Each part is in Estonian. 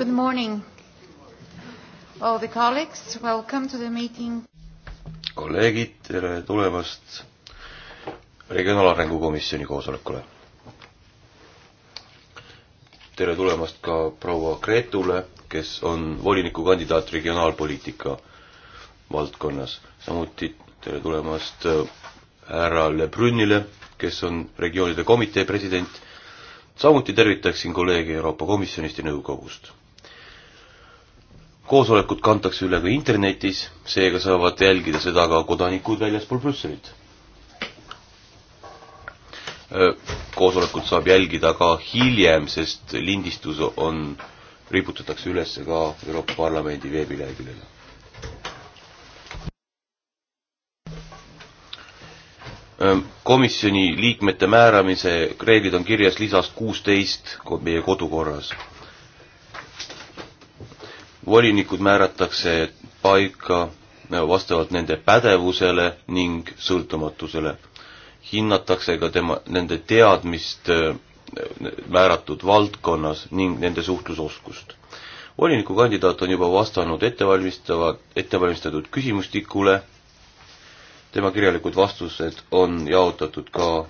Good morning, all the colleagues. Welcome to the meeting. kolleegid, tere tulemast Regionaalarengu Komisjoni koosolekule. tere tulemast ka proua Gretule, kes on volinikukandidaat regionaalpoliitika valdkonnas. samuti tere tulemast äh, härra Le Brünile, kes on regioonide komitee president samuti tervitaksin kolleege Euroopa Komisjonist ja nõukogust koosolekut kantakse üle ka internetis, seega saavad jälgida seda ka kodanikud väljaspool Brüsselit. koosolekut saab jälgida ka hiljem, sest lindistus on, riputatakse üles ka Euroopa Parlamendi veebileheküljele. komisjoni liikmete määramise reeglid on kirjas lisas kuusteist meie kodukorras volinikud määratakse paika vastavalt nende pädevusele ning sõltumatusele. hinnatakse ka tema, nende teadmist äh, määratud valdkonnas ning nende suhtlusoskust. volinikukandidaat on juba vastanud ettevalmistavad, ettevalmistatud küsimustikule, tema kirjalikud vastused on jaotatud ka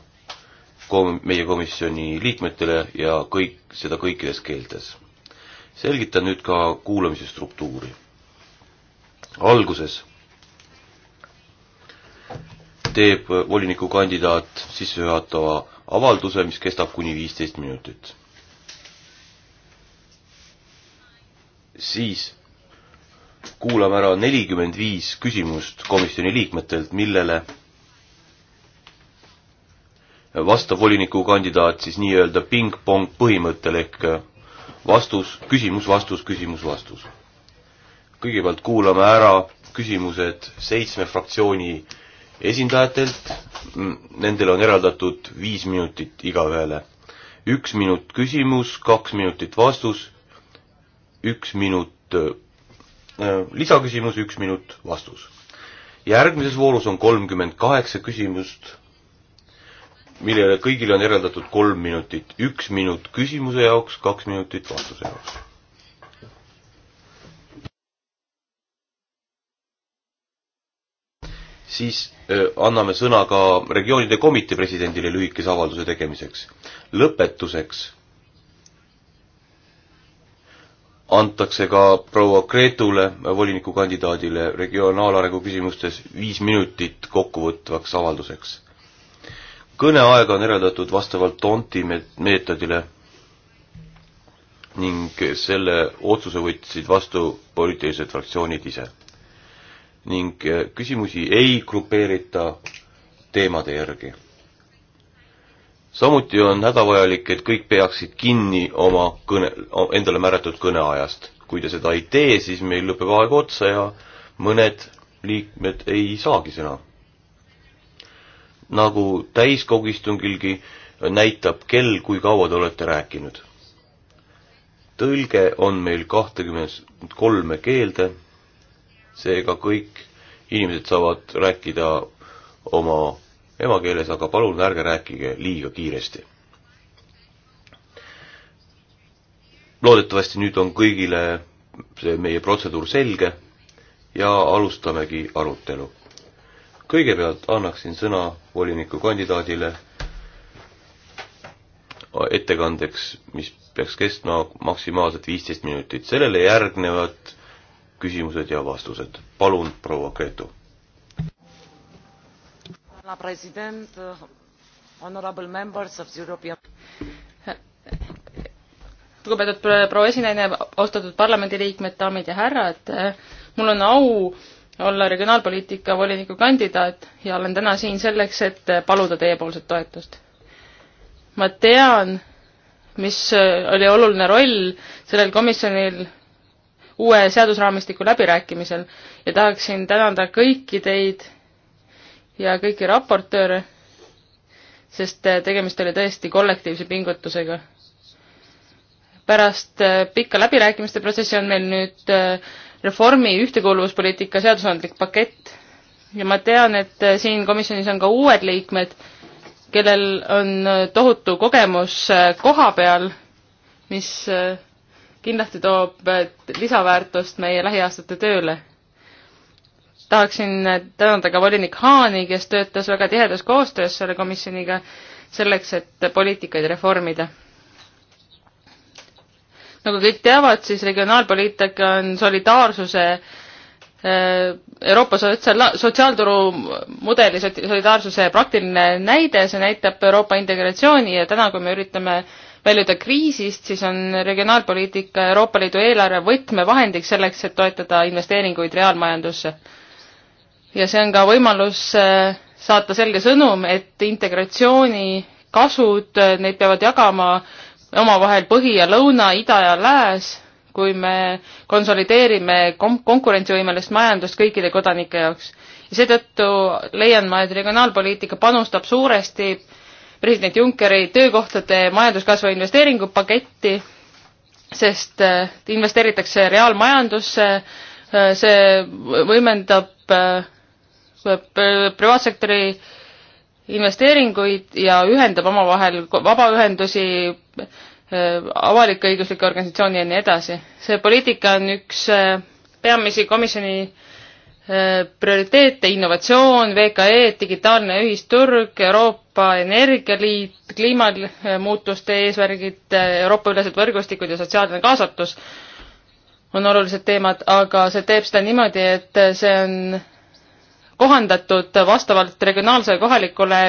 kom-, meie komisjoni liikmetele ja kõik, seda kõikides keeltes selgitan nüüd ka kuulamise struktuuri. alguses teeb volinikukandidaat sissejuhatava avalduse, mis kestab kuni viisteist minutit. siis kuulame ära nelikümmend viis küsimust komisjoni liikmetelt, millele vastav volinikukandidaat siis nii-öelda ping-pong põhimõttel ehk vastus, küsimus, vastus, küsimus, vastus. kõigepealt kuulame ära küsimused seitsme fraktsiooni esindajatelt, mm, nendele on eraldatud viis minutit igaühele. üks minut küsimus, kaks minutit vastus, üks minut äh, lisaküsimus, üks minut vastus. järgmises voorus on kolmkümmend kaheksa küsimust millele kõigile on eraldatud kolm minutit. üks minut küsimuse jaoks, kaks minutit vastuse jaoks. siis äh, anname sõna ka regioonide komitee presidendile lühikese avalduse tegemiseks. lõpetuseks antakse ka proua Gretule, volinikukandidaadile regionaalarengu küsimustes viis minutit kokkuvõtvaks avalduseks kõneaega on eraldatud vastavalt Tonti meetodile ning selle otsuse võtsid vastu poliitilised fraktsioonid ise. ning eh, küsimusi ei grupeerita teemade järgi. samuti on hädavajalik, et kõik peaksid kinni oma kõne, endale määratud kõneajast. kui te seda ei tee, siis meil lõpeb aeg otsa ja mõned liikmed ei saagi sõna nagu täiskogu istungilgi näitab kell, kui kaua te olete rääkinud. tõlge on meil kahtekümmend kolme keelde, seega kõik inimesed saavad rääkida oma emakeeles, aga palun ärge rääkige liiga kiiresti. loodetavasti nüüd on kõigile see meie protseduur selge ja alustamegi arutelu kõigepealt annaksin sõna volinikukandidaadile ettekandeks, mis peaks kestma maksimaalselt viisteist minutit. sellele järgnevad küsimused ja vastused. palun, proua Gretu. lugupeetud proua esinaine, austatud parlamendiliikmed, daamid ja härrad, mul on au olla regionaalpoliitika voliniku kandidaat ja olen täna siin selleks, et paluda teiepoolset toetust. ma tean, mis oli oluline roll sellel komisjonil uue seadusraamistiku läbirääkimisel ja tahaksin tänada kõiki teid ja kõiki raportööre, sest tegemist oli tõesti kollektiivse pingutusega. pärast pikka läbirääkimiste protsessi on meil nüüd reformi ühtekuuluvuspoliitika seadusandlik pakett ja ma tean, et siin komisjonis on ka uued liikmed, kellel on tohutu kogemus äh, koha peal, mis äh, kindlasti toob äh, lisaväärtust meie lähiaastate tööle. tahaksin tänada ka volinik Haani, kes töötas väga tihedas koostöös selle komisjoniga selleks, et poliitikaid reformida nagu kõik teavad, siis regionaalpoliitika on solidaarsuse äh, Euroopa sotsiaal, sotsiaalturu mudeli solidaarsuse praktiline näide, see näitab Euroopa integratsiooni ja täna, kui me üritame väljuda kriisist, siis on regionaalpoliitika Euroopa Liidu eelarve võtmevahendiks selleks, et toetada investeeringuid reaalmajandusse. ja see on ka võimalus äh, saata selge sõnum, et integratsiooni kasud, äh, neid peavad jagama omavahel põhi ja lõuna, ida ja lääs, kui me konsolideerime kom-, konkurentsivõimelist majandust kõikide kodanike jaoks. ja seetõttu leian ma, et regionaalpoliitika panustab suuresti president Junckeri töökohtade majanduskasvu investeeringupaketti, sest äh, investeeritakse reaalmajandusse, äh, see võimendab äh, privaatsektori investeeringuid ja ühendab omavahel vabaühendusi, äh, avalik-õiguslikke organisatsioone ja nii edasi. see poliitika on üks äh, peamisi komisjoni äh, prioriteete, innovatsioon, VKE, digitaalne ühisturg, Euroopa Energialiit, kliimamuutuste eesmärgid, Euroopa-ülesed võrgustikud ja sotsiaalne kaasatus on olulised teemad, aga see teeb seda niimoodi, et see on kohandatud vastavalt regionaalsele kohalikule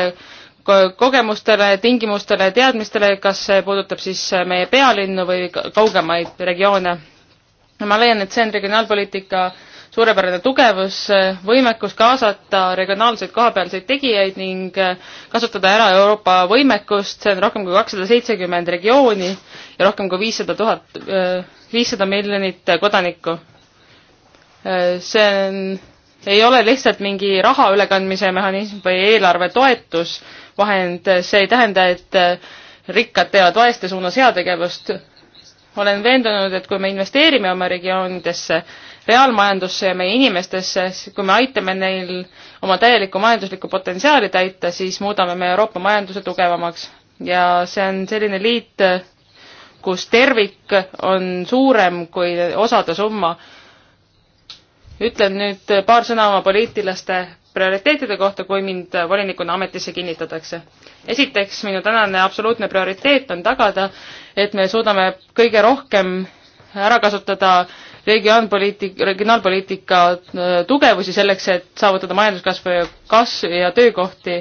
kogemustele, tingimustele, teadmistele, kas see puudutab siis meie pealinnu või kaugemaid regioone. ma leian, et see on regionaalpoliitika suurepärane tugevus, võimekus kaasata regionaalseid kohapealseid tegijaid ning kasutada ära Euroopa võimekust, see on rohkem kui kakssada seitsekümmend regiooni ja rohkem kui viissada tuhat, viissada miljonit kodanikku. see on ei ole lihtsalt mingi raha ülekandmise mehhanism või eelarve toetusvahend, see ei tähenda, et äh, rikkad teevad vaeste suunas heategevust. olen veendunud, et kui me investeerime oma regioonidesse, reaalmajandusse ja meie inimestesse, kui me aitame neil oma täielikku majanduslikku potentsiaali täita, siis muudame me Euroopa majanduse tugevamaks. ja see on selline liit, kus tervik on suurem kui osade summa ütlen nüüd paar sõna oma poliitilaste prioriteetide kohta, kui mind volinikuna ametisse kinnitatakse. esiteks, minu tänane absoluutne prioriteet on tagada, et me suudame kõige rohkem ära kasutada regionaalpoliitika, regionaalpoliitika äh, tugevusi selleks, et saavutada majanduskasvu ja kasvu ja töökohti.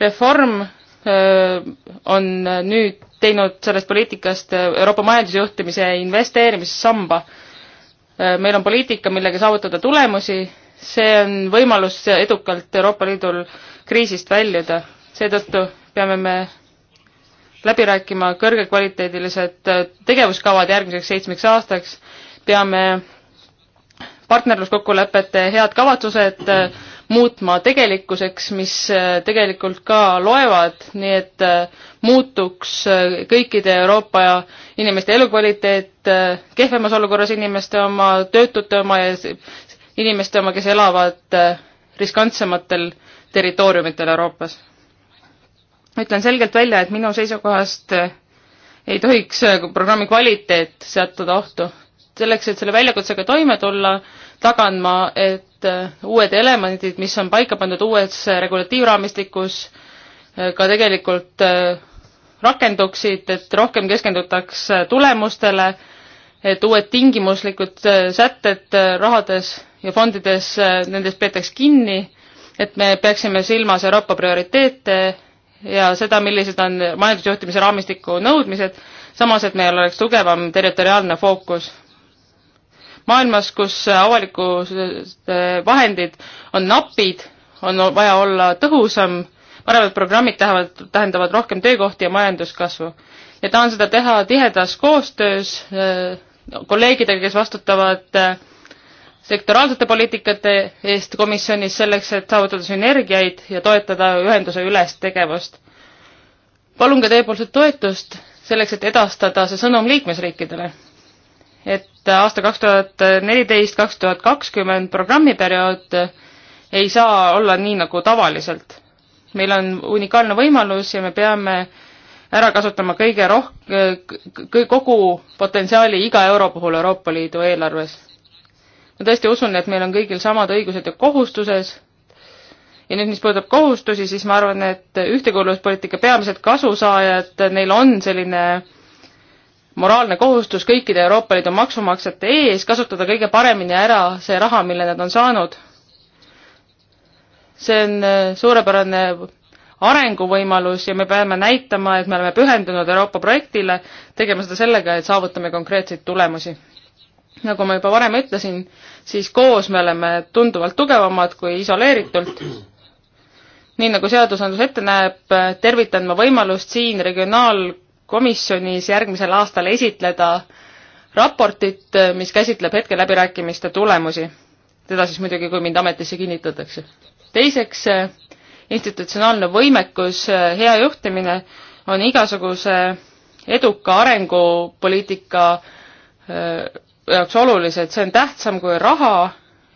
reform öö, äh, on nüüd teinud sellest poliitikast Euroopa majandusjuhtimise investeerimissamba Äh, meil on poliitika, millega saavutada tulemusi, see on võimalus edukalt Euroopa Liidul kriisist väljuda. seetõttu peame me läbi rääkima kõrgekvaliteedilised äh, tegevuskavad järgmiseks seitsmeks aastaks, peame partnerluskokkulepete head kavatsused äh, muutma tegelikkuseks, mis äh, tegelikult ka loevad, nii et äh, muutuks äh, kõikide Euroopa inimeste elukvaliteet, kehvemas olukorras inimeste oma, töötute oma ja inimeste oma, kes elavad riskantsematel territooriumitel Euroopas. ütlen selgelt välja, et minu seisukohast ei tohiks programmi kvaliteet sattuda ohtu. selleks, et selle väljakutsega toime tulla, tagan ma, et Äh, uued elemendid, mis on paika pandud uues regulatiivraamistikus, äh, ka tegelikult äh, rakenduksid, et rohkem keskendutaks tulemustele, et uued tingimuslikud sätted rahades ja fondides, nendest peetaks kinni, et me peaksime silmas Euroopa prioriteete ja seda, millised on majandusjuhtimise raamistiku nõudmised, samas et meil oleks tugevam territoriaalne fookus maailmas, kus äh, avalikud äh, vahendid on napid, on vaja olla tõhusam, ma arvan, et programmid tähendavad, tähendavad rohkem töökohti ja majanduskasvu. ja tahan seda teha tihedas koostöös äh, kolleegidega, kes vastutavad sektoraalsete poliitikate eest komisjonis selleks, et saavutada sünergiaid ja toetada ühenduse üles tegevust. palun ka teiepoolset toetust selleks, et edastada see sõnum liikmesriikidele et aasta kaks tuhat neliteist, kaks tuhat kakskümmend programmiperiood ei saa olla nii, nagu tavaliselt. meil on unikaalne võimalus ja me peame ära kasutama kõige roh-, kogu potentsiaali iga euro puhul Euroopa Liidu eelarves. ma tõesti usun, et meil on kõigil samad õigused ja kohustused ja nüüd, mis puudutab kohustusi, siis ma arvan, et ühtekuuluvuspoliitika peamised kasusaajad, neil on selline moraalne kohustus kõikide Euroopa Liidu maksumaksjate ees kasutada kõige paremini ära see raha, mille nad on saanud. see on äh, suurepärane arenguvõimalus ja me peame näitama, et me oleme pühendunud Euroopa projektile, tegema seda sellega, et saavutame konkreetseid tulemusi. nagu ma juba varem ütlesin, siis koos me oleme tunduvalt tugevamad kui isoleeritult. nii nagu seadusandlus ette näeb, tervitan ma võimalust siin regionaal- komisjonis järgmisel aastal esitleda raportit, mis käsitleb hetke läbirääkimiste tulemusi. seda siis muidugi, kui mind ametisse kinnitatakse. teiseks, institutsionaalne võimekus, hea juhtimine on igasuguse eduka arengupoliitika äh, jaoks olulised, see on tähtsam kui raha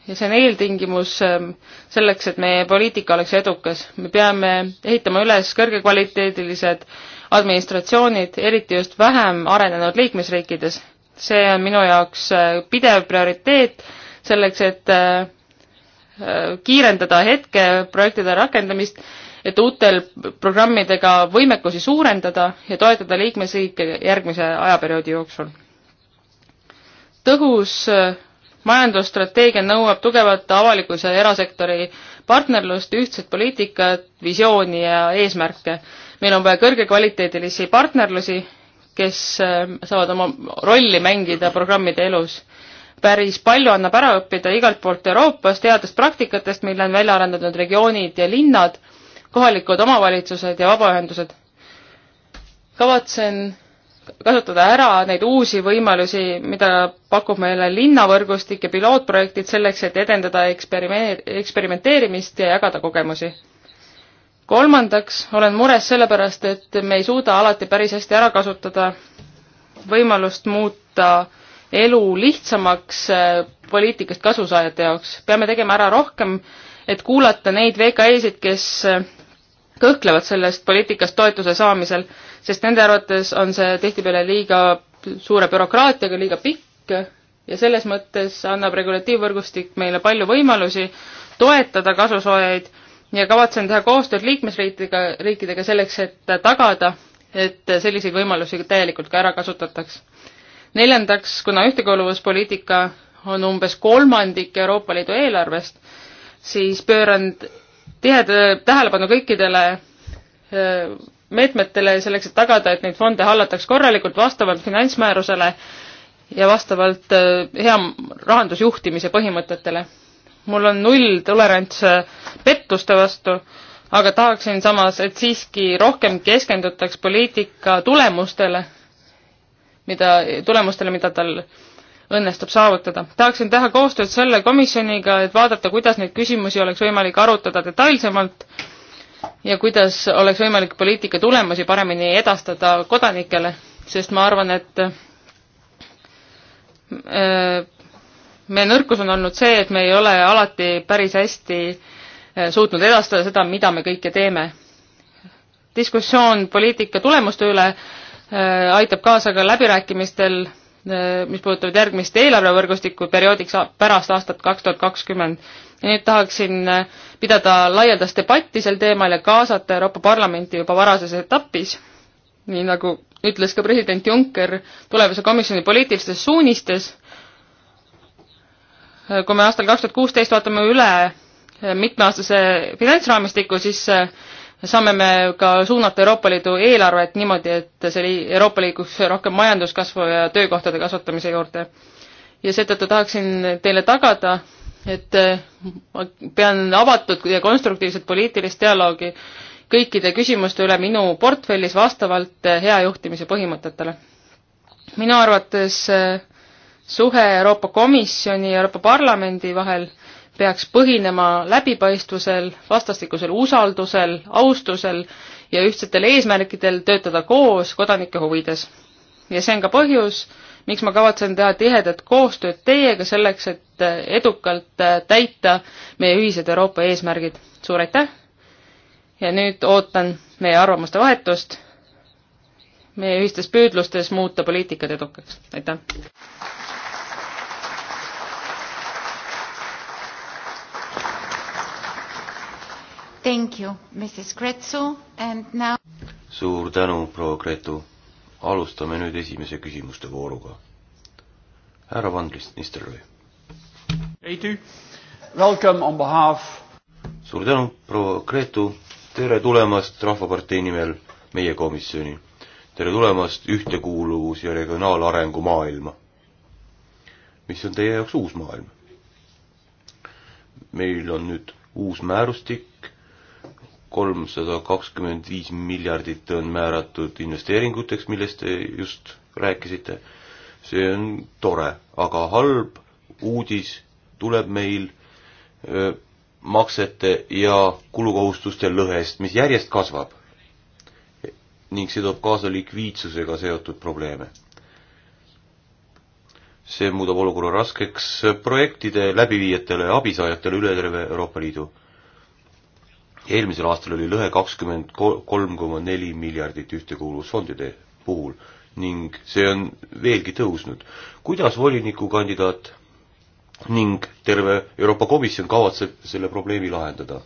ja see on eeltingimus ähm, selleks, et meie poliitika oleks edukas. me peame ehitama üles kõrgekvaliteedilised administratsioonid, eriti just vähem arenenud liikmesriikides. see on minu jaoks äh, pidev prioriteet selleks, et äh, äh, kiirendada hetke projektide rakendamist, et uutel programmidega võimekusi suurendada ja toetada liikmesriike järgmise ajaperioodi jooksul. tõhus majandusstrateegia nõuab tugevat avalikus ja erasektori partnerlust, ühtset poliitikat, visiooni ja eesmärke meil on vaja kõrgekvaliteedilisi partnerlusi, kes ähm, saavad oma rolli mängida programmide elus. päris palju annab ära õppida igalt poolt Euroopas teadest praktikatest, mille on välja arendanud regioonid ja linnad, kohalikud omavalitsused ja vabaühendused. kavatsen kasutada ära neid uusi võimalusi, mida pakub meile linnavõrgustik ja pilootprojektid selleks, et edendada eksperime-, eksperimenteerimist ja jagada kogemusi kolmandaks olen mures sellepärast, et me ei suuda alati päris hästi ära kasutada võimalust muuta elu lihtsamaks äh, poliitikast kasusaajate jaoks. peame tegema ära rohkem, et kuulata neid VKE-sid, kes äh, kõhklevad sellest poliitikast toetuse saamisel, sest nende arvates on see tihtipeale liiga suure bürokraatiaga, liiga pikk ja selles mõttes annab regulatiivvõrgustik meile palju võimalusi toetada kasusaajaid ja kavatsen teha koostööd liikmesriikidega, riikidega selleks, et tagada, et selliseid võimalusi täielikult ka ära kasutataks. neljandaks, kuna ühtekuuluvuspoliitika on umbes kolmandik Euroopa Liidu eelarvest, siis pööran tihed tähelepanu kõikidele meetmetele selleks, et tagada, et neid fonde hallataks korralikult vastavalt finantsmäärusele ja vastavalt hea rahandusjuhtimise põhimõtetele mul on null tolerants pettuste vastu, aga tahaksin samas, et siiski rohkem keskendutaks poliitika tulemustele, mida, tulemustele, mida tal õnnestub saavutada. tahaksin teha koostööd selle komisjoniga, et vaadata, kuidas neid küsimusi oleks võimalik arutada detailsemalt ja kuidas oleks võimalik poliitika tulemusi paremini edastada kodanikele, sest ma arvan, et äh, meie nõrkus on olnud see, et me ei ole alati päris hästi eh, suutnud edastada seda, mida me kõike teeme. diskussioon poliitika tulemuste üle eh, aitab kaasa ka läbirääkimistel, eh, mis puudutavad järgmist eelarvevõrgustikku perioodiks pärast aastat kaks tuhat kakskümmend. ja nüüd tahaksin pidada laialdast debatti sel teemal ja kaasata Euroopa Parlamenti juba varases etapis, nii nagu ütles ka president Juncker tulevase komisjoni poliitilistes suunistes kui me aastal kaks tuhat kuusteist vaatame üle mitmeaastase finantsraamistiku, siis eh, saame me ka suunata Euroopa Liidu eelarvet niimoodi, et see Euroopa liiguks rohkem majanduskasvu ja töökohtade kasvatamise juurde. ja seetõttu tahaksin teile tagada, et eh, ma pean avatud ja konstruktiivset poliitilist dialoogi kõikide küsimuste üle minu portfellis vastavalt eh, hea juhtimise põhimõtetele. minu arvates suhe Euroopa Komisjoni ja Euroopa Parlamendi vahel peaks põhinema läbipaistvusel, vastastikusel usaldusel, austusel ja ühtsetel eesmärkidel töötada koos kodanike huvides. ja see on ka põhjus, miks ma kavatsen teha tihedat koostööd teiega selleks, et edukalt täita meie ühised Euroopa eesmärgid. suur aitäh ja nüüd ootan meie arvamuste vahetust meie ühistes püüdlustes muuta poliitikat edukaks. aitäh! Thank you, Mrs Kretsu and now suur tänu, proua Gretu. alustame nüüd esimese küsimuste vooruga. härra Vandrist, Nisterlõi. Edu, welcome on behalf. suur tänu, proua Gretu. tere tulemast Rahvapartei nimel meie komisjoni. tere tulemast ühtekuuluvus- ja regionaalarengu maailma. mis on teie jaoks uus maailm? meil on nüüd uus määrustik, kolmsada kakskümmend viis miljardit on määratud investeeringuteks, millest te just rääkisite. see on tore, aga halb uudis tuleb meil öö, maksete ja kulukohustuste lõhest, mis järjest kasvab. ning see toob kaasa likviidsusega seotud probleeme. see muudab olukorra raskeks projektide läbiviijatele ja abisaajatele üle terve Euroopa Liidu eelmisel aastal oli lõhe kakskümmend kolm koma neli miljardit ühtekuuluvusfondide puhul ning see on veelgi tõusnud. kuidas volinikukandidaat ning terve Euroopa Komisjon kavatseb selle probleemi lahendada?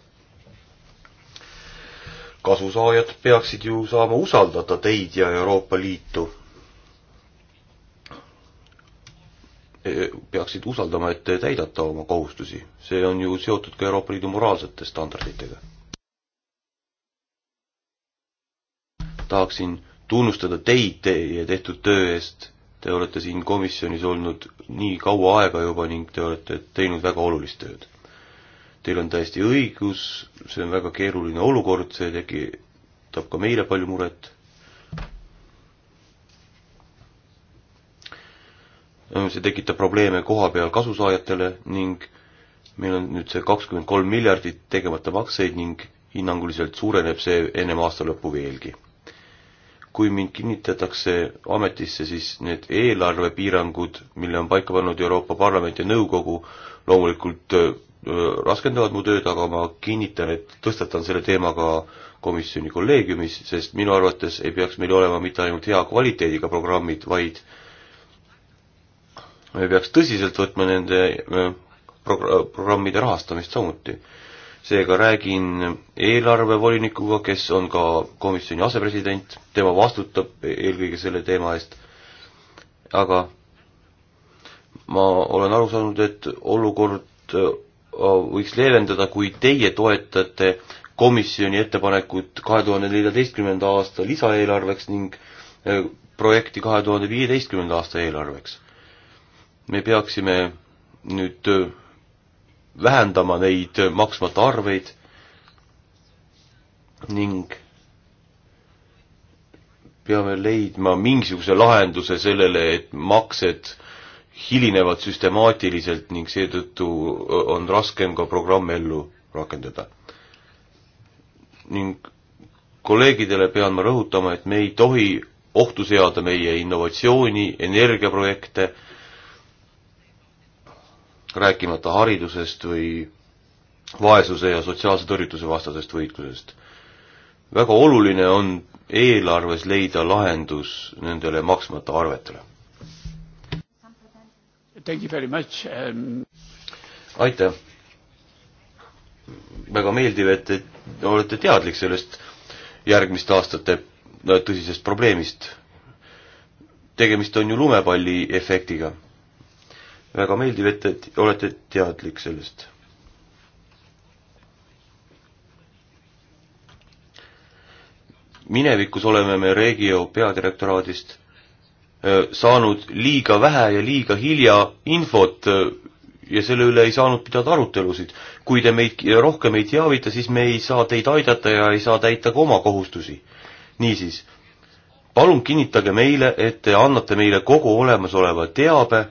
kasusaajad peaksid ju saama usaldada teid ja Euroopa Liitu. E, peaksid usaldama, et te täidate oma kohustusi. see on ju seotud ka Euroopa Liidu moraalsete standarditega tahaksin tunnustada teid teie tehtud töö eest. Te olete siin komisjonis olnud nii kaua aega juba ning te olete teinud väga olulist tööd. Teil on täiesti õigus, see on väga keeruline olukord, see tekitab ka meile palju muret. see tekitab probleeme koha peal kasusaajatele ning meil on nüüd see kakskümmend kolm miljardit tegemata makseid ning hinnanguliselt suureneb see ennem aasta lõppu veelgi kui mind kinnitatakse ametisse, siis need eelarvepiirangud, mille on paika pannud Euroopa Parlament ja Nõukogu, loomulikult äh, raskendavad mu tööd, aga ma kinnitan, et tõstatan selle teema ka komisjoni kolleegiumis, sest minu arvates ei peaks meil olema mitte ainult hea kvaliteediga programmid, vaid me peaks tõsiselt võtma nende äh, progr-, programmide rahastamist samuti seega räägin eelarvevolinikuga, kes on ka komisjoni asepresident, tema vastutab eelkõige selle teema eest, aga ma olen aru saanud, et olukord äh, võiks leevendada, kui teie toetate komisjoni ettepanekut kahe tuhande neljateistkümnenda aasta lisaeelarveks ning äh, projekti kahe tuhande viieteistkümnenda aasta eelarveks. me peaksime nüüd äh, vähendama neid maksmata arveid ning peame leidma mingisuguse lahenduse sellele, et maksed hilinevad süstemaatiliselt ning seetõttu on raskem ka programme ellu rakendada. ning kolleegidele pean ma rõhutama, et me ei tohi ohtu seada meie innovatsiooni, energiaprojekte äh,, rääkimata haridusest või vaesuse ja sotsiaalse tõrjutuse vastasest võitlusest. väga oluline on eelarves leida lahendus nendele maksmata arvetele. Um, aitäh! väga meeldiv, et te olete teadlik sellest järgmiste aastate tõsisest probleemist. tegemist on ju lumepalli efektiga väga meeldiv, et te olete teadlik sellest. minevikus oleme me Regio peadirektoraadist äh, saanud liiga vähe ja liiga hilja infot äh, ja selle üle ei saanud pidada arutelusid. kui te meid rohkem ei teavita, siis me ei saa teid aidata ja ei saa täita ka oma kohustusi. niisiis, palun kinnitage meile, et te annate meile kogu olemasoleva teabe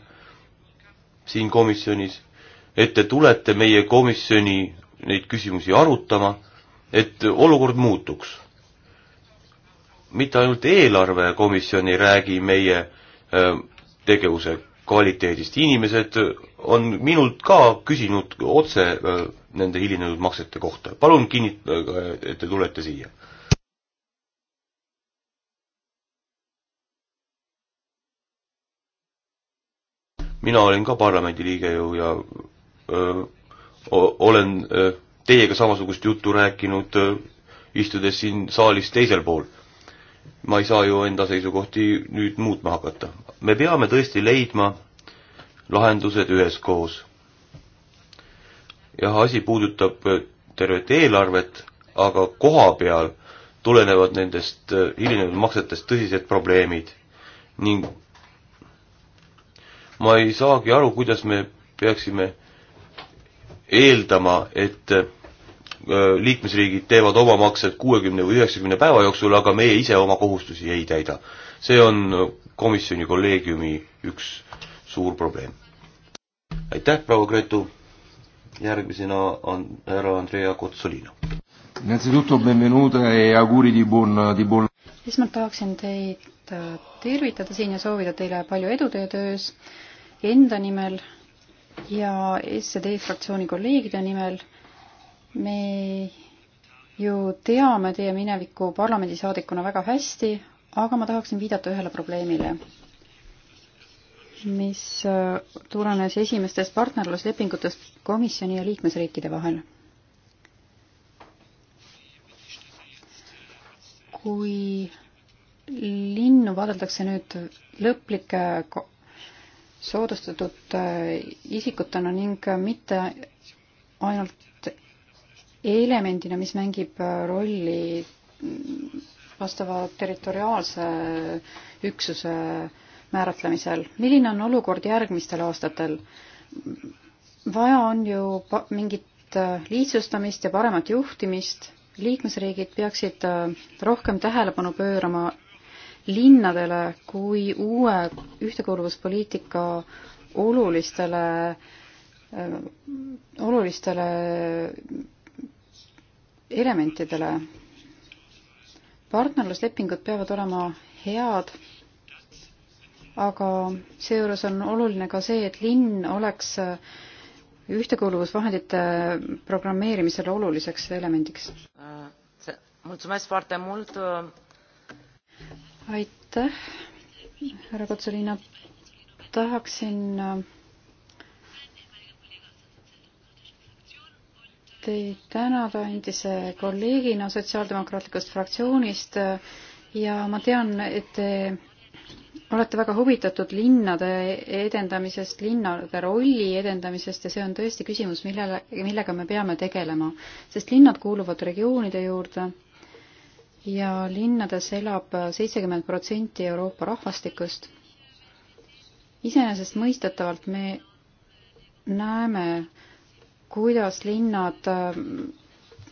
siin komisjonis, et te tulete meie komisjoni neid küsimusi arutama, et olukord muutuks. mitte ainult eelarvekomisjon ei räägi meie äh, tegevuse kvaliteedist, inimesed on minult ka küsinud otse äh, nende hilinenud maksete kohta. palun kinnitage, äh, et te tulete siia mina olin ka parlamendiliige ju ja öö, olen öö, teiega samasugust juttu rääkinud, istudes siin saalis teisel pool. ma ei saa ju enda seisukohti nüüd muutma hakata. me peame tõesti leidma lahendused üheskoos. jah, asi puudutab tervet eelarvet, aga koha peal tulenevad nendest hilinenud maksetest tõsised probleemid ning ma ei saagi aru, kuidas me peaksime eeldama, et äh, liikmesriigid teevad oma maksed kuuekümne või üheksakümne päeva jooksul, aga meie ise oma kohustusi ei täida. see on äh, komisjoni kolleegiumi üks suur probleem. aitäh, proua Gretu. järgmisena on härra Andrea Kotsolino. E esmalt tahaksin teid äh, tervitada siin ja soovida teile palju edu teie töös enda nimel ja SED fraktsiooni kolleegide nimel. me ju teame teie minevikku parlamendisaadikuna väga hästi, aga ma tahaksin viidata ühele probleemile, mis äh, tulenes esimestest partnerluslepingutest komisjoni ja liikmesriikide vahel. kui linnu vaadeldakse nüüd lõplike soodustatud äh, isikutena ning äh, mitte ainult elemendina, mis mängib äh, rolli mm, vastava territoriaalse üksuse määratlemisel. milline on olukord järgmistel aastatel? vaja on ju mingit lihtsustamist ja paremat juhtimist, liikmesriigid peaksid rohkem tähelepanu pöörama linnadele kui uue ühtekuuluvuspoliitika olulistele, äh, olulistele elementidele. partnerluslepingud peavad olema head, aga seejuures on oluline ka see, et linn oleks ühtekuuluvusvahendite programmeerimisel oluliseks elemendiks. mulțumesc foarte mult aitäh, härra Kotseliina. tahaksin äh, teid tänada endise kolleegina Sotsiaaldemokraatlikust fraktsioonist ja ma tean, et te olete väga huvitatud linnade edendamisest, linnade rolli edendamisest ja see on tõesti küsimus, millele, millega me peame tegelema, sest linnad kuuluvad regioonide juurde ja linnades elab seitsekümmend protsenti Euroopa rahvastikust. iseenesestmõistetavalt me näeme, kuidas linnad ähm,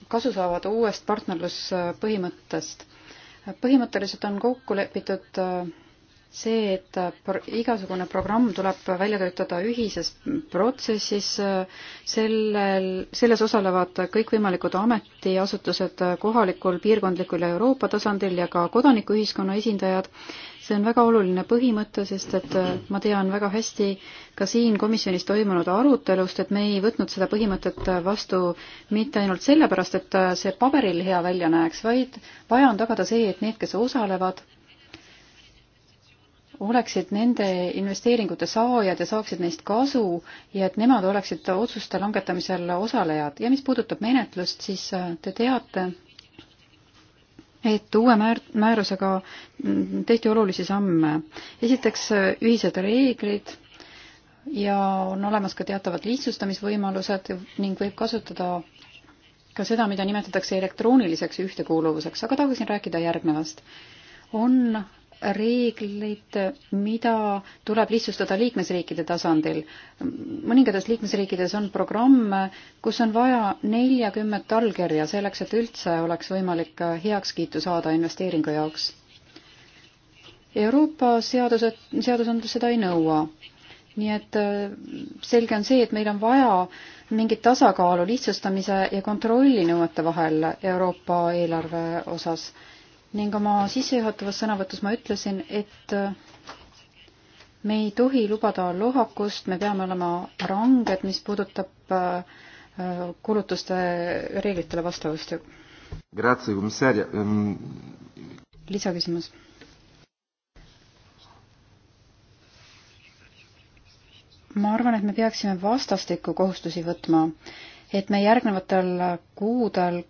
kasu saavad uuest partnerluspõhimõttest. põhimõtteliselt on kokku lepitud äh, see, et pro igasugune programm tuleb välja töötada ühises protsessis, sellel, selles osalevad kõikvõimalikud ametiasutused kohalikul, piirkondlikul ja Euroopa tasandil ja ka kodanikuühiskonna esindajad. see on väga oluline põhimõte, sest et ma tean väga hästi ka siin komisjonis toimunud arutelust, et me ei võtnud seda põhimõtet vastu mitte ainult sellepärast, et see paberil hea välja näeks, vaid vaja on tagada see, et need, kes osalevad oleksid nende investeeringute saajad ja saaksid neist kasu ja et nemad oleksid otsuste langetamisel osalejad. ja mis puudutab menetlust, siis äh, te teate, et uue määr-, määrusega mm, tehti olulisi samme. esiteks äh, ühised reeglid ja on olemas ka teatavad lihtsustamisvõimalused ning võib kasutada ka seda, mida nimetatakse elektrooniliseks ühtekuuluvuseks, aga tahaksin rääkida järgnevast. on reeglid, mida tuleb lihtsustada liikmesriikide tasandil. mõningates liikmesriikides on programm, kus on vaja neljakümmet allkirja selleks, et üldse oleks võimalik heakskiitu saada investeeringu jaoks. Euroopa seadused, seadusandlus seda ei nõua. nii et äh, selge on see, et meil on vaja mingit tasakaalu lihtsustamise ja kontrolli nõuete vahel Euroopa eelarve osas ning oma sissejuhatavas sõnavõtus ma ütlesin, et äh, me ei tohi lubada lohakust, me peame olema ranged, mis puudutab äh, äh, kulutuste reeglitele vastavust. Ehm, lisaküsimus. ma arvan, et me peaksime vastastikku kohustusi võtma, et me järgnevatel kuudel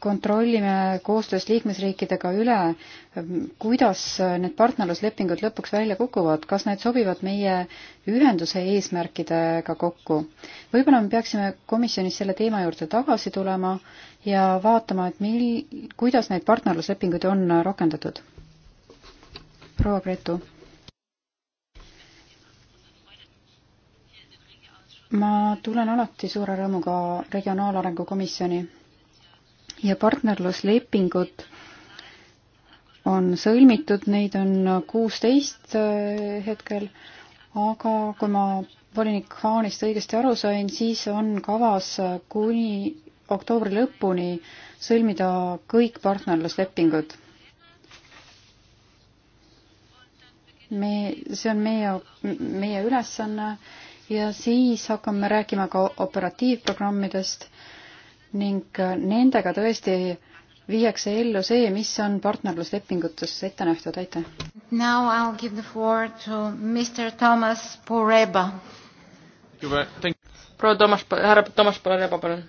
kontrollime koostöös liikmesriikidega üle, kuidas need partnerluslepingud lõpuks välja kukuvad, kas need sobivad meie ühenduse eesmärkidega kokku. võib-olla me peaksime komisjonis selle teema juurde tagasi tulema ja vaatama, et mil, kuidas neid partnerluslepinguid on rakendatud. proua Gretu. ma tulen alati suure rõõmuga Regionaalarengu Komisjoni ja partnerluslepingud on sõlmitud, neid on kuusteist äh, hetkel, aga kui ma volinik Haanist õigesti aru sain, siis on kavas äh, kuni oktoobri lõpuni sõlmida kõik partnerluslepingud. me, see on meie, meie ülesanne ja siis hakkame rääkima ka operatiivprogrammidest äh, ning äh, nendega tõesti viiakse ellu see, mis on partnerluslepingutes ette nähtud, aitäh. Now I will give the floor to Mr Thomas Poreba. proua Toomas, härra Toomas Poreba, palun.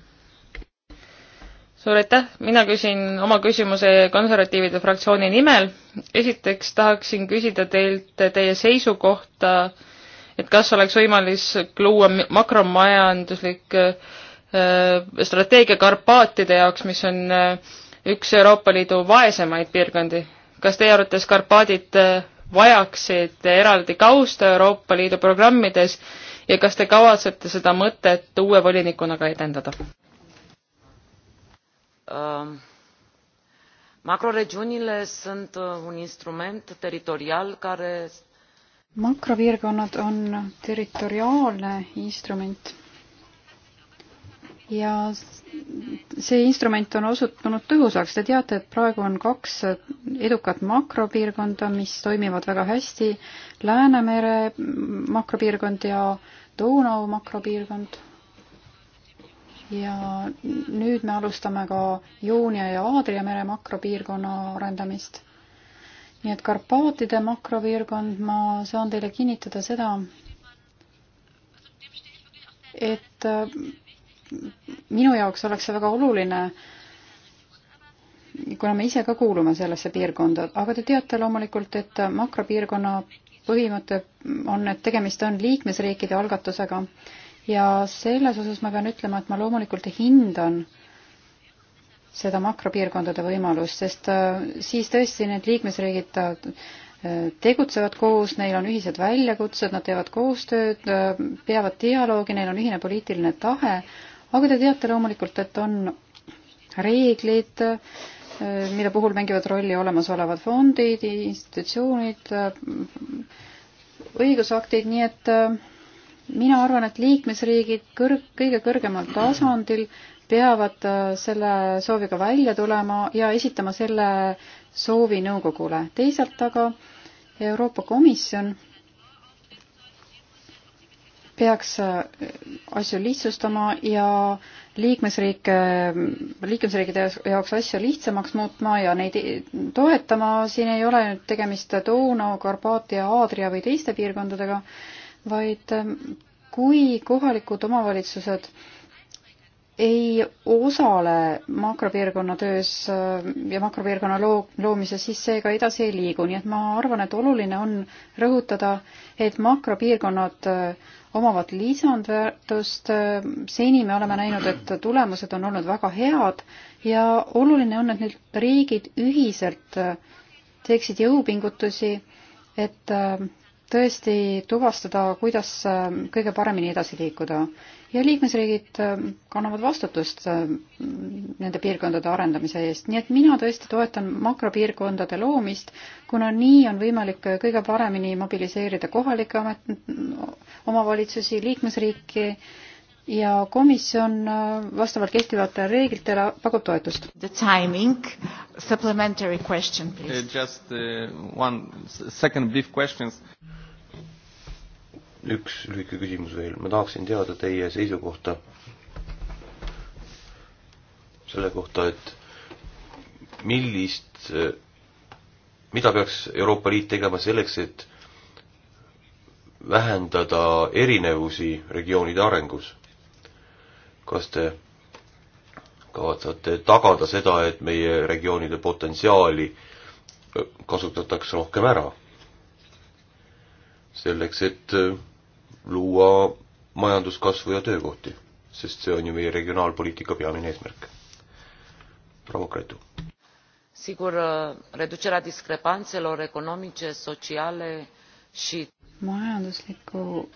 suur aitäh, mina küsin oma küsimuse konservatiivide fraktsiooni nimel. esiteks tahaksin küsida teilt teie seisukohta, et kas oleks võimalik luua makromajanduslik äh, Äh, strateegia Karpaatide jaoks, mis on äh, üks Euroopa Liidu vaesemaid piirkondi. kas teie arvates Karpaadid äh, vajaksid eraldi kausta Euroopa Liidu programmides ja kas te kavatsete seda mõtet uue volinikuna ka edendada um.? Macroregiunile sunt un instrument teritorial care makropiirkonnad on territoriaalne instrument ja see instrument on osutunud tõhusaks. Te teate, et praegu on kaks edukat makropiirkonda, mis toimivad väga hästi. Läänemere makropiirkond ja Donau makropiirkond. ja nüüd me alustame ka Joonia ja Aadria mere makropiirkonna arendamist. nii et Karpaatide makropiirkond, ma saan teile kinnitada seda, et minu jaoks oleks see väga oluline, kuna me ise ka kuulume sellesse piirkonda, aga te teate loomulikult, et makropiirkonna põhimõte on, et tegemist on liikmesriikide algatusega ja selles osas ma pean ütlema, et ma loomulikult hindan seda makropiirkondade võimalust, sest äh, siis tõesti need liikmesriigid äh, tegutsevad koos, neil on ühised väljakutsed, nad teevad koostööd, äh, peavad dialoogi, neil on ühine poliitiline tahe aga te teate loomulikult, et on reeglid, eh, mille puhul mängivad rolli olemasolevad fondid, institutsioonid, õigusaktid, nii et eh, mina arvan, et liikmesriigid kõrg, kõige kõrgemal tasandil peavad eh, selle sooviga välja tulema ja esitama selle soovi nõukogule. teisalt aga Euroopa Komisjon peaks äh, asju lihtsustama ja liikmesriike, äh, liikmesriikide jaoks asju lihtsamaks muutma ja neid toetama, siin ei ole nüüd tegemist Donau, Karpaatia, Aadria või teiste piirkondadega, vaid ähm, kui kohalikud omavalitsused ei osale makropiirkonna töös äh, ja makropiirkonna loo-, loomises, siis see ka edasi ei liigu, nii et ma arvan, et oluline on rõhutada, et makropiirkonnad äh, omavad lisandväärtust. seni me oleme näinud, et tulemused on olnud väga head ja oluline on, et need riigid ühiselt teeksid jõupingutusi, et tõesti tuvastada, kuidas ähm, kõige paremini edasi liikuda. ja liikmesriigid ähm, kannavad vastutust ähm, nende piirkondade arendamise eest, nii et mina tõesti toetan makropiirkondade loomist, kuna nii on võimalik kõige paremini mobiliseerida kohalikke amet-, omavalitsusi, liikmesriiki ja komisjon äh, vastavalt kehtivatele reeglitele pakub toetust. The timing, supplementary question please. Uh, just uh, one second brief questions üks lühike küsimus veel, ma tahaksin teada teie seisukohta selle kohta, et millist, mida peaks Euroopa Liit tegema selleks, et vähendada erinevusi regioonide arengus? kas te kavatsete tagada seda, et meie regioonide potentsiaali kasutatakse rohkem ära? selleks, et luua majanduskasvu ja töökohti, sest see on ju meie regionaalpoliitika peamine eesmärk. proua Gretu. sigur, äh, reducerea discrepantselor economice, sociale și majandusliku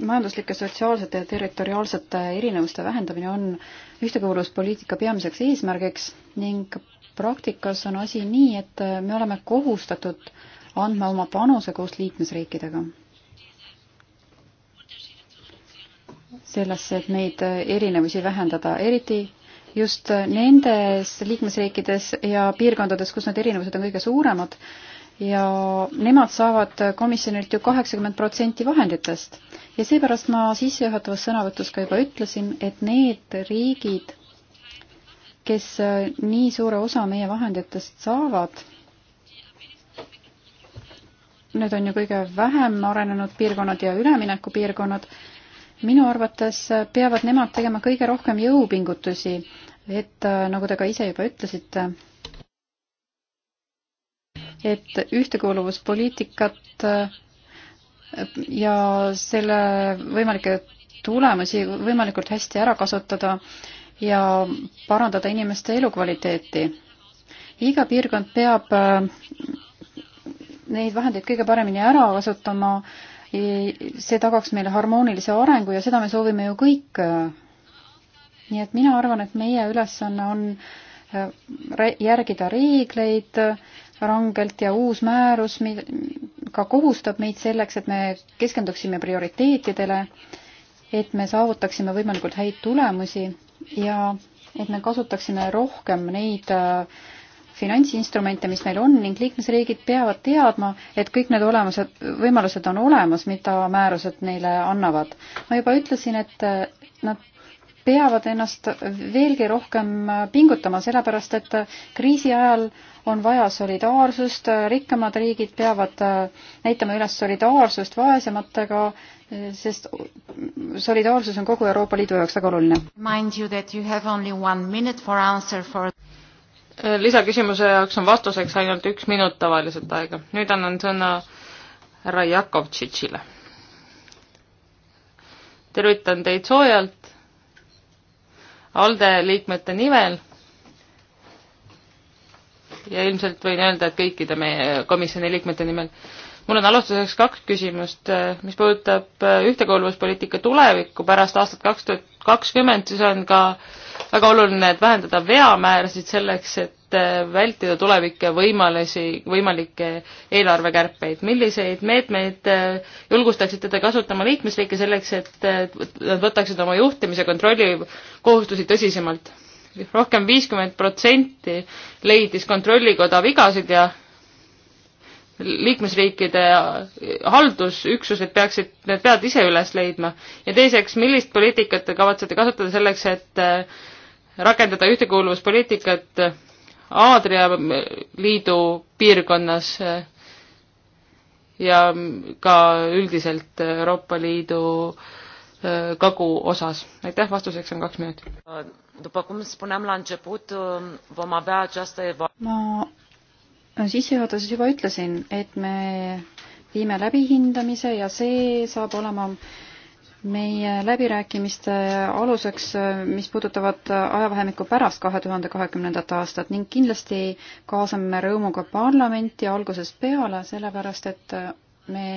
majanduslike, sotsiaalsete ja territoriaalsete erinevuste vähendamine on ühtekuuluvuspoliitika peamiseks eesmärgiks ning praktikas on asi nii, et me oleme kohustatud andma oma panuse koos liikmesriikidega sellesse, et neid erinevusi vähendada, eriti just nendes liikmesriikides ja piirkondades, kus need erinevused on kõige suuremad ja nemad saavad komisjonilt ju kaheksakümmend protsenti vahenditest. ja seepärast ma sissejuhatavas sõnavõtus ka juba ütlesin, et need riigid, kes nii suure osa meie vahenditest saavad, need on ju kõige vähem arenenud piirkonnad ja üleminekupiirkonnad minu arvates peavad nemad tegema kõige rohkem jõupingutusi, et äh, nagu te ka ise juba ütlesite, et ühtekuuluvuspoliitikat äh, ja selle võimalikke tulemusi võimalikult hästi ära kasutada ja parandada inimeste elukvaliteeti. iga piirkond peab äh, neid vahendeid kõige paremini ära kasutama äh, see tagaks meile harmoonilise arengu ja seda me soovime ju kõik. nii et mina arvan, et meie ülesanne on äh, järgida reegleid rangelt ja uus määrus ka kohustab meid selleks, et me keskenduksime prioriteetidele, et me saavutaksime võimalikult häid tulemusi ja et me kasutaksime rohkem neid äh, finantsinstrumente, mis neil on ning liikmesriigid peavad teadma, et kõik need olemused, võimalused on olemas, mida määrused neile annavad. ma juba ütlesin, et äh, nad peavad ennast veelgi rohkem äh, pingutama, sellepärast et äh, kriisi ajal on vaja solidaarsust, rikkamad riigid peavad näitama üles solidaarsust vaesematega, sest solidaarsus on kogu Euroopa Liidu jaoks väga oluline. For... Äh, lisaküsimuse jaoks on vastuseks ainult üks minut tavaliselt aega. nüüd annan sõna härra Jakovtšitšile. tervitan teid soojalt ALDE liikmete nimel ja ilmselt võin öelda, et kõikide meie komisjoni liikmete nimel. mul on alustuseks kaks küsimust, äh, mis puudutab äh, ühtekuuluvuspoliitika tulevikku pärast aastat kaks tuhat kakskümmend, siis on ka äh, väga oluline, et vähendada veamäärasid selleks, et äh, vältida tulevikke võimalusi, võimalikke eelarvekärpeid. milliseid meetmeid äh, julgustaksite te kasutama liikmesriike selleks, et äh, nad võtaksid oma juhtimise kontrolli kohustusi tõsisemalt? rohkem viiskümmend protsenti leidis Kontrollikoda vigasid ja liikmesriikide haldusüksused peaksid need vead ise üles leidma ja teiseks, millist poliitikat te kavatsete kasutada selleks, et äh, rakendada ühtekuuluvuspoliitikat Aadria liidu piirkonnas äh, ja ka üldiselt Euroopa Liidu äh, kagu osas. aitäh, vastuseks on kaks minutit. ma sissejuhatuses juba ütlesin, et me viime läbi hindamise ja see saab olema meie läbirääkimiste aluseks, mis puudutavad ajavahemikku pärast kahe tuhande kahekümnendat aastat ning kindlasti kaasame rõõmuga parlamenti algusest peale, sellepärast et me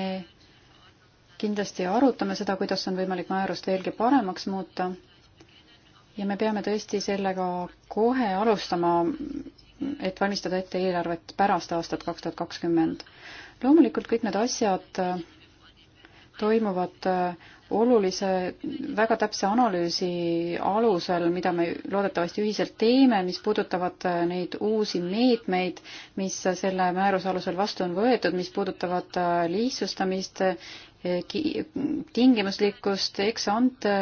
kindlasti arutame seda, kuidas on võimalik määrust veelgi paremaks muuta. ja me peame tõesti sellega kohe alustama et valmistada ette eelarvet pärast aastat kaks tuhat kakskümmend. loomulikult kõik need asjad äh, toimuvad äh, olulise, väga täpse analüüsi alusel, mida me loodetavasti ühiselt teeme, mis puudutavad äh, neid uusi meetmeid, mis selle määruse alusel vastu on võetud, mis puudutavad lihtsustamist, tingimuslikkust, eksante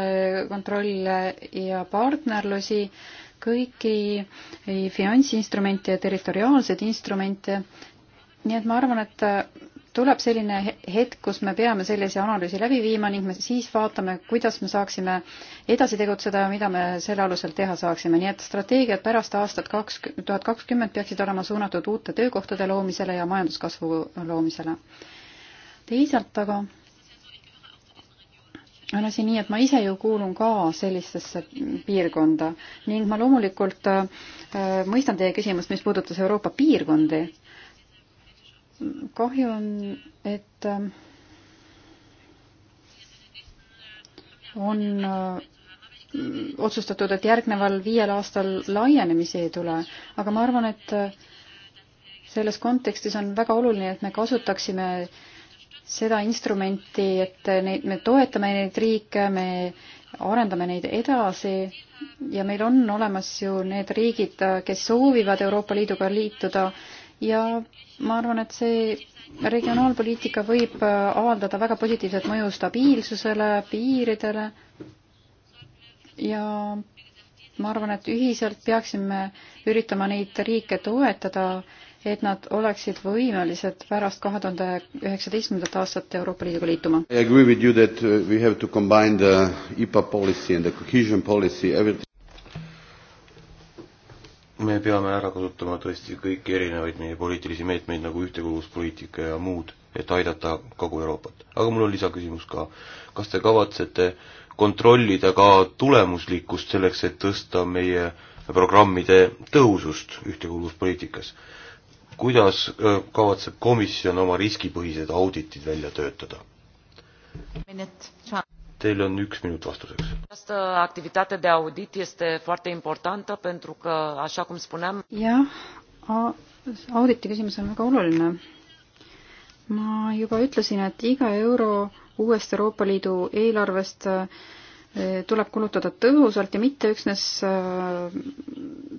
kontrolle ja partnerlusi kõiki finantsinstrumente ja territoriaalseid instrumente. nii et ma arvan, et äh, tuleb selline hetk, kus me peame sellise analüüsi läbi viima ning me siis vaatame, kuidas me saaksime edasi tegutseda ja mida me selle alusel teha saaksime. nii et strateegiad pärast aastat kaks tuhat kakskümmend peaksid olema suunatud uute töökohtade loomisele ja majanduskasvu loomisele. teisalt aga on asi nii, et ma ise ju kuulun ka sellistesse piirkonda ning ma loomulikult äh, mõistan teie küsimust, mis puudutas Euroopa piirkondi. kahju on, et äh, on äh, otsustatud, et järgneval viiel aastal laienemisi ei tule, aga ma arvan, et äh, selles kontekstis on väga oluline, et me kasutaksime äh, seda instrumenti, et neid, me toetame neid riike, me arendame neid edasi ja meil on olemas ju need riigid, kes soovivad Euroopa Liiduga liituda ja ma arvan, et see regionaalpoliitika võib avaldada väga positiivset mõju stabiilsusele, piiridele ja ma arvan, et ühiselt peaksime üritama neid riike toetada et nad oleksid võimelised pärast kahe tuhande üheksateistkümnendat aastat Euroopa Liiduga liituma. I agree with you that uh, we have to combine the IPA policy and the cohesion policy everything. me peame ära kasutama tõesti kõiki erinevaid meie poliitilisi meetmeid nagu ühtekuuluvuspoliitika ja muud, et aidata kogu Euroopat. aga mul on lisaküsimus ka. kas te kavatsete kontrollida ka tulemuslikkust selleks, et tõsta meie programmide tõhusust ühtekuuluvuspoliitikas? kuidas kavatseb komisjon oma riskipõhised auditid välja töötada? Teil on üks minut vastuseks. Această activitate de audit este foarte importantă pentru că, așa cum spuneam... Jah, auditi küsimus on väga oluline. Ma juba ütlesin, et iga euro uuest Euroopa Liidu eelarvest äh, tuleb kulutada tõhusalt ja mitte üksnes äh,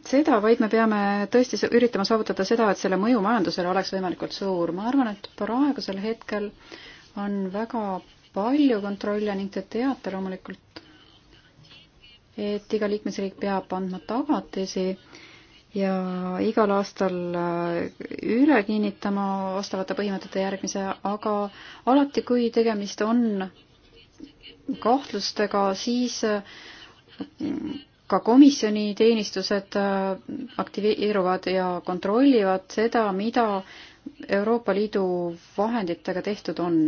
seda, vaid me peame tõesti üritama saavutada seda, et selle mõju majandusele oleks võimalikult suur. ma arvan, et praegusel hetkel on väga palju kontrolle ning te teate loomulikult, et iga liikmesriik peab andma tagatisi ja igal aastal äh, üle kinnitama vastavate põhimõtete järgmise, aga alati, kui tegemist on kahtlustega, siis mm, ka komisjoni teenistused äh, aktiveeruvad ja kontrollivad seda, mida Euroopa Liidu vahenditega tehtud on.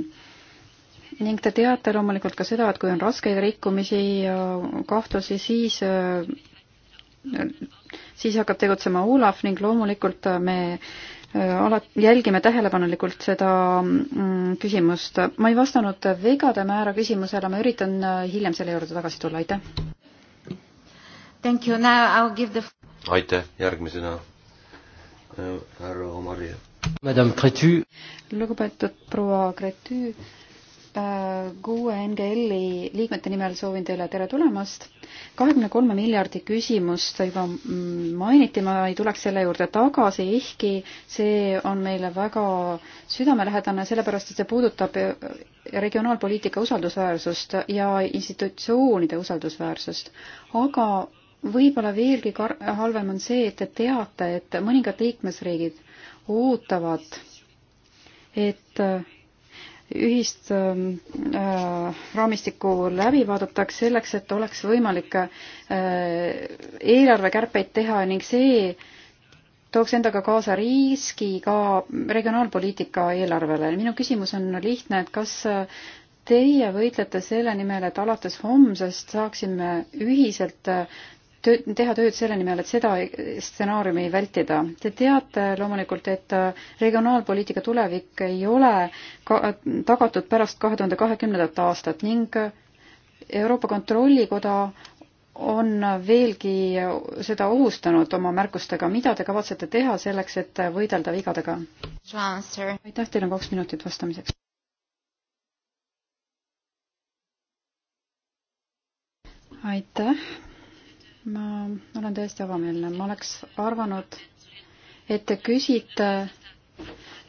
ning te teate loomulikult ka seda, et kui on raskeid rikkumisi ja kahtlusi, siis äh, siis hakkab tegutsema Olav ning loomulikult äh, me Äh, alati jälgime tähelepanelikult seda mm, küsimust. ma ei vastanud vigade määra küsimusele, ma üritan äh, hiljem selle juurde tagasi tulla, aitäh. Thank you, now I will give the aitäh, järgmisena äh, härra Omari. Madame Cretu. lugupeetud proua Cretu kuue NGL-i liikmete nimel soovin teile tere tulemast. kahekümne kolme miljardi küsimust juba mainiti, ma ei tuleks selle juurde tagasi, ehkki see on meile väga südamelähedane, sellepärast et see puudutab regionaalpoliitika usaldusväärsust ja institutsioonide usaldusväärsust. aga võib-olla veelgi halvem on see, et te teate, et mõningad liikmesriigid ootavad, et ühist ähm, äh, raamistikku läbi vaadataks selleks, et oleks võimalik äh, eelarvekärpeid teha ning see tooks endaga kaasa riski ka regionaalpoliitika eelarvele. minu küsimus on lihtne, et kas äh, Teie võitlete selle nimel, et alates homsest saaksime ühiselt äh, töö, teha tööd selle nimel, et seda stsenaariumi vältida. Te teate loomulikult, et regionaalpoliitika tulevik ei ole ka, tagatud pärast kahe tuhande kahekümnendat aastat ning Euroopa Kontrollikoda on veelgi seda ohustanud oma märkustega. mida te kavatsete teha selleks, et võidelda vigadega? aitäh, teil on kaks minutit vastamiseks. aitäh ma olen tõesti avameelne, ma oleks arvanud, et te küsite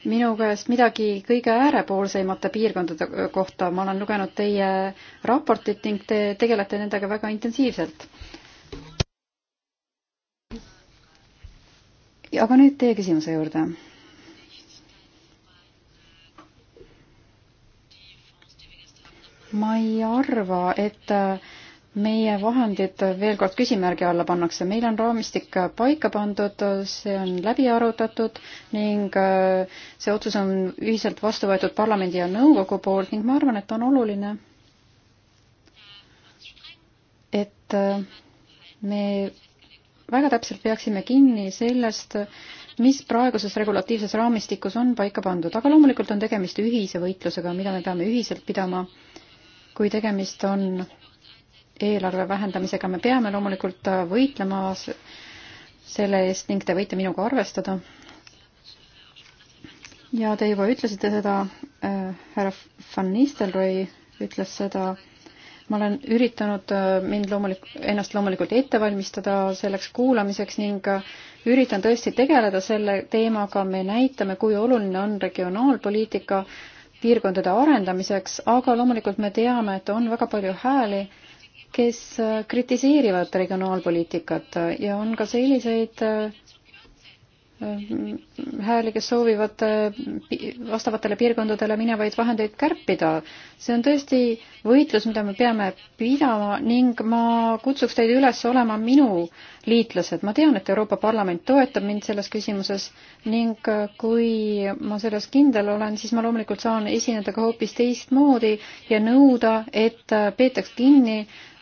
minu käest midagi kõige äärepoolseimate piirkondade kohta, ma olen lugenud teie raportit ning te tegelete nendega väga intensiivselt. aga nüüd teie küsimuse juurde. ma ei arva, et äh, meie vahendid veel kord küsimärgi alla pannakse. meil on raamistik paika pandud, see on läbi arutatud ning äh, see otsus on ühiselt vastu võetud parlamendi ja nõukogu poolt ning ma arvan, et on oluline, et äh, me väga täpselt peaksime kinni sellest, mis praeguses regulatiivses raamistikus on paika pandud, aga loomulikult on tegemist ühise võitlusega, mida me peame ühiselt pidama, kui tegemist on eelarve vähendamisega, me peame loomulikult äh, võitlema selle eest ning te võite minuga arvestada. ja te juba ütlesite seda äh,, härra Van Nistelrooy ütles seda, ma olen üritanud äh, mind loomulik-, ennast loomulikult ette valmistada selleks kuulamiseks ning äh, üritan tõesti tegeleda selle teemaga, me näitame, kui oluline on regionaalpoliitika piirkondade arendamiseks, aga loomulikult me teame, et on väga palju hääli, kes äh, kritiseerivad regionaalpoliitikat äh, ja on ka selliseid äh, hääli, kes soovivad vastavatele piirkondadele minevaid vahendeid kärpida. see on tõesti võitlus, mida me peame pidama ning ma kutsuks teid üles olema minu liitlased. ma tean, et Euroopa Parlament toetab mind selles küsimuses ning kui ma selles kindel olen, siis ma loomulikult saan esineda ka hoopis teistmoodi ja nõuda, et peetaks kinni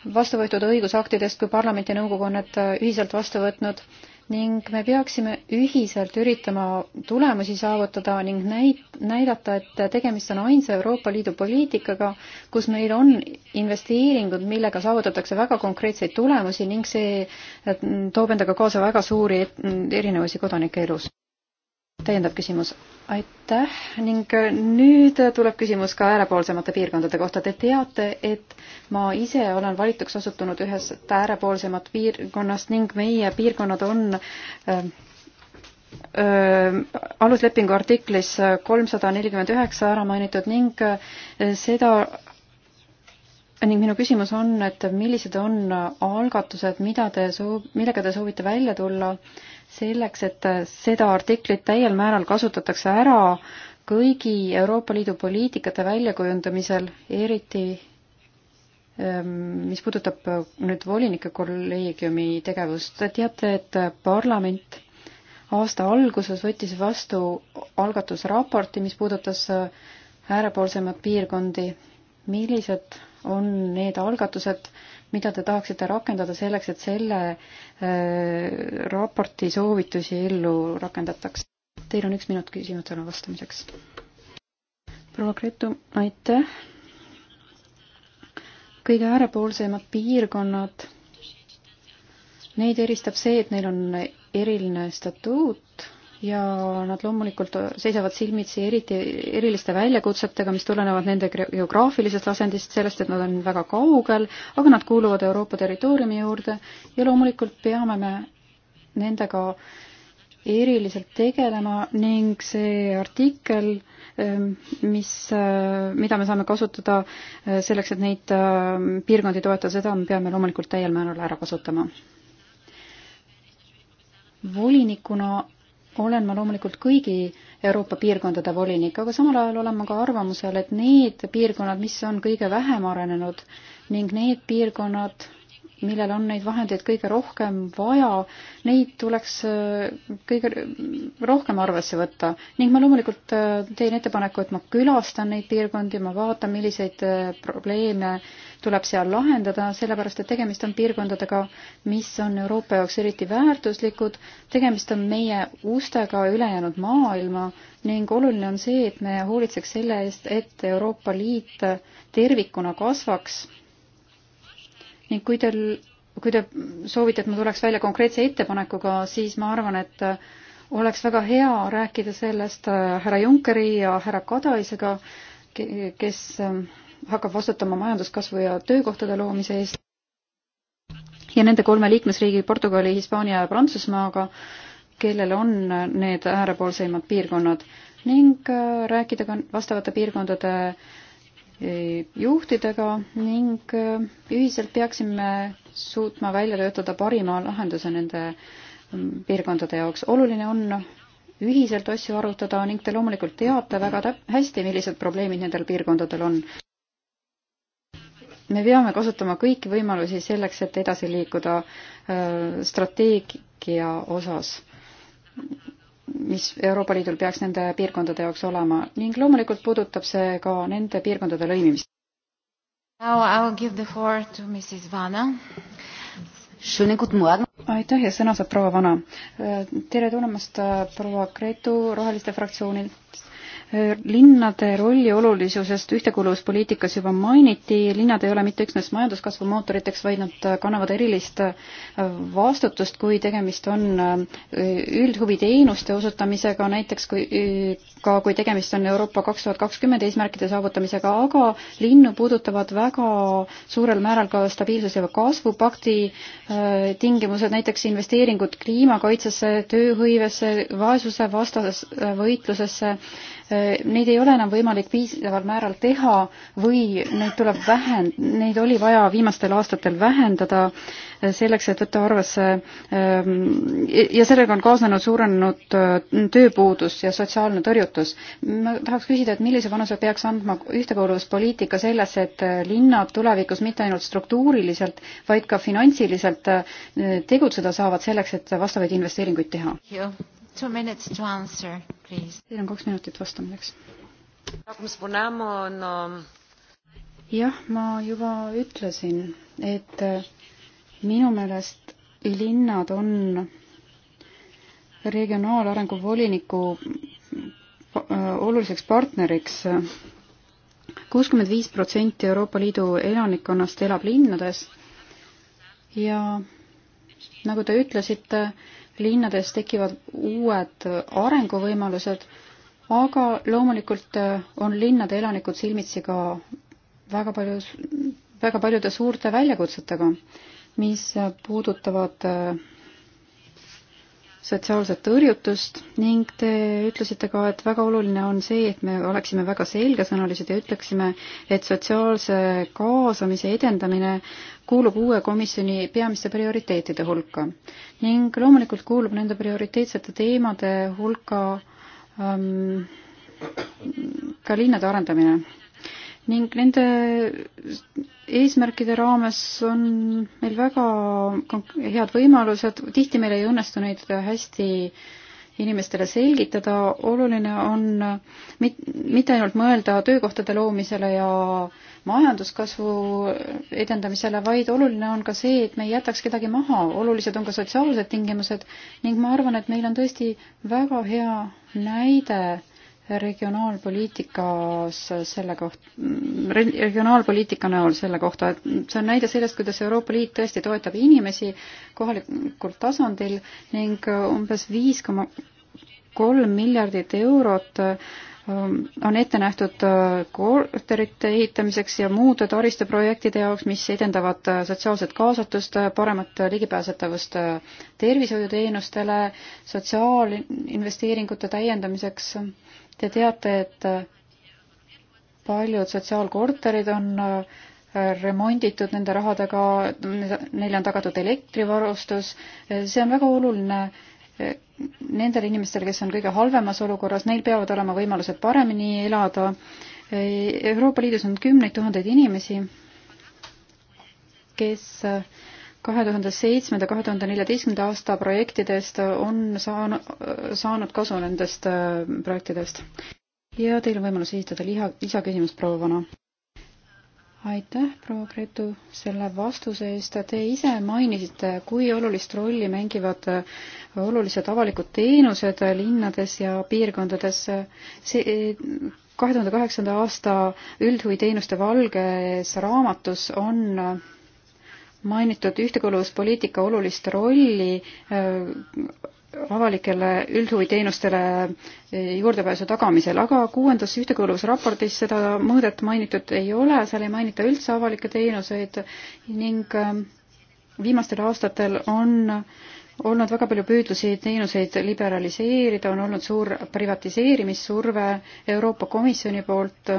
vastu võetud õigusaktidest, kui parlament ja nõukogu on need äh, ühiselt vastu võtnud ning me peaksime ühiselt üritama tulemusi saavutada ning näit-, näidata, et tegemist on ainsa Euroopa Liidu poliitikaga, kus meil on investeeringud, millega saavutatakse väga konkreetseid tulemusi ning see äh, toob endaga kaasa väga suuri mm, erinevusi kodanike elus. täiendav küsimus aitäh ning äh, nüüd äh, tuleb küsimus ka äärepoolsemate piirkondade kohta. Te teate, et ma ise olen valituks osutunud ühest äärepoolsemat piirkonnast ning meie piirkonnad on äh, äh, aluslepingu artiklis kolmsada nelikümmend üheksa ära mainitud ning äh, seda ning minu küsimus on, et millised on algatused, mida te soo-, millega te soovite välja tulla äh, selleks, et seda artiklit täiel määral kasutatakse ära kõigi Euroopa Liidu poliitikate väljakujundamisel, eriti ähm, mis puudutab nüüd volinike kolleegiumi tegevust, teate, et parlament aasta alguses võttis vastu algatusraporti, mis puudutas äh, äärepoolsemaid piirkondi. millised on need algatused, mida te tahaksite rakendada selleks, et selle äh, raporti soovitusi ellu rakendataks? Teil on üks minut küsimustele vastamiseks. proua Gretu, aitäh. kõige äärepoolsemad piirkonnad, neid eristab see, et neil on eriline statuut ja nad loomulikult seisavad silmitsi eriti eriliste väljakutsetega, mis tulenevad nende geograafilisest asendist, sellest, et nad on väga kaugel, aga nad kuuluvad Euroopa territooriumi juurde ja loomulikult peame me nendega eriliselt tegelema ning see artikkel, ähm, mis, äh, mida me saame kasutada äh, selleks, et neid ähm, piirkondi toetada, seda me peame loomulikult täiel määral ära kasutama. volinikuna olen ma loomulikult kõigi Euroopa piirkondade volinik, aga samal ajal olen ma ka arvamusel, et need piirkonnad, mis on kõige vähem arenenud ning need piirkonnad, millel on neid vahendeid kõige rohkem vaja, neid tuleks äh, kõige rohkem arvesse võtta. ning ma loomulikult äh, teen ettepaneku, et ma külastan neid piirkondi, ma vaatan, milliseid äh, probleeme tuleb seal lahendada, sellepärast et tegemist on piirkondadega, mis on Euroopa jaoks eriti väärtuslikud, tegemist on meie ustega ülejäänud maailma ning oluline on see, et me hoolitseks selle eest, et Euroopa Liit tervikuna kasvaks ning kui teil, kui te soovite, et ma tuleks välja konkreetse ettepanekuga, siis ma arvan, et oleks väga hea rääkida sellest äh, härra Junckeri ja härra Kadaisega, kes ähm, hakkab vastutama majanduskasvu ja töökohtade loomise eest ja nende kolme liikmesriigi Portugali, Hispaania ja Prantsusmaaga, kellel on äh, need äärepoolseimad piirkonnad ning äh, rääkida ka vastavate piirkondade äh, juhtidega ning äh, ühiselt peaksime suutma välja töötada parima lahenduse nende mm, piirkondade jaoks. oluline on ühiselt asju arutada ning te loomulikult teate väga täp-, hästi, millised probleemid nendel piirkondadel on. me peame kasutama kõiki võimalusi selleks, et edasi liikuda äh, strateegia osas mis Euroopa Liidul peaks nende piirkondade jaoks olema ning loomulikult puudutab see ka nende piirkondade lõimimist. aitäh ja sõna saab proua Vana. tere tulemast proua Gretu Roheliste fraktsioonilt linnade rolli olulisusest ühtekuuluvuspoliitikas juba mainiti, linnad ei ole mitte üksnes majanduskasvu mootoriteks, vaid nad kannavad erilist vastutust, kui tegemist on äh, üldhuviteenuste osutamisega, näiteks kui äh, ka kui tegemist on Euroopa kaks tuhat kakskümmend eesmärkide saavutamisega, aga linnu puudutavad väga suurel määral ka stabiilsuse ja kasvupakti äh, tingimused, näiteks investeeringud kliimakaitsesse, tööhõivesse, vaesuse vastasesse võitlusesse neid ei ole enam võimalik piisaval määral teha või neid tuleb vähen-, neid oli vaja viimastel aastatel vähendada selleks, et võtta arvesse ähm, ja sellega on kaasnenud suurenenud äh, tööpuudus ja sotsiaalne tõrjutus. ma tahaks küsida, et millise panuse peaks andma ühtekuuluvuspoliitika sellesse, et äh, linnad tulevikus mitte ainult struktuuriliselt, vaid ka finantsiliselt äh, tegutseda saavad selleks, et vastavaid investeeringuid teha? Two minutes to answer Teil on kaks minutit vastamiseks. jah, ma juba ütlesin, et äh, minu meelest linnad on regionaalarengu voliniku äh, oluliseks partneriks. kuuskümmend viis protsenti Euroopa Liidu elanikkonnast elab linnades ja nagu te ütlesite, linnades tekivad uued arenguvõimalused, aga loomulikult äh, on linnade elanikud silmitsi ka väga palju, väga paljude suurte väljakutsetega, mis puudutavad äh, sotsiaalset tõrjutust ning te ütlesite ka, et väga oluline on see, et me oleksime väga selgesõnalised ja ütleksime, et sotsiaalse kaasamise edendamine kuulub uue komisjoni peamiste prioriteetide hulka. ning loomulikult kuulub nende prioriteetsete teemade hulka ähm, ka linnade arendamine ning nende eesmärkide raames on meil väga head võimalused, tihti meil ei õnnestu neid hästi inimestele selgitada, oluline on mit-, mitte ainult mõelda töökohtade loomisele ja majanduskasvu edendamisele, vaid oluline on ka see, et me ei jätaks kedagi maha, olulised on ka sotsiaalsed tingimused ning ma arvan, et meil on tõesti väga hea näide regionaalpoliitikas selle koht-, regionaalpoliitika näol selle kohta, et see on näide sellest, kuidas Euroopa Liit tõesti toetab inimesi kohalikul tasandil ning umbes viis koma kolm miljardit eurot ähm, on ette nähtud äh, korterite ehitamiseks ja muude taristuprojektide jaoks, mis edendavad äh, sotsiaalset kaasatust, äh, paremat ligipääsetavust tervishoiuteenustele, sotsiaalinvesteeringute täiendamiseks Te teate, et paljud sotsiaalkorterid on äh, remonditud nende rahadega, neile on tagatud elektrivarustus, see on väga oluline äh, nendele inimestele, kes on kõige halvemas olukorras, neil peavad olema võimalused paremini elada. Äh, Euroopa Liidus on kümneid tuhandeid inimesi, kes kahe tuhande seitsmenda, kahe tuhande neljateistkümnenda aasta projektidest on saanud, saanud kasu nendest äh, projektidest. ja teil on võimalus esitada liha, lisaküsimus proua Vana. aitäh, proua Gretu, selle vastuse eest. Te ise mainisite, kui olulist rolli mängivad äh, olulised avalikud teenused linnades ja piirkondades. see kahe tuhande kaheksanda aasta üldhuviteenuste valges raamatus on äh, mainitud ühtekuuluvuspoliitika olulist rolli äh, avalikele üldhuviteenustele äh, juurdepääsu tagamisel, aga kuuendas ühtekuuluvusraportis seda mõõdet mainitud ei ole, seal ei mainita üldse avalikke teenuseid ning äh, viimastel aastatel on olnud väga palju püüdlusi teenuseid liberaliseerida, on olnud suur privatiseerimissurve Euroopa Komisjoni poolt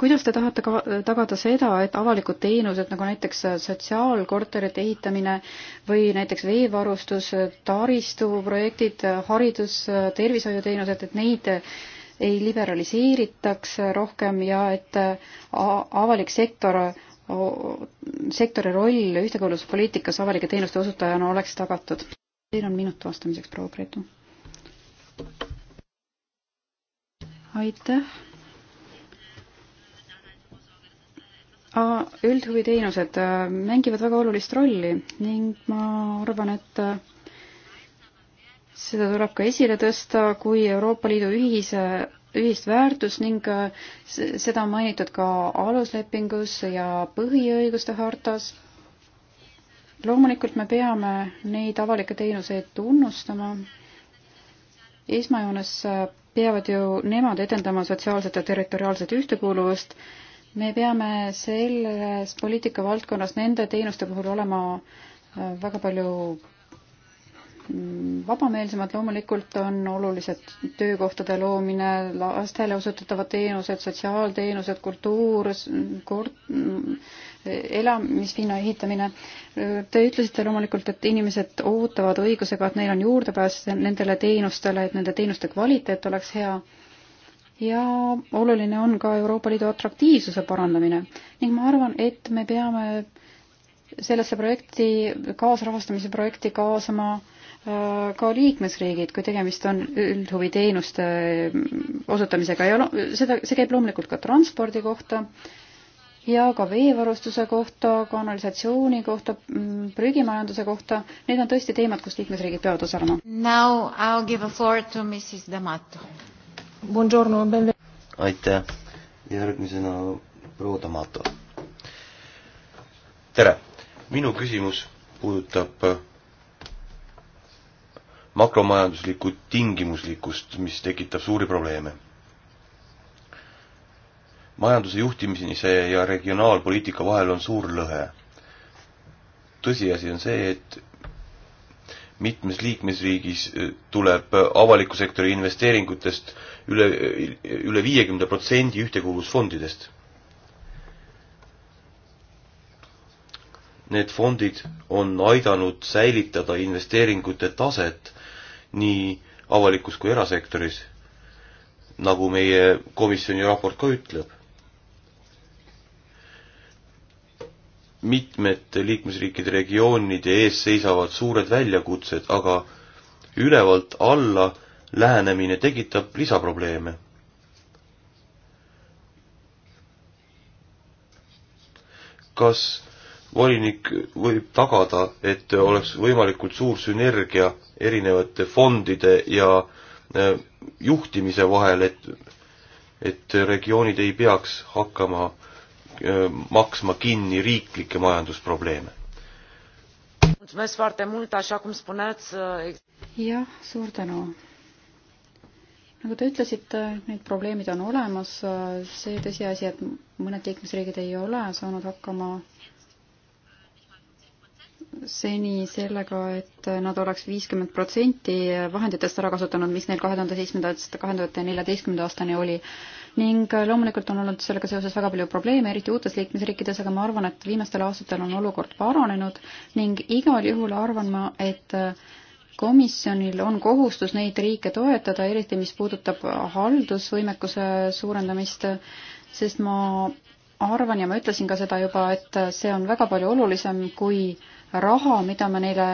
kuidas te tahate ka tagada seda, et avalikud teenused nagu näiteks sotsiaalkorterite ehitamine või näiteks veevarustus, taristuprojektid, haridus, tervishoiuteenused, et neid ei liberaliseeritaks rohkem ja et avalik sektor, sektori roll ühtekuuluvuspoliitikas avalike teenuste osutajana oleks tagatud? Teil on minut vastamiseks, proua Gretu. aitäh üldhuviteenused äh, mängivad väga olulist rolli ning ma arvan, et äh, seda tuleb ka esile tõsta kui Euroopa Liidu ühise, ühist väärtust ning äh, seda on mainitud ka aluslepingus ja põhiõiguste hartas. loomulikult me peame neid avalikke teenuseid tunnustama. esmajoones peavad ju nemad edendama sotsiaalset ja territoriaalset ühtekuuluvust me peame selles poliitikavaldkonnas nende teenuste puhul olema äh, väga palju mm, vabameelsemad loomulikult on olulised töökohtade loomine, lastele osutatavad teenused, sotsiaalteenused, kultuur, kord-, mm, elamispinna ehitamine. Te ütlesite loomulikult, et inimesed ootavad õigusega, et neil on juurdepääs nendele teenustele, et nende teenuste kvaliteet oleks hea ja oluline on ka Euroopa Liidu atraktiivsuse parandamine ning ma arvan, et me peame sellesse projekti, kaasrahastamise projekti kaasama äh, ka liikmesriigid, kui tegemist on üldhuviteenuste mm, osutamisega ja seda, see käib loomulikult ka transpordi kohta ja ka veevarustuse kohta, kanalisatsiooni kohta, mm, prügimajanduse kohta, need on tõesti teemad, kus liikmesriigid peavad osalema. Now I will give a floor to Mrs Damato aitäh, järgmisena proua Tomato. tere, minu küsimus puudutab äh, makromajanduslikku tingimuslikkust, mis tekitab suuri probleeme. majanduse juhtimise ja regionaalpoliitika vahel on suur lõhe. tõsiasi on see, et mitmes liikmesriigis äh, tuleb äh, avaliku sektori investeeringutest üle, üle viiekümne protsendi ühtekuuluvusfondidest. Need fondid on aidanud säilitada investeeringute taset nii avalikus kui erasektoris, nagu meie komisjoni raport ka ütleb. mitmete liikmesriikide regioonide ees seisavad suured väljakutsed, aga ülevalt alla lähenemine tekitab lisaprobleeme. kas volinik võib tagada, et oleks võimalikult suur sünergia erinevate fondide ja äh, juhtimise vahel, et, et regioonid ei peaks hakkama äh, maksma kinni riiklikke majandusprobleeme? jah, suur tänu nagu te ütlesite, need probleemid on olemas, see tõsiasi, et mõned liikmesriigid ei ole saanud hakkama seni sellega, et nad oleks viiskümmend protsenti vahenditest ära kasutanud, mis neil kahe tuhande seitsmendast, kahe tuhande neljateistkümnenda aastani oli. ning loomulikult on olnud sellega seoses väga palju probleeme, eriti uutes liikmesriikides, aga ma arvan, et viimastel aastatel on olukord paranenud ning igal juhul arvan ma, et komisjonil on kohustus neid riike toetada, eriti mis puudutab haldusvõimekuse suurendamist, sest ma arvan ja ma ütlesin ka seda juba, et see on väga palju olulisem kui raha, mida me neile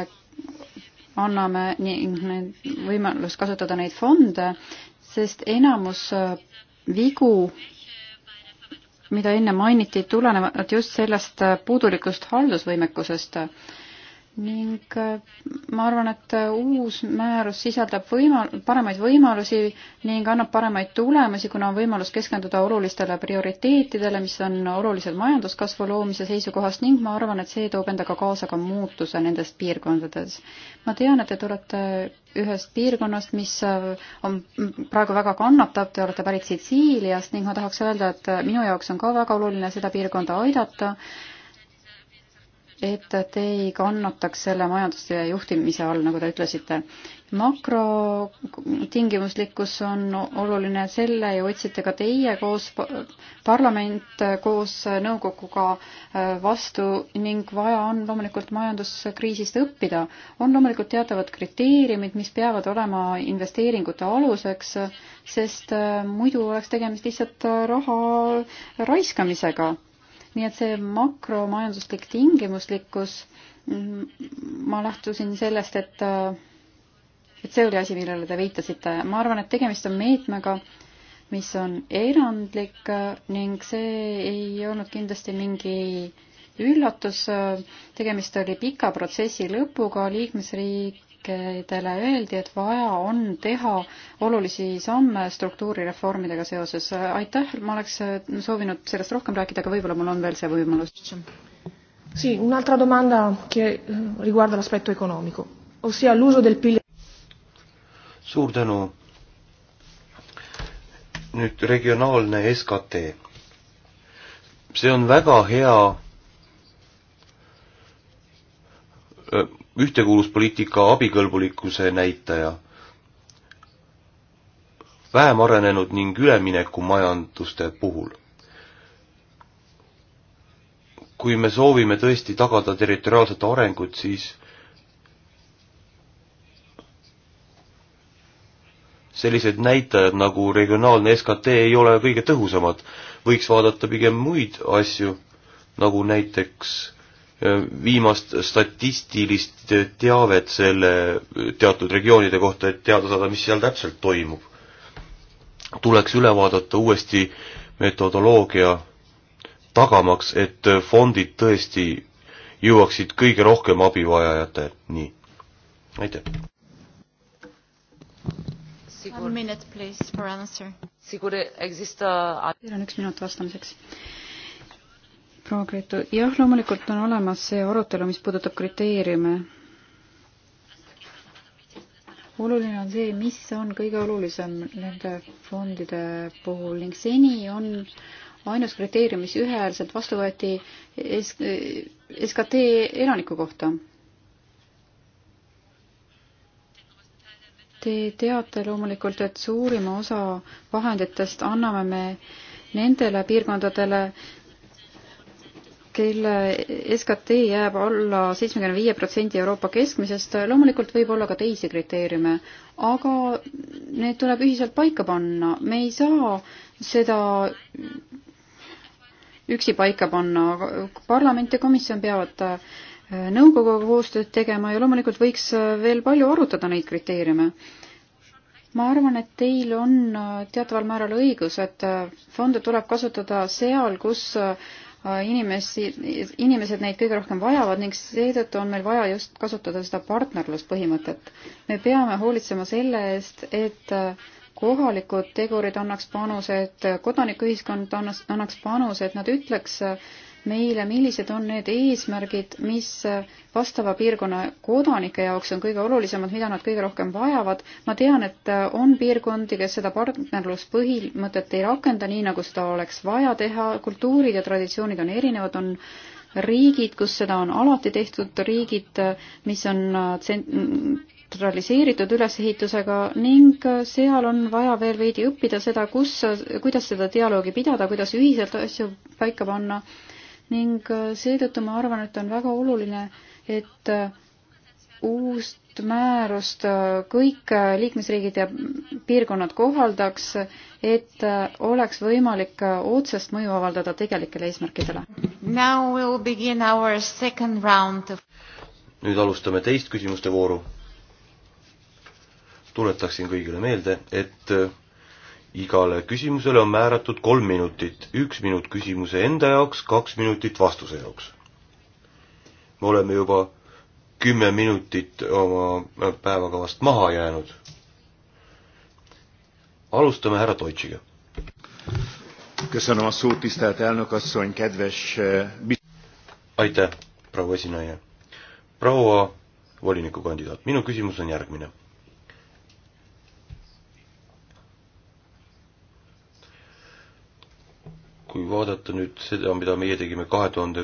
anname ning võimalus kasutada neid fonde, sest enamus vigu, mida enne mainiti, tulenevad just sellest puudulikust haldusvõimekusest ning äh, ma arvan, et äh, uus määrus sisaldab võima-, paremaid võimalusi ning annab paremaid tulemusi, kuna on võimalus keskenduda olulistele prioriteetidele, mis on olulised majanduskasvu loomise seisukohast ning ma arvan, et see toob endaga kaasa ka muutuse nendes piirkondades. ma tean, et te tulete ühest piirkonnast, mis äh, on praegu väga kannatab, te olete pärit Sitsiiliast ning ma tahaks öelda, et minu jaoks on ka väga oluline seda piirkonda aidata et te ei kannataks selle majanduse juhtimise all, nagu te ütlesite. makrotingimuslikkus on oluline, selle ju otsite ka teie koos, parlament koos nõukoguga äh, vastu ning vaja on loomulikult majanduskriisist õppida. on loomulikult teatavad kriteeriumid, mis peavad olema investeeringute aluseks, sest äh, muidu oleks tegemist lihtsalt äh, raha raiskamisega nii et see makromajanduslik tingimuslikkus, ma lähtusin sellest, et, et see oli asi, millele te viitasite. ma arvan, et tegemist on meetmega, mis on erandlik ning see ei olnud kindlasti mingi üllatus, tegemist oli pika protsessi lõpuga, liikmesriik riikidele öeldi, et vaja on teha olulisi samme struktuurireformidega seoses. aitäh, ma oleks soovinud sellest rohkem rääkida, aga võib-olla mul on veel see võimalus. Sì, un'altra domanda che eh, riguarda l'aspetto economico, ossia l'uso del PIL. Suur tänu. Nüüd regionaalne SKT. See on väga hea ühtekuuluspoliitika abikõlbulikkuse näitaja. vähem arenenud ning üleminekumajanduste puhul. kui me soovime tõesti tagada territoriaalset arengut, siis sellised näitajad nagu regionaalne SKT ei ole kõige tõhusamad, võiks vaadata pigem muid asju, nagu näiteks viimast statistilist teavet selle teatud regioonide kohta, et teada saada, mis seal täpselt toimub. tuleks üle vaadata uuesti metodoloogia, tagamaks, et fondid tõesti jõuaksid kõige rohkem abivajajateni. aitäh. Sigur, Sigur, exista... teil on üks minut vastamiseks proua Gretu, jah, loomulikult on olemas see arutelu, mis puudutab kriteeriume. oluline on see, mis on kõige olulisem nende fondide puhul ning seni on ainus kriteerium, mis ühehäälselt vastu võeti S SKT elaniku kohta. Te teate loomulikult, et suurima osa vahenditest anname me nendele piirkondadele, kelle eh, SKT jääb alla seitsmekümne viie protsendi Euroopa keskmisest, loomulikult võib olla ka teisi kriteeriume, aga need tuleb ühiselt paika panna, me ei saa seda üksi paika panna, parlament ja komisjon peavad eh, nõukoguga koostööd tegema ja loomulikult võiks eh, veel palju arutada neid kriteeriume ma arvan, et teil on teataval määral õigus, et fonde tuleb kasutada seal, kus Äh, inimesi, inimesed neid kõige rohkem vajavad ning seetõttu on meil vaja just kasutada seda partnerluspõhimõtet. me peame hoolitsema selle eest, et äh, kohalikud tegurid annaks panuse, et äh, kodanikuühiskond annaks, annaks panuse, et nad ütleks äh, meile, millised on need eesmärgid, mis vastava piirkonna kodanike jaoks on kõige olulisemad, mida nad kõige rohkem vajavad. ma tean, et on piirkondi, kes seda partnerluspõhimõtet ei rakenda nii, nagu seda oleks vaja teha, kultuurid ja traditsioonid on erinevad, on riigid, kus seda on alati tehtud, riigid, mis on tsentraliseeritud ülesehitusega ning seal on vaja veel veidi õppida seda, kus, kuidas seda dialoogi pidada, kuidas ühiselt asju paika panna ning äh, seetõttu ma arvan, et on väga oluline, et äh, uust määrust äh, kõik liikmesriigid ja piirkonnad kohaldaks, et oleks võimalik otsest mõju avaldada tegelikele eesmärkidele. Of... nüüd alustame teist küsimuste vooru. tuletaksin kõigile meelde, et igale küsimusele on määratud kolm minutit, üks minut küsimuse enda jaoks, kaks minutit vastuse jaoks. me oleme juba kümme minutit oma päevakavast maha jäänud. alustame härra Deutschiga. köszönöm a szót, tisztelt elnök asszony, kedves eh, aitäh, proua esinaine. proua volinikukandidaat, minu küsimus on järgmine kui vaadata nüüd seda, mida meie tegime kahe tuhande,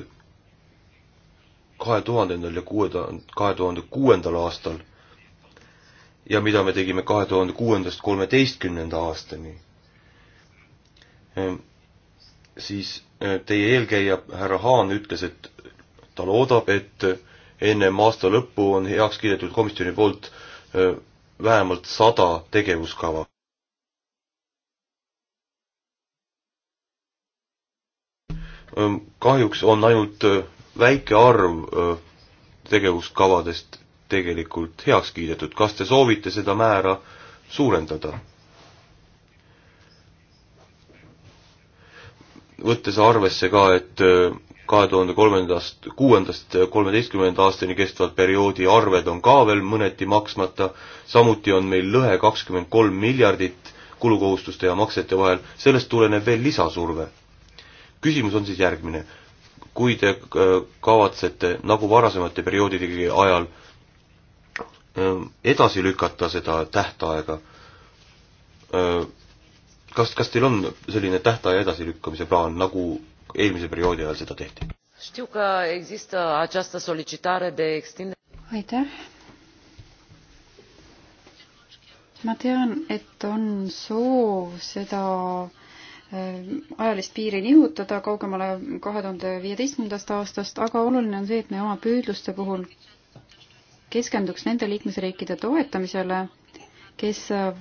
kahe tuhandendal ja kuue tuhande, kahe tuhande kuuendal aastal ja mida me tegime kahe tuhande kuuendast kolmeteistkümnenda aastani, ehm, siis ehm, teie eelkäija härra Haan ütles, et ta loodab, et ennem aasta lõppu on heaks kiidetud komisjoni poolt ehm, vähemalt sada tegevuskava. kahjuks on ainult väike arv tegevuskavadest tegelikult heaks kiidetud. kas te soovite seda määra suurendada? võttes arvesse ka, et kahe tuhande kolmandast, kuuendast kolmeteistkümnenda aastani kestvad perioodi arved on ka veel mõneti maksmata, samuti on meil lõhe kakskümmend kolm miljardit kulukohustuste ja maksete vahel, sellest tuleneb veel lisasurve küsimus on siis järgmine. kui te äh, kavatsete, nagu varasemate perioodide ajal, ähm, edasi lükata seda tähtaega, äh, kas, kas teil on selline tähtaja edasilükkamise plaan, nagu eelmise perioodi ajal seda tehti? aitäh. ma tean, et on soov seda Äh, ajalist piiri nihutada kaugemale kahe tuhande viieteistkümnendast aastast, aga oluline on see, et me oma püüdluste puhul keskenduks nende liikmesriikide toetamisele, kes äh,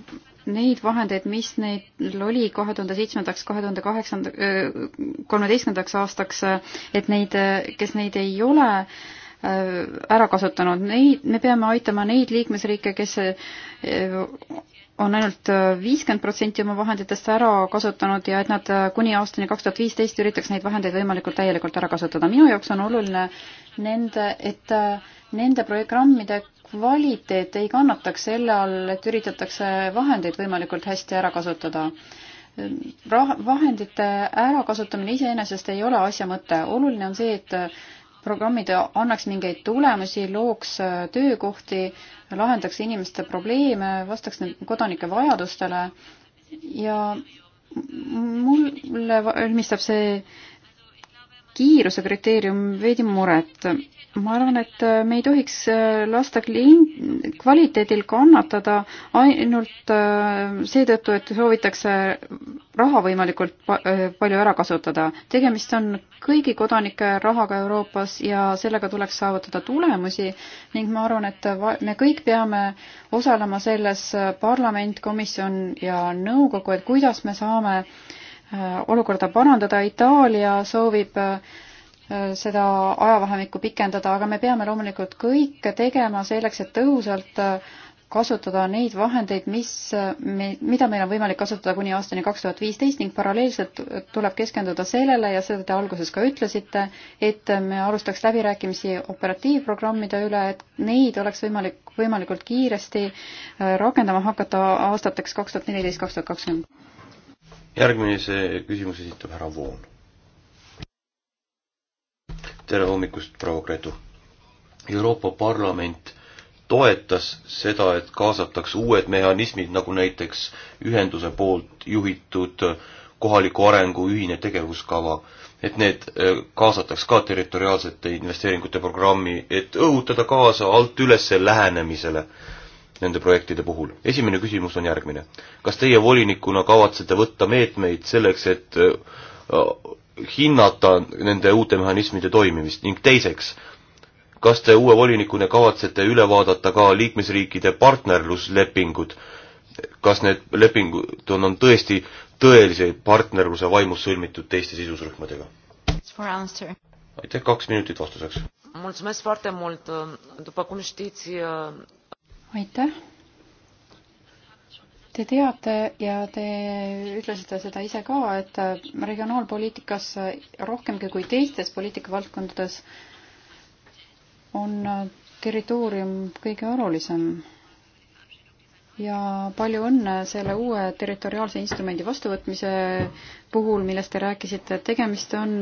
neid vahendeid, mis neil oli kahe tuhande seitsmendaks, kahe tuhande kaheksanda, äh, kolmeteistkümnendaks aastaks, et neid, kes neid ei ole ära kasutanud, neid, me peame aitama neid liikmesriike, kes on ainult äh, viiskümmend protsenti oma vahenditest ära kasutanud ja et nad äh, kuni aastani kaks tuhat viisteist üritaks neid vahendeid võimalikult täielikult ära kasutada. minu jaoks on oluline nende, et äh, nende programmide kvaliteet ei kannataks selle all, et üritatakse vahendeid võimalikult hästi ära kasutada rah-, vahendite ärakasutamine iseenesest ei ole asja mõte, oluline on see, et programmid annaks mingeid tulemusi, looks äh, töökohti, lahendaks inimeste probleeme, vastaks kodanike vajadustele ja mulle valmistab see kiiruse kriteerium veidi muret. ma arvan, et äh, me ei tohiks äh, lasta klient, kvaliteedil kannatada ainult äh, seetõttu, et soovitakse raha võimalikult palju ära kasutada. tegemist on kõigi kodanike rahaga Euroopas ja sellega tuleks saavutada tulemusi ning ma arvan, et me kõik peame osalema selles parlament, komisjon ja nõukogu, et kuidas me saame äh, Äh, olukorda parandada. Itaalia soovib äh, seda ajavahemikku pikendada, aga me peame loomulikult kõike tegema selleks, et tõhusalt äh, kasutada neid vahendeid, mis me, mida meil on võimalik kasutada kuni aastani kaks tuhat viisteist ning paralleelselt tuleb keskenduda sellele ja seda te alguses ka ütlesite, et me alustaks läbirääkimisi operatiivprogrammide üle, et neid oleks võimalik võimalikult kiiresti rakendama hakata aastateks kaks tuhat neliteist, kaks tuhat kakskümmend järgmine see küsimus esitab härra Voon. tere hommikust, proua Gretu. Euroopa Parlament toetas seda, et kaasatakse uued mehhanismid, nagu näiteks ühenduse poolt juhitud kohaliku arengu ühine tegevuskava, et need äh, kaasataks ka territoriaalsete investeeringute programmi, et õhutada kaasa alt üles lähenemisele nende projektide puhul. esimene küsimus on järgmine. kas teie volinikuna kavatsete võtta meetmeid selleks, et äh, hinnata nende uute mehhanismide toimimist ning teiseks, kas te uue volinikuna kavatsete üle vaadata ka liikmesriikide partnerluslepingud, kas need lepingud on, on tõesti tõelise partnerluse vaimus sõlmitud teiste sidusrühmadega? aitäh, kaks minutit vastuseks. mulțumesc foarte mult, după cum știți aitäh. Te teate ja te ütlesite seda ise ka, et regionaalpoliitikas rohkemgi kui teistes poliitikavaldkondades on territoorium kõige olulisem. ja palju õnne selle uue territoriaalse instrumendi vastuvõtmise puhul, millest te rääkisite, et tegemist on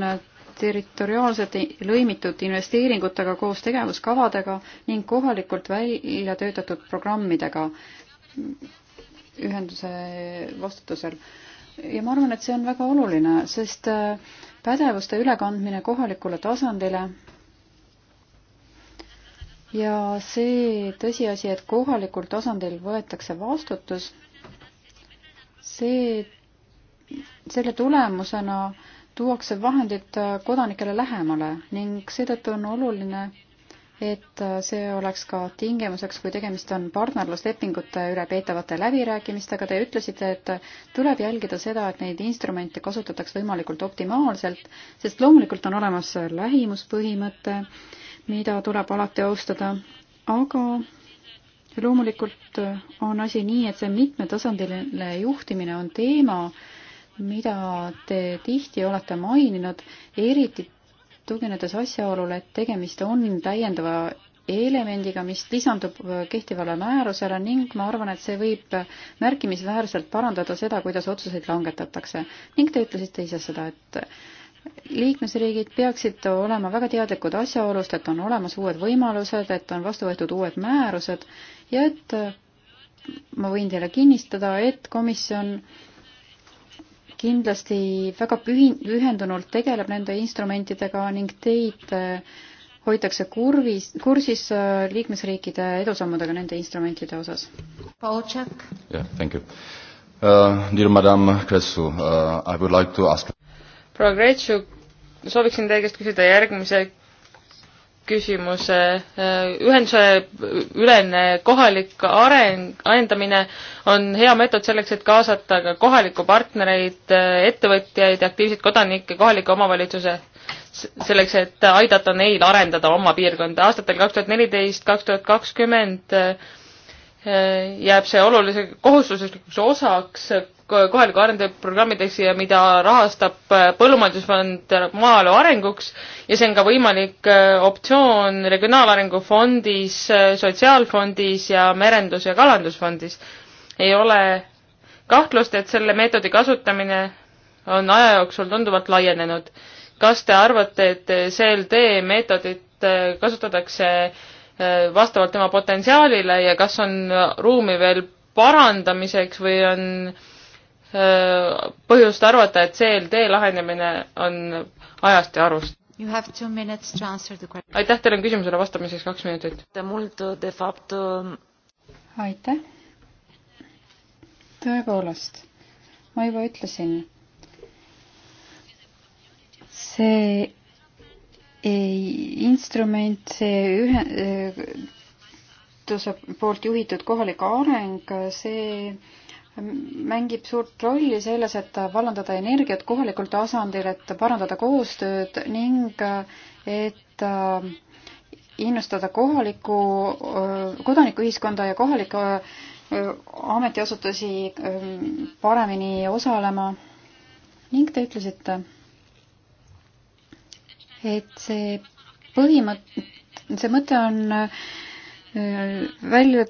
territoriaalselt lõimitud investeeringutega koos tegevuskavadega ning kohalikult välja töötatud programmidega ühenduse vastutusel. ja ma arvan, et see on väga oluline, sest äh, pädevuste ülekandmine kohalikule tasandile ja see tõsiasi, et kohalikul tasandil võetakse vastutus, see, selle tulemusena äh, tuuakse vahendid äh, kodanikele lähemale ning seetõttu on oluline, et äh, see oleks ka tingimuseks, kui tegemist on partnerluslepingute üle peetavate läbirääkimistega. Te ütlesite, et äh, tuleb jälgida seda, et neid instrumente kasutataks võimalikult optimaalselt, sest loomulikult on olemas lähimuspõhimõte, mida tuleb alati austada, aga loomulikult on asi nii, et see mitmetasandiline juhtimine on teema, mida te tihti olete maininud, eriti tuginedes asjaolule, et tegemist on täiendava elemendiga, mis lisandub kehtivale määrusele ning ma arvan, et see võib märkimisväärselt parandada seda, kuidas otsuseid langetatakse. ning te ütlesite ise seda, et liikmesriigid peaksid olema väga teadlikud asjaolust, et on olemas uued võimalused, et on vastu võetud uued määrused ja et ma võin teile kinnistada, et komisjon äh, kindlasti väga pühin-, pühendunult tegeleb nende instrumentidega ning teid äh, hoitakse kurvis, kursis äh, liikmesriikide edusammudega nende instrumentide osas. Polčak. jah yeah,, thank you uh,. Dear madam Kressu uh,, I would like to ask. proua Kretšu, sooviksin teie käest küsida järgmise küsimuse, äh, ühenduse ülene kohalik areng, arendamine on hea meetod selleks, et kaasata ka kohalikku partnereid, äh, ettevõtjaid, aktiivseid kodanikke, kohalikke omavalitsuse, selleks, et aidata neil arendada oma piirkonda. aastatel kaks tuhat neliteist, kaks tuhat kakskümmend äh, Äh, jääb see olulise kohustuslikuks osaks kohaliku arenguprogrammideks ja mida rahastab äh, Põllumajandusfond maaelu arenguks ja see on ka võimalik äh, optsioon Regionaalarengu fondis, Sotsiaalfondis ja Merendus- ja Kalandusfondis. ei ole kahtlust, et selle meetodi kasutamine on aja jooksul tunduvalt laienenud. kas te arvate, et CLD meetodit kasutatakse Äh, vastavalt tema potentsiaalile ja kas on ruumi veel parandamiseks või on äh, põhjust arvata, et CLD lahendamine on ajast ja arust? aitäh, teil on küsimusele vastamiseks kaks minutit. aitäh. tõepoolest, ma juba ütlesin, see instrument, see ühenduse poolt juhitud kohalik areng, see mängib suurt rolli selles, et vallandada energiat kohalikul tasandil, et parandada koostööd ning et äh, innustada kohalikku, äh, kodanikuühiskonda ja kohalikke äh, ametiasutusi paremini osalema. ning te ütlesite et et see põhimõte, see mõte on äh, välja,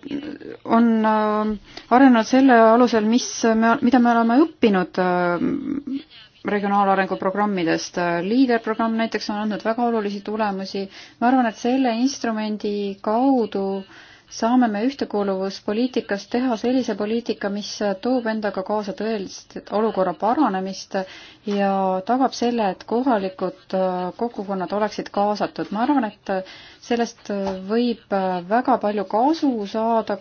on äh, arenenud selle alusel, mis me, mida me oleme õppinud äh, regionaalarengu programmidest. liiderprogramm näiteks on andnud väga olulisi tulemusi. ma arvan, et selle instrumendi kaudu äh, saame me ühtekuuluvuspoliitikas teha sellise poliitika, mis toob endaga kaasa tõelist olukorra paranemist ja tagab selle, et kohalikud äh, kogukonnad oleksid kaasatud. ma arvan, et sellest võib äh, väga palju kasu saada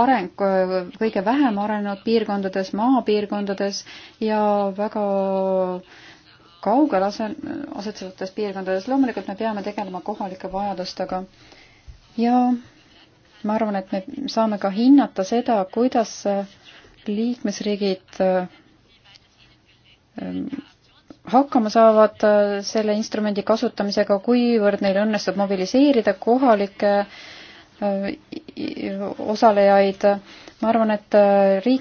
areng äh, kõige vähem arenenud piirkondades, maapiirkondades ja väga kaugel ase-, asetsevates piirkondades. loomulikult me peame tegelema kohalike vajadustega ja ma arvan, et me saame ka hinnata seda, kuidas liikmesriigid ähm, hakkama saavad äh, selle instrumendi kasutamisega, kuivõrd neil õnnestub mobiliseerida kohalikke äh, osalejaid. ma arvan, et äh, riik,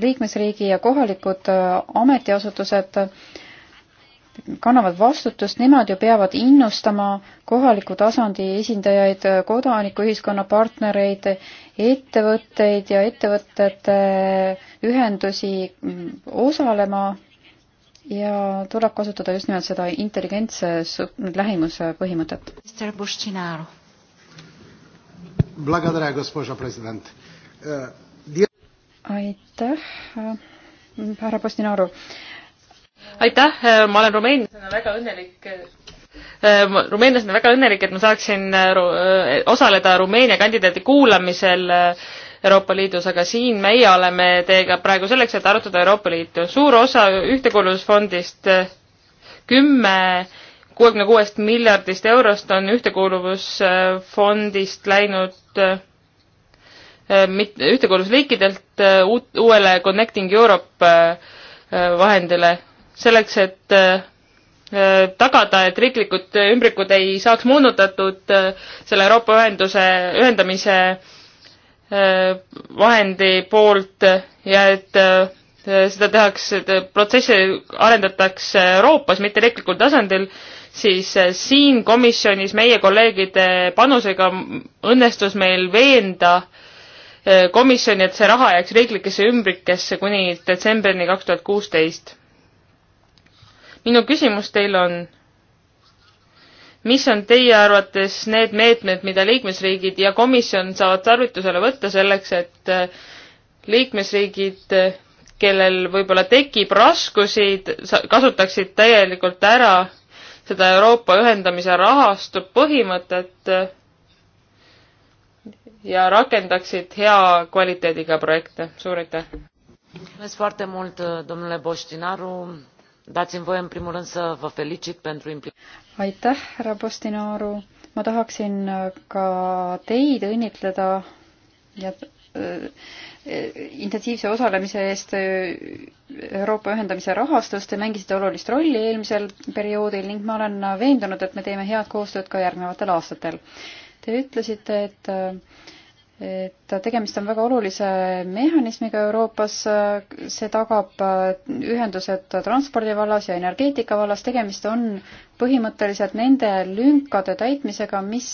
liikmesriigi ja kohalikud ametiasutused kannavad vastutust, nemad ju peavad innustama kohaliku tasandi esindajaid, kodanikuühiskonna partnereid, ettevõtteid ja ettevõtete ühendusi mm, osalema ja tuleb kasutada just nimelt seda intelligentse lähimuse põhimõtet. E, aitäh, härra Postinaru aitäh, äh, ma olen rumeenlasena väga õnnelik äh, rumeenlasena väga õnnelik, et ma saaksin äh, osaleda Rumeenia kandidaadi kuulamisel Euroopa Liidus, aga siin meie oleme teiega praegu selleks, et arutada Euroopa Liitu. suur osa Ühtekuuluvusfondist, kümme kuuekümne kuuest miljardist eurost on Ühtekuuluvusfondist läinud mit-, ühtekuuluvusliikidelt uut, uuele Connecting Europe vahendile selleks, et äh, tagada, et riiklikud ümbrikud ei saaks moonutatud äh, selle Euroopa ühenduse, ühendamise äh, vahendi poolt ja et seda tehakse, protsessi arendatakse Euroopas, mitte riiklikul tasandil, siis siin komisjonis meie kolleegide panusega õnnestus meil veenda komisjoni, et see raha jääks riiklikesse ümbrikesse kuni detsembrini kaks tuhat kuusteist minu küsimus teile on, mis on teie arvates need meetmed, mida liikmesriigid ja komisjon saavad tarvitusele võtta selleks, et äh, liikmesriigid, äh, kellel võib-olla tekib raskusi, kasutaksid täielikult ära seda Euroopa ühendamise rahastu põhimõtet äh, ja rakendaksid hea kvaliteediga projekte. suur aitäh! dați-mi voie în primul rând să vă felicit pentru implicare. Aitäh, härra Postinaaru. Ma tahaksin äh, ka teid õnnitleda ja äh, äh, intensiivse osalemise eest Euroopa ühendamise rahastus, te mängisite olulist rolli eelmisel perioodil ning ma olen veendunud, et me teeme head koostööd ka järgnevatel aastatel. Te ütlesite, et et tegemist on väga olulise mehhanismiga Euroopas, see tagab ühendused transpordi vallas ja energeetika vallas, tegemist on põhimõtteliselt nende lünkade täitmisega, mis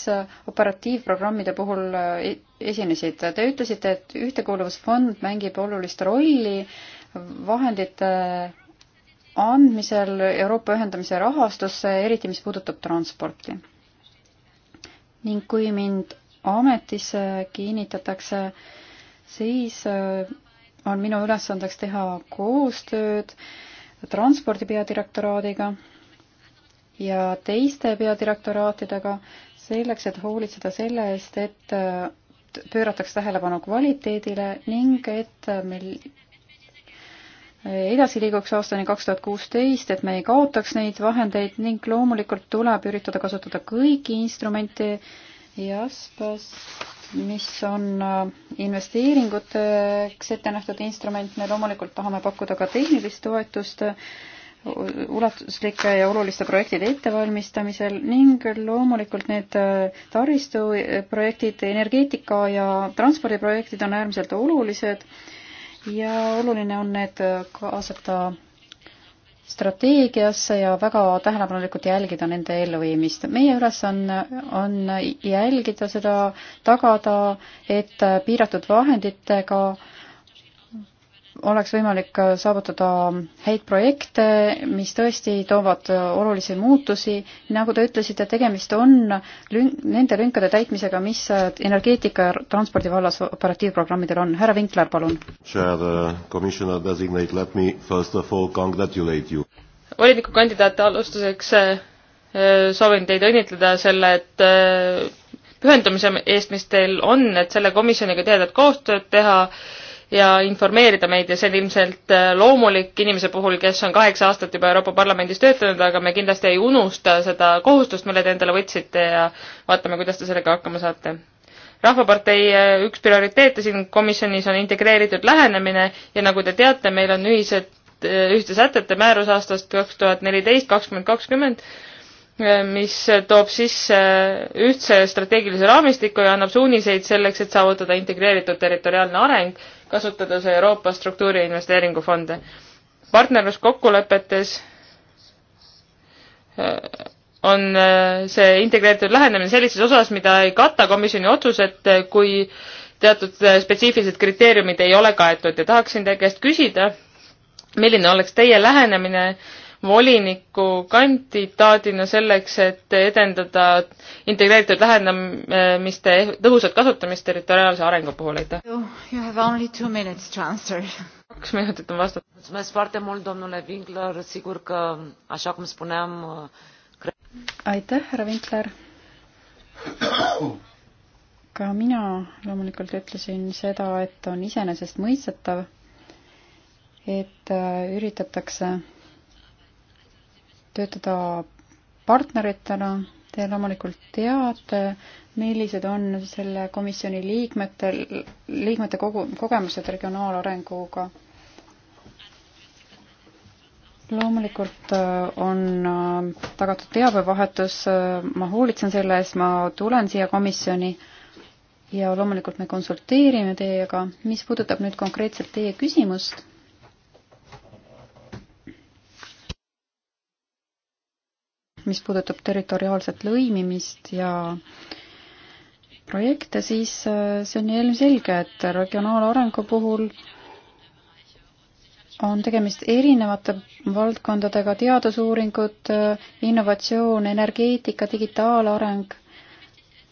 operatiivprogrammide puhul e-, esinesid. Te ütlesite, et Ühtekuuluvusfond mängib olulist rolli vahendite andmisel Euroopa ühendamise rahastusse, eriti mis puudutab transporti. ning kui mind ametisse kinnitatakse, siis äh, on minu ülesandeks teha koostööd transpordi peadirektoraadiga ja teiste peadirektoraatidega selleks, et hoolitseda selle eest, et äh, pöörataks tähelepanu kvaliteedile ning et äh, meil edasi liiguks aastani kaks tuhat kuusteist, et me ei kaotaks neid vahendeid ning loomulikult tuleb üritada kasutada kõiki instrumente, JASPAS, mis on äh, investeeringuteks ette nähtud instrument, me loomulikult tahame pakkuda ka tehnilist toetust äh, ulatuslike ja oluliste projektide ettevalmistamisel ning loomulikult need äh, taristuprojektid, energeetika ja transpordiprojektid on äärmiselt olulised ja oluline on need kaasata strateegiasse ja väga tähelepanelikult jälgida nende elluviimist. meie ülesanne on, on jälgida seda, tagada, et piiratud vahenditega äh, oleks võimalik saavutada häid projekte, mis tõesti toovad olulisi muutusi. nagu te ütlesite, tegemist on lünk, nende lünkade täitmisega, mis energeetika ja transpordi vallas operatiivprogrammidel on. härra Vinkler, palun. volinikukandidaat, alustuseks äh, äh, soovin teid õnnitleda selle, et äh, pühendumise eest, mis teil on, et selle komisjoniga tihedat koostööd teha ja informeerida meid ja see on ilmselt äh, loomulik inimese puhul, kes on kaheksa aastat juba Euroopa Parlamendis töötanud, aga me kindlasti ei unusta seda kohustust, mille te endale võtsite ja vaatame, kuidas te sellega hakkama saate. rahvapartei äh, üks prioriteete siin komisjonis on integreeritud lähenemine ja nagu te teate, meil on ühised, äh, ühiste sätete määrus aastast kaks tuhat neliteist, kakskümmend kakskümmend, mis toob sisse ühtse strateegilise raamistiku ja annab suuniseid selleks, et saavutada integreeritud territoriaalne areng kasutades Euroopa struktuuri investeeringufonde. partnerluskokkulepetes äh, on äh, see integreeritud lähenemine sellises osas, mida ei kata komisjoni otsused, äh, kui teatud spetsiifilised kriteeriumid ei ole kaetud ja tahaksin teie käest küsida, milline oleks teie lähenemine äh, voliniku kandidaadina selleks, et edendada integreeritud lähenemiste tõhusat kasutamist territoriaalse arengu puhul, aitäh! kaks minutit on vastata. mulțumesc foarte mult, domnule Winkler, sigur că, așa cum spuneam, aitäh, härra Winkler! ka mina loomulikult ütlesin seda, et on iseenesestmõistetav, et äh, üritatakse töötada partneritena. Te loomulikult teate, millised on selle komisjoni liikmetel, liikmete kogu, kogemused regionaalarenguga. loomulikult äh, on äh, tagatud teabevahetus, äh, ma hoolitsen selle eest, ma tulen siia komisjoni ja loomulikult me konsulteerime teiega. mis puudutab nüüd konkreetselt teie küsimust mis puudutab territoriaalset lõimimist ja projekte, siis äh, see on ju ilmselge, et regionaalarengu puhul on tegemist erinevate valdkondadega, teadusuuringud, äh, innovatsioon, energeetika, digitaalareng.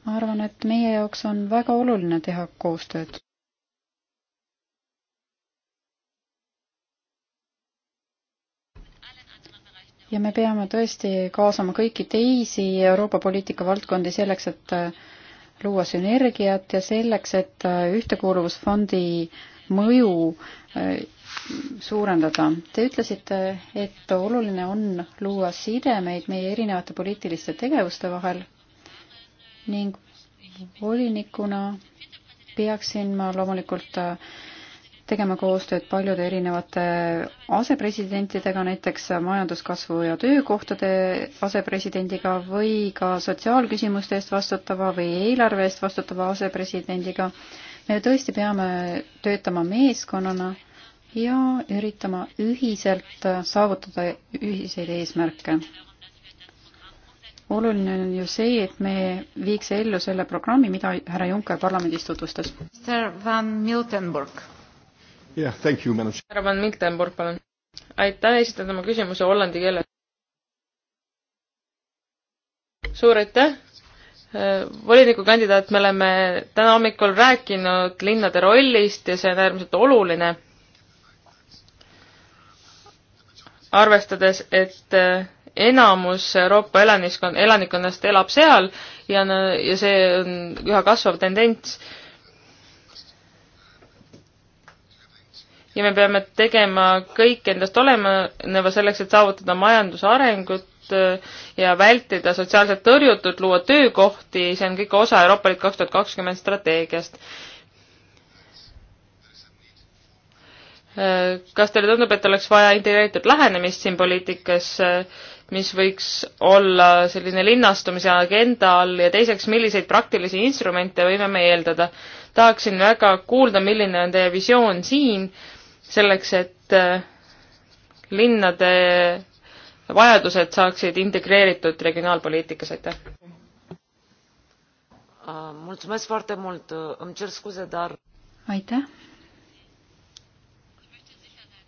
ma arvan, et meie jaoks on väga oluline teha koostööd. ja me peame tõesti kaasama kõiki teisi Euroopa poliitika valdkondi selleks, et äh, luua sünergiat ja selleks, et äh, Ühtekuuluvusfondi mõju äh, suurendada. Te ütlesite, et oluline on luua sidemeid meie erinevate poliitiliste tegevuste vahel ning volinikuna peaksin ma loomulikult tegema koostööd paljude erinevate asepresidentidega, näiteks majanduskasvu ja töökohtade asepresidendiga või ka sotsiaalküsimuste eest vastutava või eelarve eest vastutava asepresidendiga. me tõesti peame töötama meeskonnana ja üritama ühiselt saavutada ühiseid eesmärke. oluline on ju see, et me viiks ellu selle programmi, mida härra Juncker parlamendis tutvustas. Mr Van Miltenburg jah, thank you, manager. härra Van Miltenburg, palun. aitäh, esitan oma küsimuse hollandi keeles. suur aitäh äh, volinikukandidaat, me oleme täna hommikul rääkinud linnade rollist ja see on äärmiselt oluline. arvestades, et äh, enamus Euroopa elaniskond, elanikkonnast elab seal ja, ja see on üha kasvav tendents ja me peame tegema kõik endast oleneva selleks, et saavutada majanduse arengut äh, ja vältida sotsiaalset tõrjutut, luua töökohti, see on kõik osa Euroopa Liit kaks tuhat kakskümmend strateegiast. Äh, kas teile tundub, et oleks vaja integreeritud lähenemist siin poliitikas, äh, mis võiks olla selline linnastumise agenda all ja teiseks, milliseid praktilisi instrumente võime me eeldada? tahaksin väga kuulda, milline on teie visioon siin selleks, et äh, linnade vajadused saaksid integreeritud regionaalpoliitikas, aitäh! Ah, mulțumesc foarte mult. Îmi cer scuze, dar... Aitäh!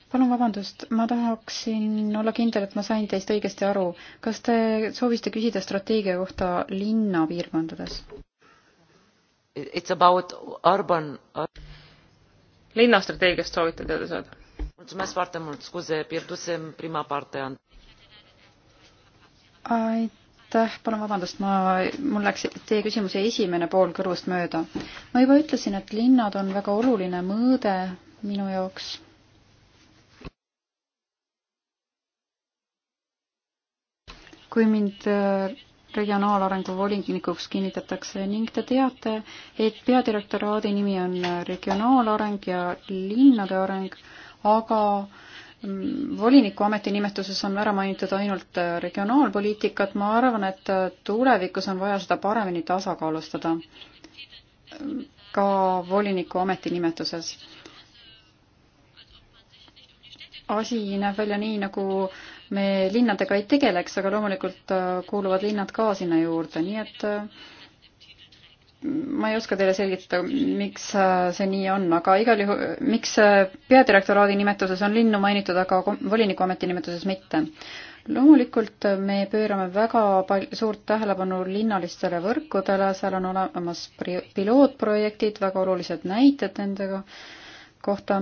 palun vabandust, ma tahaksin olla kindel, et ma sain teist õigesti aru. kas te soovisite küsida strateegia kohta linnapiirkondades? It's about urban linnastrateegiast soovite teada saada? aitäh, palun vabandust, ma, mul läks teie küsimuse esimene pool kõrvust mööda. ma juba ütlesin, et linnad on väga oluline mõõde minu jaoks kui mind äh, regionaalarengu volinikuks kinnitatakse ning te teate, et peadirektoraadi nimi on regionaalareng ja linnade areng, aga mm, voliniku ametinimetuses on ära mainitud ainult äh, regionaalpoliitikat, ma arvan, et äh, tulevikus on vaja seda paremini tasakaalustada mm, ka voliniku ametinimetuses. asi näeb välja nii, nagu äh, me linnadega ei tegeleks, aga loomulikult äh, kuuluvad linnad ka sinna juurde, nii et äh, ma ei oska teile selgitada, miks äh, see nii on, aga igal juhul, miks peadirektoraadi nimetuses on linnu mainitud, aga volinikuameti nimetuses mitte? loomulikult me pöörame väga pal-, suurt tähelepanu linnalistele võrkudele, seal on olemas pri-, pilootprojektid, väga olulised näited nendega kohta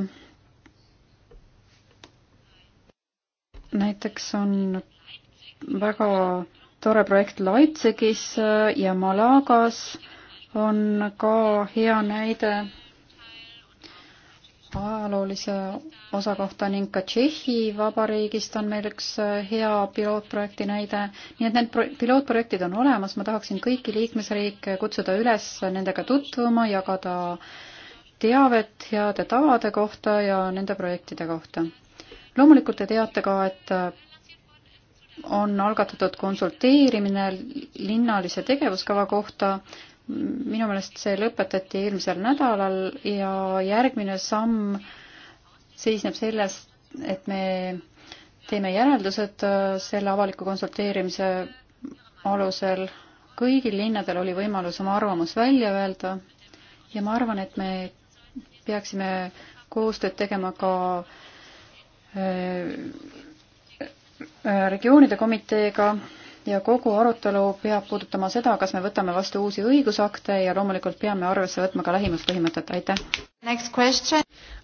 näiteks on väga tore projekt Leipzigis ja Malagas on ka hea näide ajaloolise osa kohta ning ka Tšehhi Vabariigist on meil üks hea pilootprojekti näide. nii et need pilootprojektid on olemas, ma tahaksin kõiki liikmesriike kutsuda üles nendega tutvuma, jagada teavet heade tavade kohta ja nende projektide kohta loomulikult te teate ka, et äh, on algatatud konsulteerimine linnalise tegevuskava kohta. minu meelest see lõpetati eelmisel nädalal ja järgmine samm seisneb selles, et me teeme järeldused äh, selle avaliku konsulteerimise alusel. kõigil linnadel oli võimalus oma arvamus välja öelda ja ma arvan, et me peaksime koostööd tegema ka äh, regioonide komiteega ja kogu arutelu peab puudutama seda, kas me võtame vastu uusi õigusakte ja loomulikult peame arvesse võtma ka lähimuspõhimõtet, aitäh!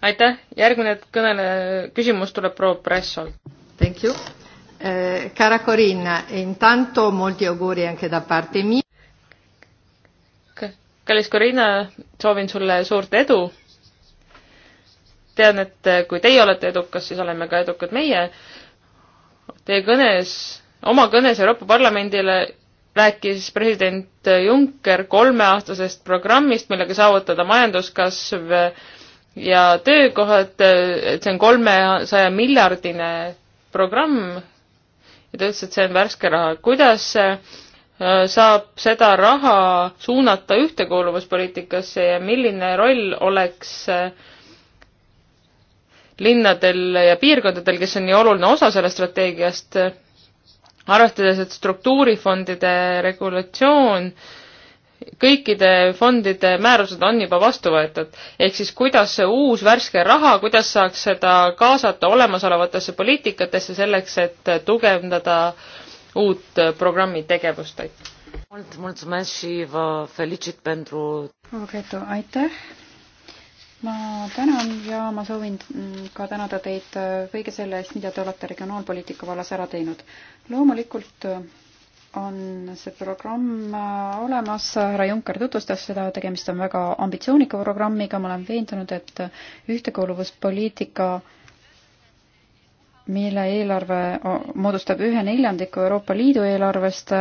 aitäh, järgmine kõnele, küsimus tuleb proua Pressolt. Thank you eh,. Cara Corinna, intanto molti auguri anche da parte mia. kallis Corinna, soovin sulle suurt edu tean, et eh, kui teie olete edukas, siis oleme ka edukad meie. Teie kõnes, oma kõnes Euroopa Parlamendile rääkis president Juncker kolmeaastasest programmist, millega saavutada majanduskasv ja töökohad, et see on kolmesaja miljardine programm ja ta ütles, et see on värske raha. kuidas eh, saab seda raha suunata ühtekuuluvuspoliitikasse ja milline roll oleks äh, linnadel ja piirkondadel, kes on nii oluline osa sellest strateegiast, arvestades, et struktuurifondide regulatsioon kõikide fondide määrused on juba vastu võetud. ehk siis kuidas see uus värske raha, kuidas saaks seda kaasata olemasolevatesse poliitikatesse selleks, et tugevdada uut programmi tegevust? mult, mulțumesc și vă felicit pentru... Concretu, aitäh ma tänan ja ma soovin mm, ka tänada teid äh, kõige selle eest, mida te olete regionaalpoliitika vallas ära teinud. loomulikult äh, on see programm äh, olemas, härra Juncker tutvustas seda, tegemist on väga ambitsioonika programmiga, ma olen veendunud, et ühtekuuluvuspoliitika, mille eelarve moodustab ühe neljandiku Euroopa Liidu eelarvest,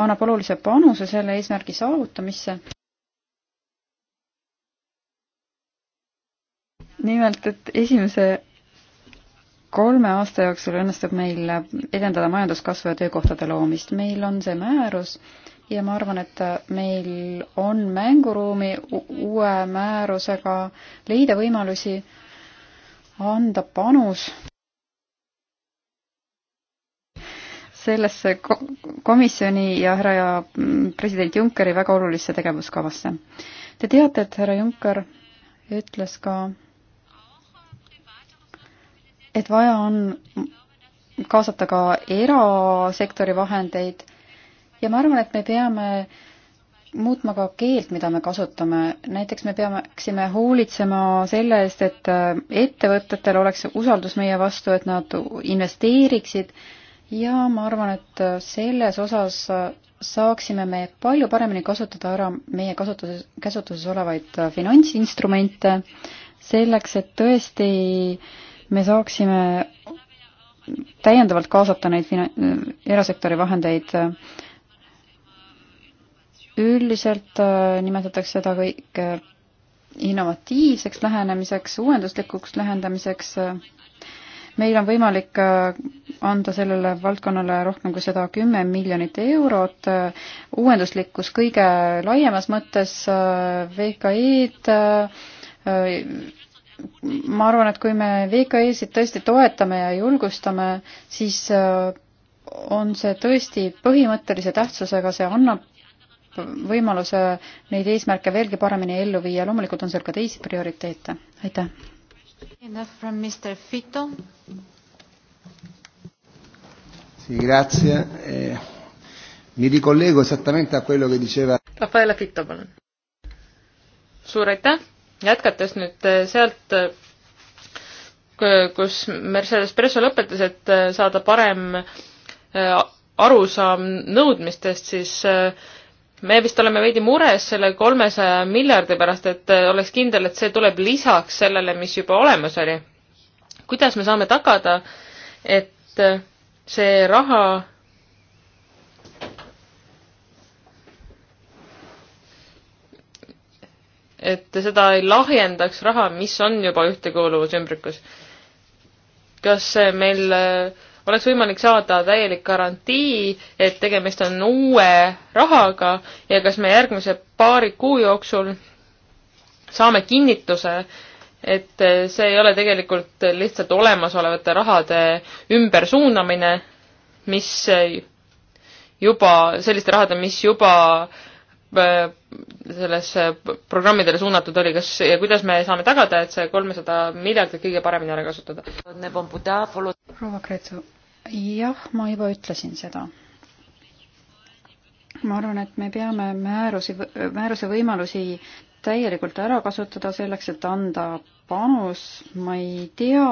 annab olulise panuse selle eesmärgi saavutamisse nimelt, et esimese kolme aasta jooksul õnnestub meil edendada majanduskasvu ja töökohtade loomist. meil on see määrus ja ma arvan, et meil on mänguruumi uue määrusega leida võimalusi anda panus sellesse komisjoni ja härra ja president Junckeri väga olulisse tegevuskavasse. Te teate, et härra Juncker ütles ka et vaja on kaasata ka erasektori vahendeid ja ma arvan, et me peame muutma ka keelt, mida me kasutame. näiteks me peaksime hoolitsema selle eest, et ettevõtetel oleks usaldus meie vastu, et nad investeeriksid ja ma arvan, et selles osas saaksime me palju paremini kasutada ära meie kasutuses, käsutuses olevaid finantsinstrumente selleks, et tõesti äh, me saaksime täiendavalt kaasata neid fina-, erasektori vahendeid. üldiselt äh, nimetatakse seda kõike äh, innovatiivseks lähenemiseks, uuenduslikuks lähendamiseks. meil on võimalik äh, anda sellele valdkonnale rohkem kui sada kümme miljonit eurot, uuenduslikkus kõige laiemas mõttes, VKE-d, ma arvan, et kui me VKE-sid tõesti toetame ja julgustame, siis äh, on see tõesti põhimõttelise tähtsusega, see annab võimaluse neid eesmärke veelgi paremini ellu viia, loomulikult on seal ka teisi prioriteete, aitäh. Eh, Raffaella Fitto, palun. suur aitäh jätkates nüüd äh, sealt, äh, kus Mercedes Presso lõpetas, et äh, saada parem arusaam nõudmistest, siis me vist oleme veidi mures selle kolmesaja miljardi pärast, et oleks kindel, et see tuleb lisaks sellele, mis juba olemas oli. kuidas me saame tagada, et see raha et seda ei lahjendaks raha, mis on juba ühtekuuluvusümbrikus. kas meil äh, oleks võimalik saada täielik garantii, et tegemist on uue rahaga ja kas me järgmise paari kuu jooksul saame kinnituse, et äh, see ei ole tegelikult lihtsalt olemasolevate rahade ümbersuunamine, mis äh, juba, selliste rahade, mis juba äh, Äh, sellesse programmidele suunatud oli, kas ja kuidas me saame tagada, et see kolmesada miljardit kõige paremini ära kasutada? proua Kreetsu, jah, ma juba ütlesin seda. ma arvan, et me peame määrusi, määruse võimalusi täielikult ära kasutada selleks, et anda panus, ma ei tea,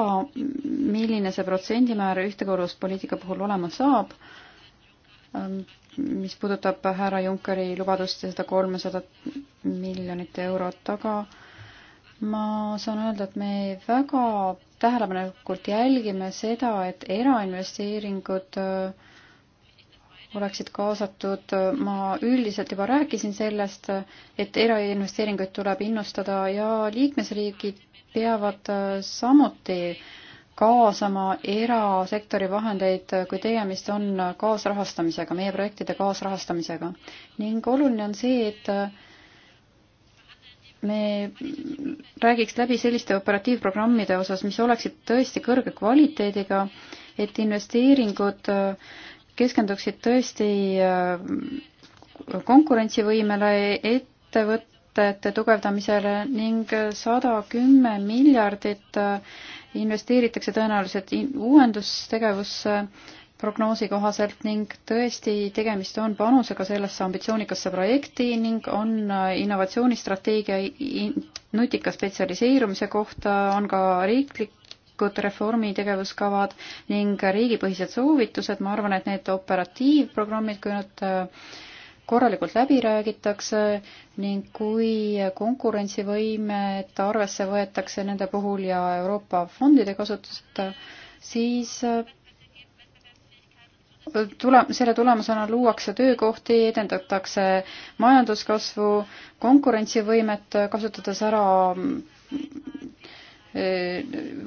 milline see protsendimäär ühtekorralduspoliitika puhul olema saab mis puudutab härra Junckeri lubadust ja seda kolmesadat miljonit eurot, aga ma saan öelda, et me väga tähelepanelikult jälgime seda, et erainvesteeringud äh, oleksid kaasatud, ma üldiselt juba rääkisin sellest, et erainvesteeringuid tuleb innustada ja liikmesriigid peavad äh, samuti äh, kaasama erasektori vahendeid, kui tegemist on kaasrahastamisega, meie projektide kaasrahastamisega. ning oluline on see, et me räägiks läbi selliste operatiivprogrammide osas, mis oleksid tõesti kõrge kvaliteediga, et investeeringud keskenduksid tõesti äh, konkurentsivõimele, ettevõtete tugevdamisele ning sada kümme miljardit äh, investeeritakse tõenäoliselt uuendustegevusse prognoosi kohaselt ning tõesti tegemist on panusega sellesse ambitsioonikasse projekti ning on äh, innovatsioonistrateegia nutika spetsialiseerumise kohta, on ka riiklikud reformi tegevuskavad ning riigipõhised soovitused, ma arvan, et need operatiivprogrammid, kui nad äh, korralikult läbi räägitakse ning kui konkurentsivõimet arvesse võetakse nende puhul ja Euroopa fondide kasutust, siis äh, tule, selle tulemusena luuakse töökohti, edendatakse majanduskasvu, konkurentsivõimet, kasutades ära äh,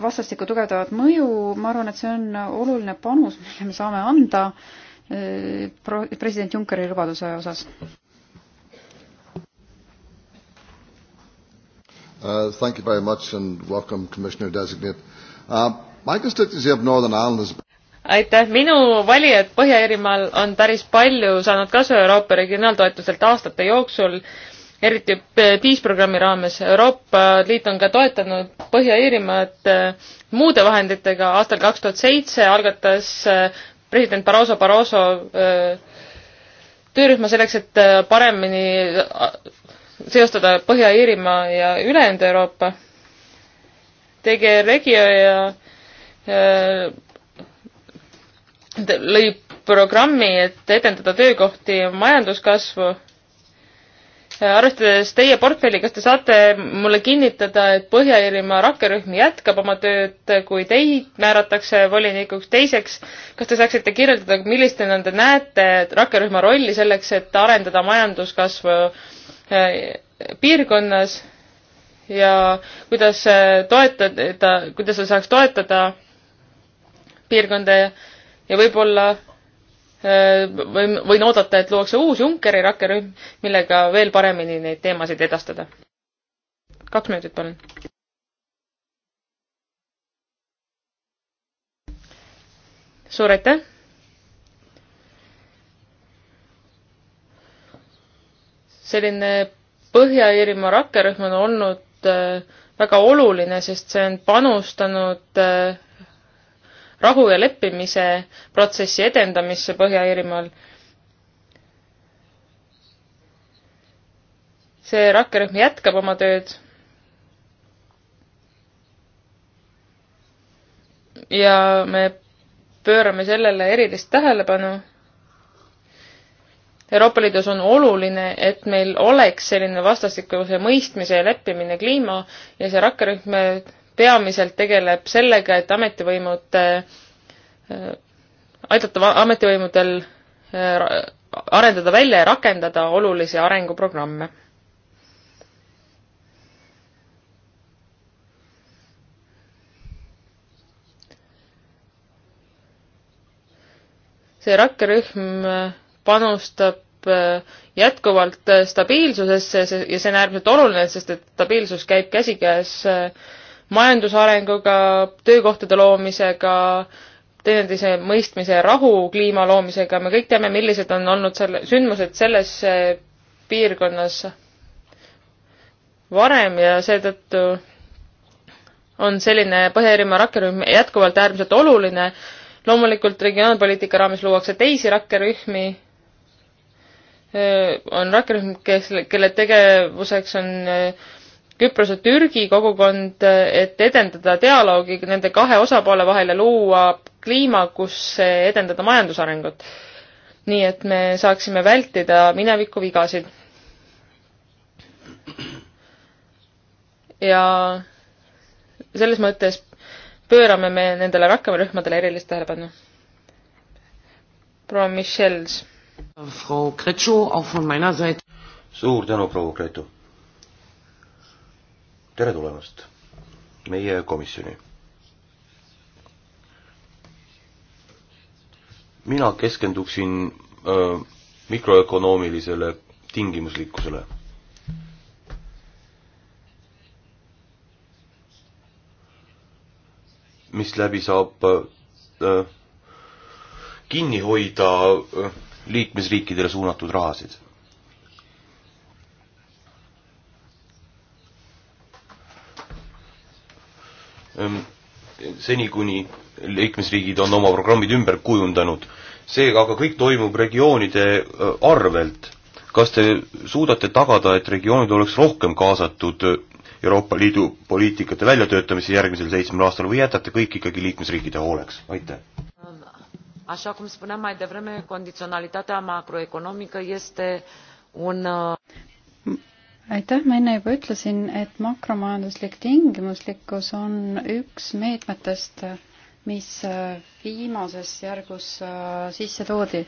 vastastikku tugevdavat mõju, ma arvan, et see on oluline panus, mille me saame anda äh, president Junckeri lubaduse osas? Uh, thank you very much and welcome, Commissioner Designate uh,. My constituency of Northern Ireland is aitäh, minu valijad Põhja-Iirimaal on päris palju saanud kasu Euroopa regionaaltoetuselt aastate jooksul, eriti piisprogrammi raames. Euroopa Liit on ka toetanud Põhja-Iirimaad äh, muude vahenditega. aastal kaks tuhat seitse algatas äh, president Barroso Barroso töörühma selleks, et paremini seostada Põhja-Iirimaa ja ülejäänud Euroopa. tegi Regio ja, ja lõi programmi, et edendada töökohti ja majanduskasvu arvestades teie portfelli, kas te saate mulle kinnitada, et Põhja-Iirimaa rakkerühm jätkab oma tööd, kui teid määratakse volinikuks? teiseks, kas te saaksite kirjeldada, millistena te näete rakkerühma rolli selleks, et arendada majanduskasvu eh, piirkonnas ja kuidas eh, toetada, kuidas ta saaks toetada piirkonda ja võib-olla võin, võin oodata, et luuakse uus Junckeri rakkerühm, millega veel paremini neid teemasid edastada. kaks minutit, palun. suur aitäh. selline Põhja-Iirimaa rakkerühm on olnud äh, väga oluline, sest see on panustanud äh, rahu ja leppimise protsessi edendamisse Põhja-Iirimaal. see rakkerühm jätkab oma tööd. ja me pöörame sellele erilist tähelepanu Euroopa Liidus on oluline, et meil oleks selline vastastikuse mõistmise ja leppimine kliima ja see rakkerühm peamiselt tegeleb sellega, et ametivõimud, äh, aidata ametivõimudel äh, arendada välja ja rakendada olulisi arenguprogramme. see rakkerühm äh, panustab jätkuvalt stabiilsusesse ja see on äärmiselt oluline, sest et stabiilsus käib käsikäes äh, majandusarenguga, töökohtade loomisega, teineteise mõistmise ja rahu kliima loomisega, me kõik teame, millised on olnud selle, sündmused selles eh, piirkonnas varem ja seetõttu on selline Põhja-Iirimaa rakkerühm jätkuvalt äärmiselt oluline. loomulikult regionaalpoliitika raames luuakse teisi rakkerühmi, eh, on rakkerühm, kes, kelle tegevuseks on äh, Küprose Türgi kogukond, et edendada dialoogi nende kahe osapoole vahel ja luua kliima, kus edendada majandusarengut. nii et me saaksime vältida mineviku vigasid. ja selles mõttes pöörame me nendele rakkerühmadele erilist tähelepanu. proua Michels. suur tänu, proua Gretu tere tulemast meie komisjoni. mina keskenduksin öö, mikroökonoomilisele tingimuslikkusele. mis läbi saab öö, kinni hoida öö, liikmesriikidele suunatud rahasid seni, kuni liikmesriigid on oma programmid ümber kujundanud. seega aga kõik toimub regioonide arvelt. kas te suudate tagada, et regioonid oleks rohkem kaasatud Euroopa Liidu poliitikate väljatöötamise järgmisel seitsmel aastal või jätate kõik ikkagi liikmesriikide hooleks? aitäh! Așa cum spuneam mai devreme, condiționalitatea macroeconomică este un aitäh, ma enne juba ütlesin, et makromajanduslik tingimuslikkus on üks meetmetest, mis äh, viimases järgus äh, sisse toodi.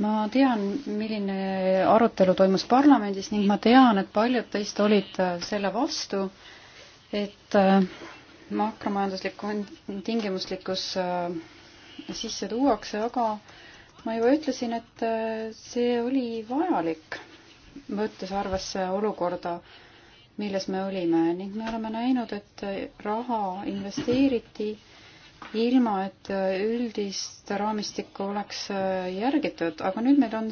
ma tean, milline arutelu toimus parlamendis ning ma tean, et paljud teist olid äh, selle vastu, et makromajanduslik tingimuslikkus sisse tuuakse, aga ma juba ütlesin, et see oli vajalik võttes arvesse olukorda, milles me olime ning me oleme näinud, et raha investeeriti ilma, et üldist raamistikku oleks järgitud, aga nüüd meil on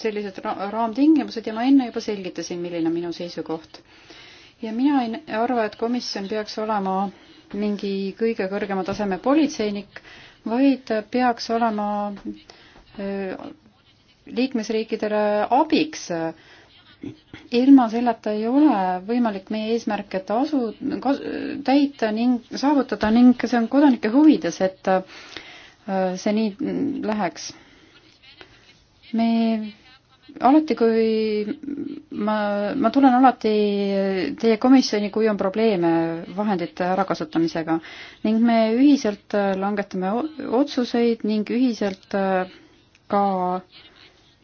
sellised raamtingimused ja ma enne juba selgitasin, milline on minu seisukoht. ja mina ei arva, et komisjon peaks olema mingi kõige kõrgema taseme politseinik, vaid peaks olema äh, liikmesriikidele abiks äh, ilma selleta ei ole võimalik meie eesmärke tasu, täita ning saavutada ning see on kodanike huvides, et äh, see nii läheks. me alati, kui ma, ma tulen alati teie komisjoni, kui on probleeme vahendite ärakasutamisega ning me ühiselt äh, langetame otsuseid ning ühiselt äh, ka äh,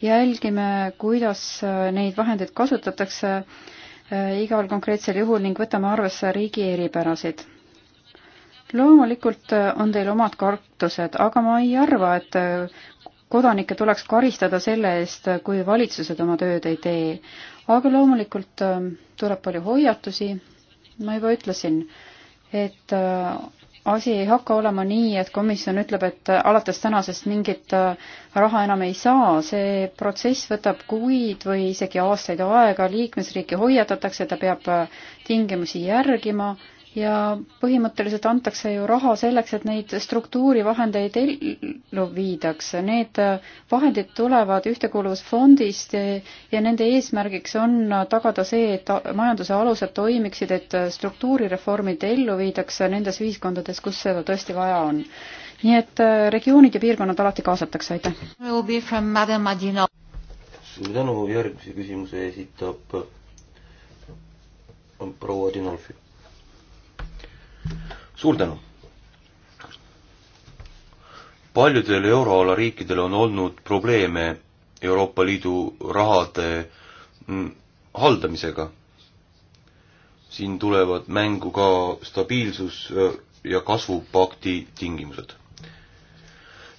jälgime, kuidas äh, neid vahendeid kasutatakse äh, igal konkreetsel juhul ning võtame arvesse riigi eripärasid. loomulikult äh, on teil omad kartused, aga ma ei arva, et kodanikke tuleks karistada selle eest, kui valitsused oma tööd ei tee. aga loomulikult tuleb palju hoiatusi, ma juba ütlesin, et asi ei hakka olema nii, et komisjon ütleb, et alates tänasest mingit äh, raha enam ei saa, see protsess võtab kuid või isegi aastaid aega, liikmesriiki hoiatatakse, ta peab äh, tingimusi järgima ja põhimõtteliselt antakse ju raha selleks, et neid struktuurivahendeid ellu viidaks. Need äh, vahendid tulevad Ühtekuuluvusfondist ja nende eesmärgiks on tagada see, et majanduse alused toimiksid, et äh, struktuurireformid ellu viidaks nendes ühiskondades, kus seda tõesti vaja on. nii et äh, regioonid ja piirkonnad alati kaasatakse, aitäh! suur tänu, järgmise küsimuse esitab proua Dinolfi suur tänu! paljudel euroala riikidel on olnud probleeme Euroopa Liidu rahade mm, haldamisega. siin tulevad mängu ka stabiilsus ja kasvupakti tingimused.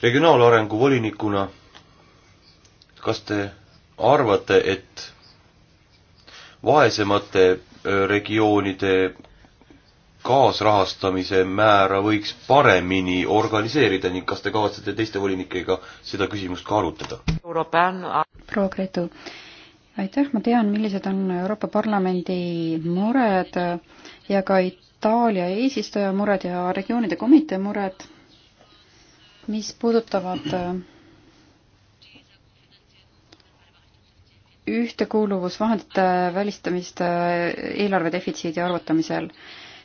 regionaalarengu volinikuna, kas te arvate, et vaesemate regioonide kaasrahastamise määra võiks paremini organiseerida ning kas te kavatsete teiste volinikega seda küsimust ka arutada? proua Gretu, aitäh, ma tean, millised on Euroopa Parlamendi mured ja ka Itaalia eesistuja mured ja regioonide komitee mured, mis puudutavad ühtekuuluvusvahendite välistamist eelarve defitsiidi arvutamisel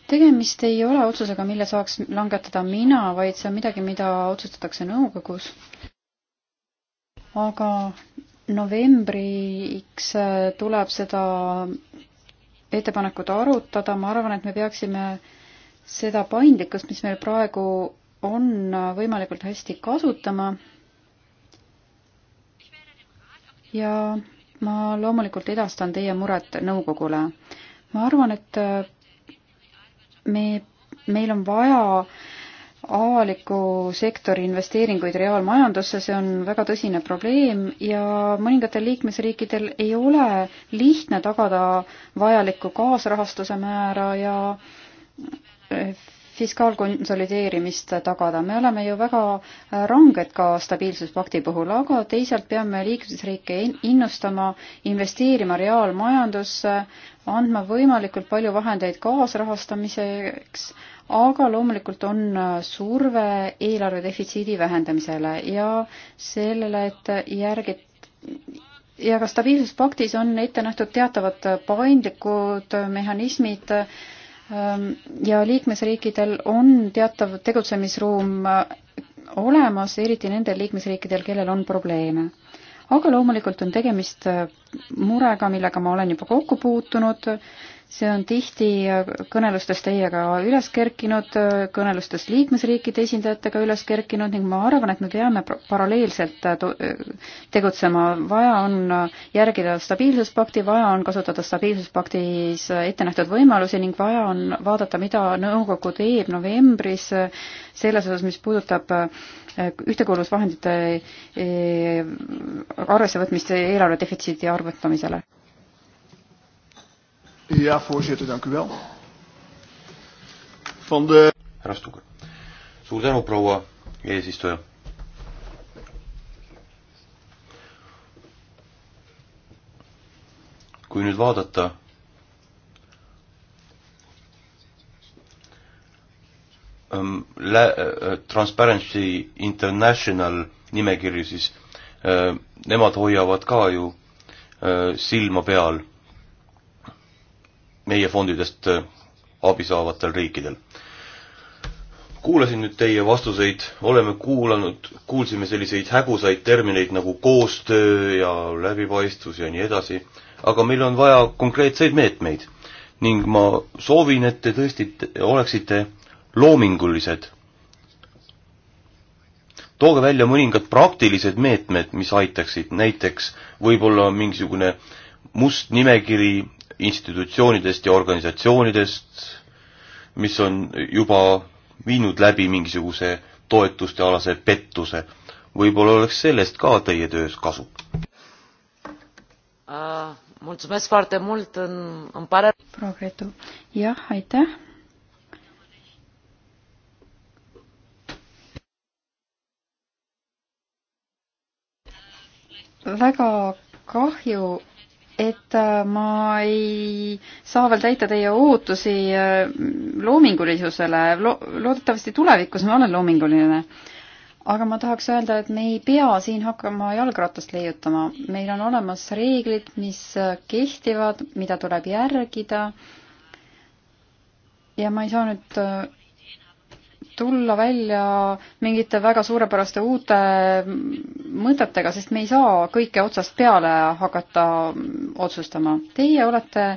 tegemist ei ole otsusega, mille saaks langetada mina, vaid see on midagi, mida otsustatakse nõukogus. aga novembriks äh, tuleb seda ettepanekut arutada, ma arvan, et me peaksime seda paindlikkust, mis meil praegu on, äh, võimalikult hästi kasutama. ja ma loomulikult edastan teie muret nõukogule. ma arvan, et äh, me, meil on vaja avaliku sektori investeeringuid reaalmajandusse, see on väga tõsine probleem ja mõningatel liikmesriikidel ei ole lihtne tagada vajalikku kaasrahastuse määra ja eh, fiskaalkonsolideerimist tagada. me oleme ju väga äh, ranged ka stabiilsuspakti puhul, aga teisalt peame liikmesriike innustama investeerima reaalmajandusse, andma võimalikult palju vahendeid kaasrahastamiseks, aga loomulikult on äh, surve eelarve defitsiidi vähendamisele ja sellele, et järgid ja ka stabiilsuspaktis on ette nähtud teatavad paindlikud äh, mehhanismid Ähm, ja liikmesriikidel on teatav tegutsemisruum äh, olemas, eriti nendel liikmesriikidel, kellel on probleeme. aga loomulikult on tegemist äh, murega, millega ma olen juba kokku puutunud see on tihti äh, kõnelustes teiega üles kerkinud, äh, kõnelustes liikmesriikide esindajatega üles kerkinud ning ma arvan, et me peame paralleelselt äh, tegutsema. vaja on järgida stabiilsuspakti, vaja on kasutada stabiilsuspaktis ette nähtud võimalusi ning vaja on vaadata, mida nõukogu teeb novembris selles osas, mis puudutab ühtekuuluvusvahendite arvessevõtmist eelarve defitsiidi arvutamisele Ja, voorzitter, dank u wel. Van de... härra Stuger. suur tänu, proua eesistuja. kui nüüd vaadata ähm, lä- äh,, Transparency International nimekirju, siis äh, nemad hoiavad ka ju äh, silma peal meie fondidest äh, abi saavatel riikidel. kuulasin nüüd teie vastuseid, oleme kuulanud, kuulsime selliseid hägusaid termineid nagu koostöö ja läbipaistvus ja nii edasi, aga meil on vaja konkreetseid meetmeid ning ma soovin, et te tõesti oleksite loomingulised. tooge välja mõningad praktilised meetmed, mis aitaksid, näiteks võib-olla mingisugune must nimekiri institutsioonidest ja organisatsioonidest, mis on juba viinud läbi mingisuguse toetuste alase pettuse. võib-olla oleks sellest ka teie töös kasu uh,? mulțumesc foarte mult, îmi, îmi pare... Progretu. Jah, aitäh. väga kahju, et äh, ma ei saa veel täita teie ootusi äh, loomingulisusele Lo. loodetavasti tulevikus ma olen loominguline. aga ma tahaks öelda, et me ei pea siin hakkama jalgratast leiutama. meil on olemas reeglid, mis äh, kehtivad, mida tuleb järgida. ja ma ei saa nüüd tulla välja mingite väga suurepäraste uute mõtetega, sest me ei saa kõike otsast peale hakata otsustama. Teie olete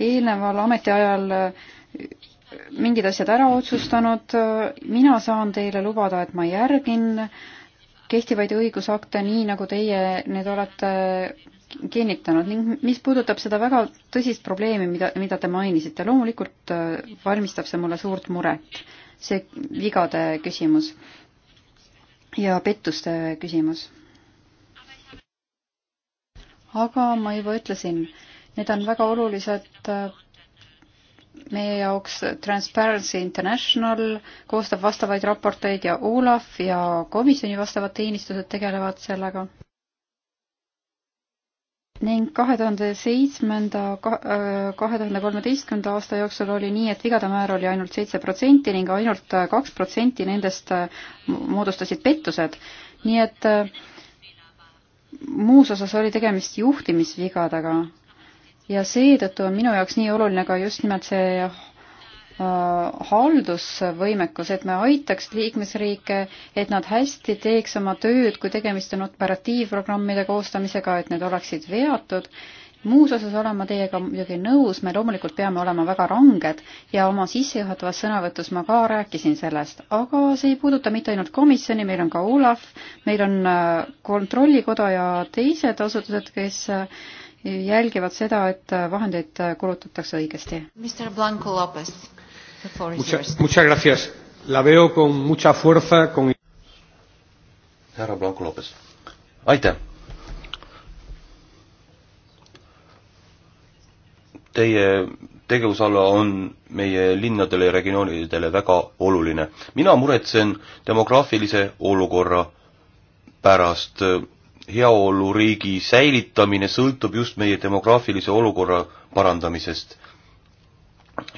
eelneval ametiajal mingid asjad ära otsustanud, mina saan teile lubada, et ma järgin kehtivaid õigusakte nii, nagu teie need olete kinnitanud ning mis puudutab seda väga tõsist probleemi, mida, mida te mainisite, loomulikult äh, valmistab see mulle suurt muret see vigade küsimus ja pettuste küsimus. aga ma juba ütlesin, need on väga olulised äh, meie jaoks Transparency International koostab vastavaid raporteid ja Olav ja komisjoni vastavad teenistused tegelevad sellega ning kahe tuhande seitsmenda, kahe äh, tuhande kolmeteistkümnenda aasta jooksul oli nii, et vigade määr oli ainult seitse protsenti ning ainult äh, kaks protsenti nendest äh, moodustasid pettused. nii et muus osas oli tegemist juhtimisvigadega ja seetõttu on minu jaoks nii oluline ka just nimelt see Äh, haldusvõimekus, et me aitaks liikmesriike, et nad hästi teeks oma tööd, kui tegemist on operatiivprogrammide koostamisega, et need oleksid veatud. muus osas olen ma teiega muidugi nõus, me loomulikult peame olema väga ranged ja oma sissejuhatavas sõnavõtus ma ka rääkisin sellest, aga see ei puuduta mitte ainult komisjoni, meil on ka Olav, meil on äh, Kontrollikoda ja teised asutused, kes äh, jälgivad seda, et vahendeid kulutatakse õigesti. Mr Blanco Lopez Muchas, muchas gracias. La veo con mucha fuerza, con... härra Blanco Lopes. aitäh. Teie tegevusala on meie linnadele ja regioonidele väga oluline. mina muretsen demograafilise olukorra pärast. heaoluriigi säilitamine sõltub just meie demograafilise olukorra parandamisest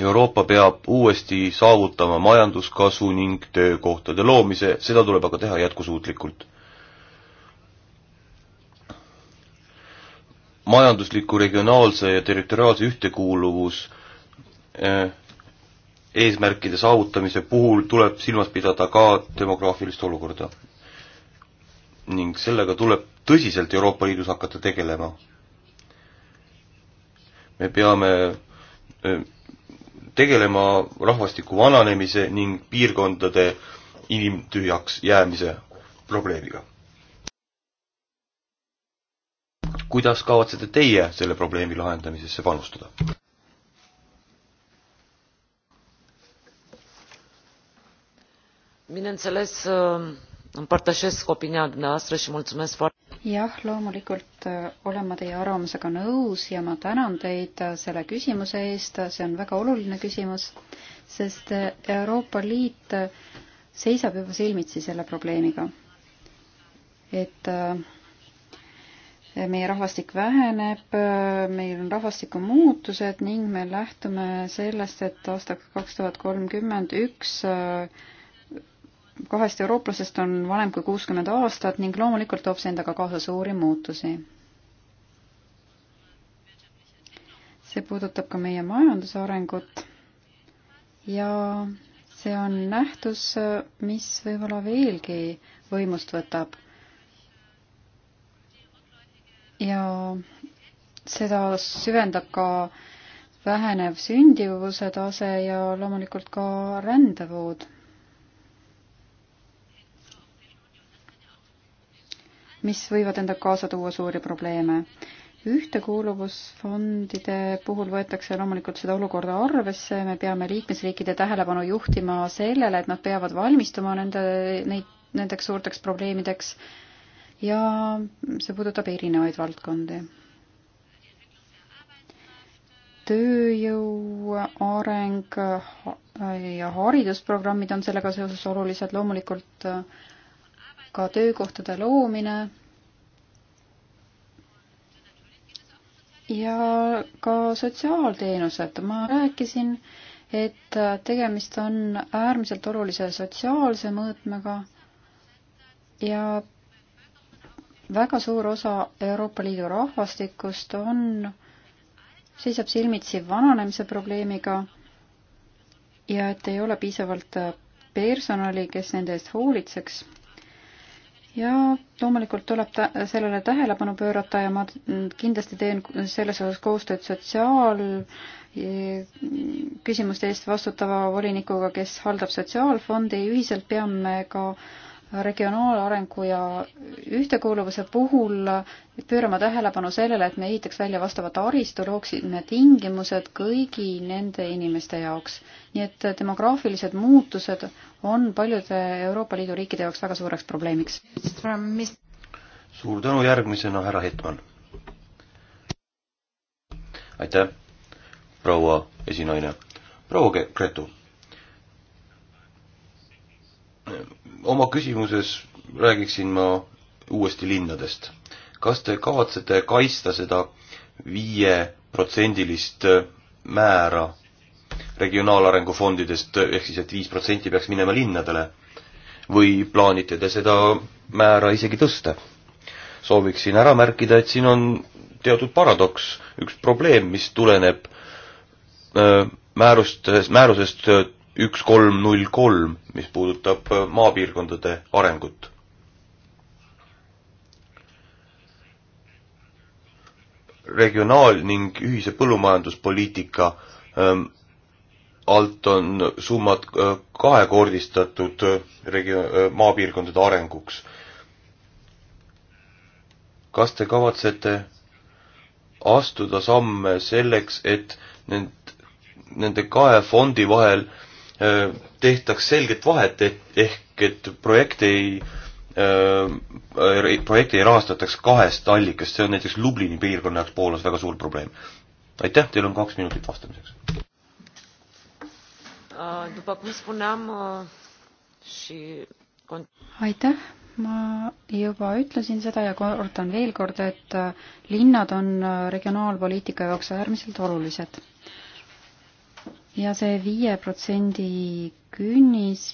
Euroopa peab uuesti saavutama majanduskasvu ning töökohtade loomise, seda tuleb aga teha jätkusuutlikult. majandusliku, regionaalse ja territoriaalse ühtekuuluvus eh, eesmärkide saavutamise puhul tuleb silmas pidada ka demograafilist olukorda. ning sellega tuleb tõsiselt Euroopa Liidus hakata tegelema. me peame eh, tegelema rahvastiku vananemise ning piirkondade inimtühjaks jäämise probleemiga. kuidas kavatsete teie selle probleemi lahendamisesse panustada? bineînțeles împărtășesc opinia dumneavoastră și mulțumesc foarte jah, loomulikult äh, olen ma teie arvamusega nõus ja ma tänan teid äh, selle küsimuse eest, see on väga oluline küsimus, sest äh, Euroopa Liit seisab juba silmitsi selle probleemiga. et meie rahvastik väheneb, meil on rahvastikumuutused ning me lähtume sellest, et aastaks kaks tuhat kolmkümmend üks kahest eurooplasest on vanem kui kuuskümmend aastat ning loomulikult toob see endaga kaasa suuri muutusi. see puudutab ka meie majanduse arengut ja see on nähtus, mis võib-olla veelgi võimust võtab. ja seda süvendab ka vähenev sündivuse tase ja loomulikult ka rändevood mis võivad endaga kaasa tuua suuri probleeme. ühtekuuluvusfondide puhul võetakse loomulikult seda olukorda arvesse, me peame liikmesriikide tähelepanu juhtima sellele, et nad peavad valmistuma nende, neid, nendeks suurteks probleemideks ja see puudutab erinevaid valdkondi. tööjõu areng ja haridusprogrammid on sellega seoses olulised, loomulikult ka töökohtade loomine ja ka sotsiaalteenused. ma rääkisin, et tegemist on äärmiselt olulise sotsiaalse mõõtmega ja väga suur osa Euroopa Liidu rahvastikust on, seisab silmitsi vananemise probleemiga ja et ei ole piisavalt personali, kes nende eest hoolitseks ja loomulikult tuleb ta, sellele tähelepanu pöörata ja ma kindlasti teen selles osas koostööd sotsiaalküsimuste e, eest vastutava volinikuga, kes haldab sotsiaalfondi, ühiselt peame ka äh, regionaalarengu ja ühtekuuluvuse puhul pöörama tähelepanu sellele, et me ehitaks välja vastava taristu, looksime tingimused kõigi nende inimeste jaoks. nii et demograafilised muutused on paljude Euroopa Liidu riikide jaoks väga suureks probleemiks. suur tänu, järgmisena härra Hetman. aitäh, proua esinaine. proua Gretu oma küsimuses räägiksin ma uuesti linnadest. kas te kavatsete kaitsta seda viieprotsendilist määra regionaalarengu fondidest, ehk siis et, et viis protsenti peaks minema linnadele? või plaanite te seda määra isegi tõsta? sooviksin ära märkida, et siin on teatud paradoks, üks probleem, mis tuleneb äh, määrust, määrusest äh, üks kolm null kolm, mis puudutab äh, maapiirkondade arengut. regionaal- ning ühise põllumajanduspoliitika ähm, alt on summad äh, kahekordistatud äh, regio-, maapiirkondade arenguks. kas te kavatsete astuda samme selleks, et need, nende kahe fondi vahel äh, tehtaks selget vahet, et ehk et projekte ei äh,, projekti ei rahastataks kahest allikast, see on näiteks Lublini piirkonna jaoks Poolas väga suur probleem. aitäh, teil on kaks minutit vastamiseks. aitäh, ma juba ütlesin seda ja kordan veel kord, et linnad on regionaalpoliitika jaoks äärmiselt olulised ja see viie protsendi künnis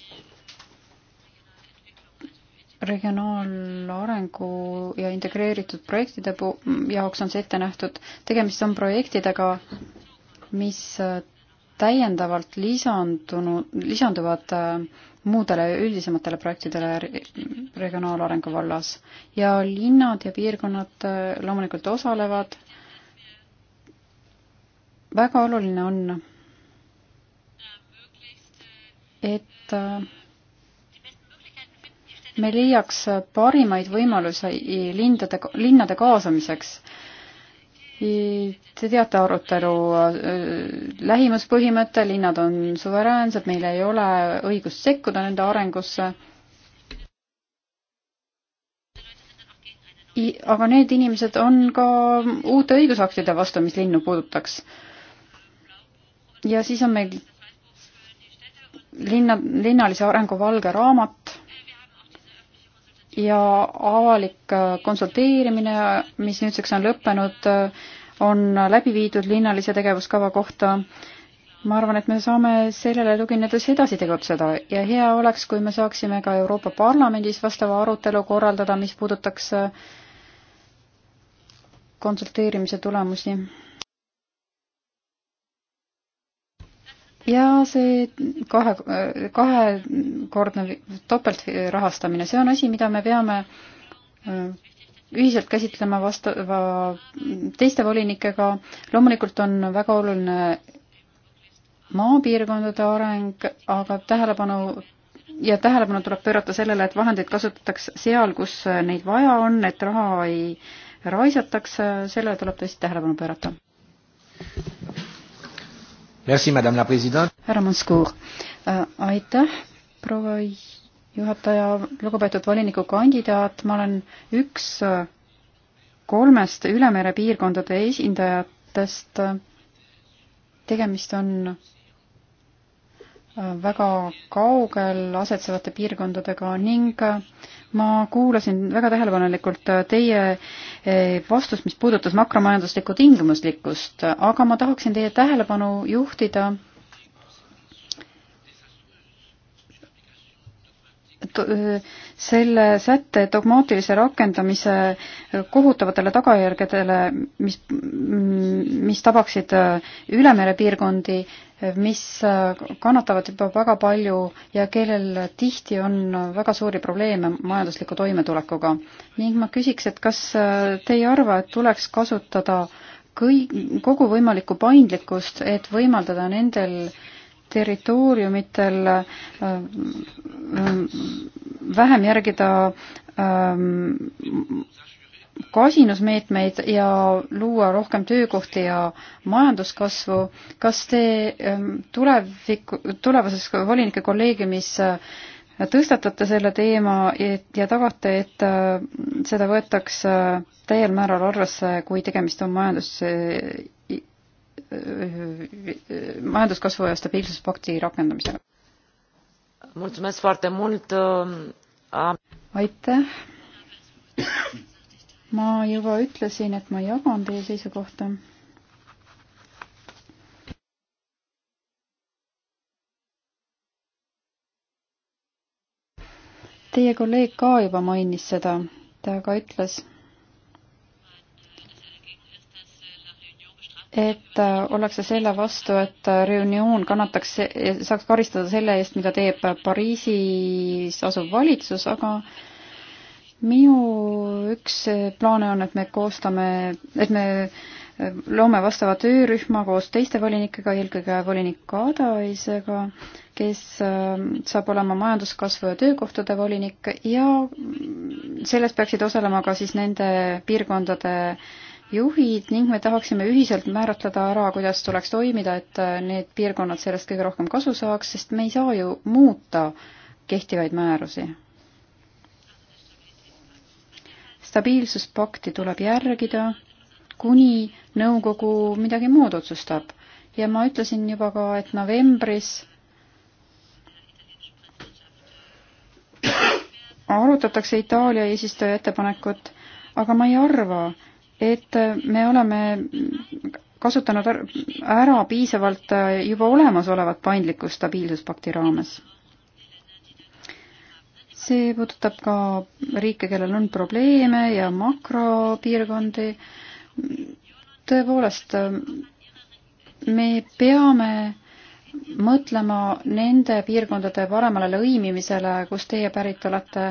regionaalarengu ja integreeritud projektide jaoks on see ette nähtud. tegemist on projektidega, mis äh, täiendavalt lisandunud, lisanduvad äh, muudele üldisematele projektidele regionaalarengu vallas ja linnad ja piirkonnad äh, loomulikult osalevad. väga oluline on et äh, me leiaks parimaid võimalusi lindade, linnade kaasamiseks. Te teate arutelu äh, lähimuspõhimõte, linnad on suveräänsed, meil ei ole õigust sekkuda nende arengusse aga need inimesed on ka uute õigusaktide vastu, mis linnu puudutaks. ja siis on meil linna, linnalise arengu valge raamat ja avalik äh, konsulteerimine, mis nüüdseks on lõppenud, äh, on läbi viidud linnalise tegevuskava kohta. ma arvan, et me saame sellele tuginedes edasi tegutseda ja hea oleks, kui me saaksime ka Euroopa Parlamendis vastava arutelu korraldada, mis puudutaks äh, konsulteerimise tulemusi ja see kahe, kahekordne topeltrahastamine, see on asi, mida me peame äh, ühiselt käsitlema vastava teiste volinikega. loomulikult on väga oluline maapiirkondade areng, aga tähelepanu ja tähelepanu tuleb pöörata sellele, et vahendeid kasutatakse seal, kus neid vaja on, et raha ei raisataks, sellele tuleb tõesti tähelepanu pöörata härra Manskuur, äh, aitäh, proua juhataja, lugupeetud volinikukandidaat, ma olen üks äh, kolmest ülemere piirkondade esindajatest. tegemist on väga kaugel asetsevate piirkondadega ning äh, ma kuulasin väga tähelepanelikult äh, teie äh, vastust, mis puudutas makromajanduslikku tingimuslikkust, aga ma tahaksin teie tähelepanu juhtida selle sätte dogmaatilise rakendamise kohutavatele tagajärgedele, mis, mm, mis tabaksid ülemerepiirkondi mis äh, kannatavad juba väga palju ja kellel tihti on väga suuri probleeme majandusliku toimetulekuga. ning ma küsiks, et kas äh, te ei arva, et tuleks kasutada kõik, kogu võimalikku paindlikkust, et võimaldada nendel territooriumitel äh, vähem järgida ähm, kasinusmeetmeid ja luua rohkem töökohti ja majanduskasvu. kas te ähm, tuleviku, tulevases volinike kolleegiumis äh, tõstatate selle teema et, ja tagate, et äh, seda võetaks äh, täiel määral arvesse, kui tegemist on majandus, majanduskasvu ja stabiilsuspakti rakendamisega? Um, aitäh ma juba ütlesin, et ma jagan teie seisukohta. Teie kolleeg ka juba mainis seda, ta ka ütles, et äh, ollakse selle vastu, et äh, Reunion kannataks, saaks karistada selle eest, mida teeb Pariisis asuv valitsus, aga äh, minu üks plaane on, et me koostame, et me loome vastava töörühma koos teiste volinikega, eelkõige volinik Kadaisega, kes ähm, saab olema majanduskasvu ja töökohtade volinik ja selles peaksid osalema ka siis nende piirkondade juhid ning me tahaksime ühiselt määratleda ära, kuidas tuleks toimida, et äh, need piirkonnad sellest kõige rohkem kasu saaks, sest me ei saa ju muuta kehtivaid määrusi stabiilsuspakti tuleb järgida, kuni nõukogu midagi muud otsustab. ja ma ütlesin juba ka, et novembris arutatakse Itaalia eesistuja ettepanekut, aga ma ei arva, et me oleme kasutanud ära piisavalt juba olemasolevat paindlikkust stabiilsuspakti raames see puudutab ka riike, kellel on probleeme ja makropiirkondi. tõepoolest, me peame mõtlema nende piirkondade paremale lõimimisele, kust teie pärit olete.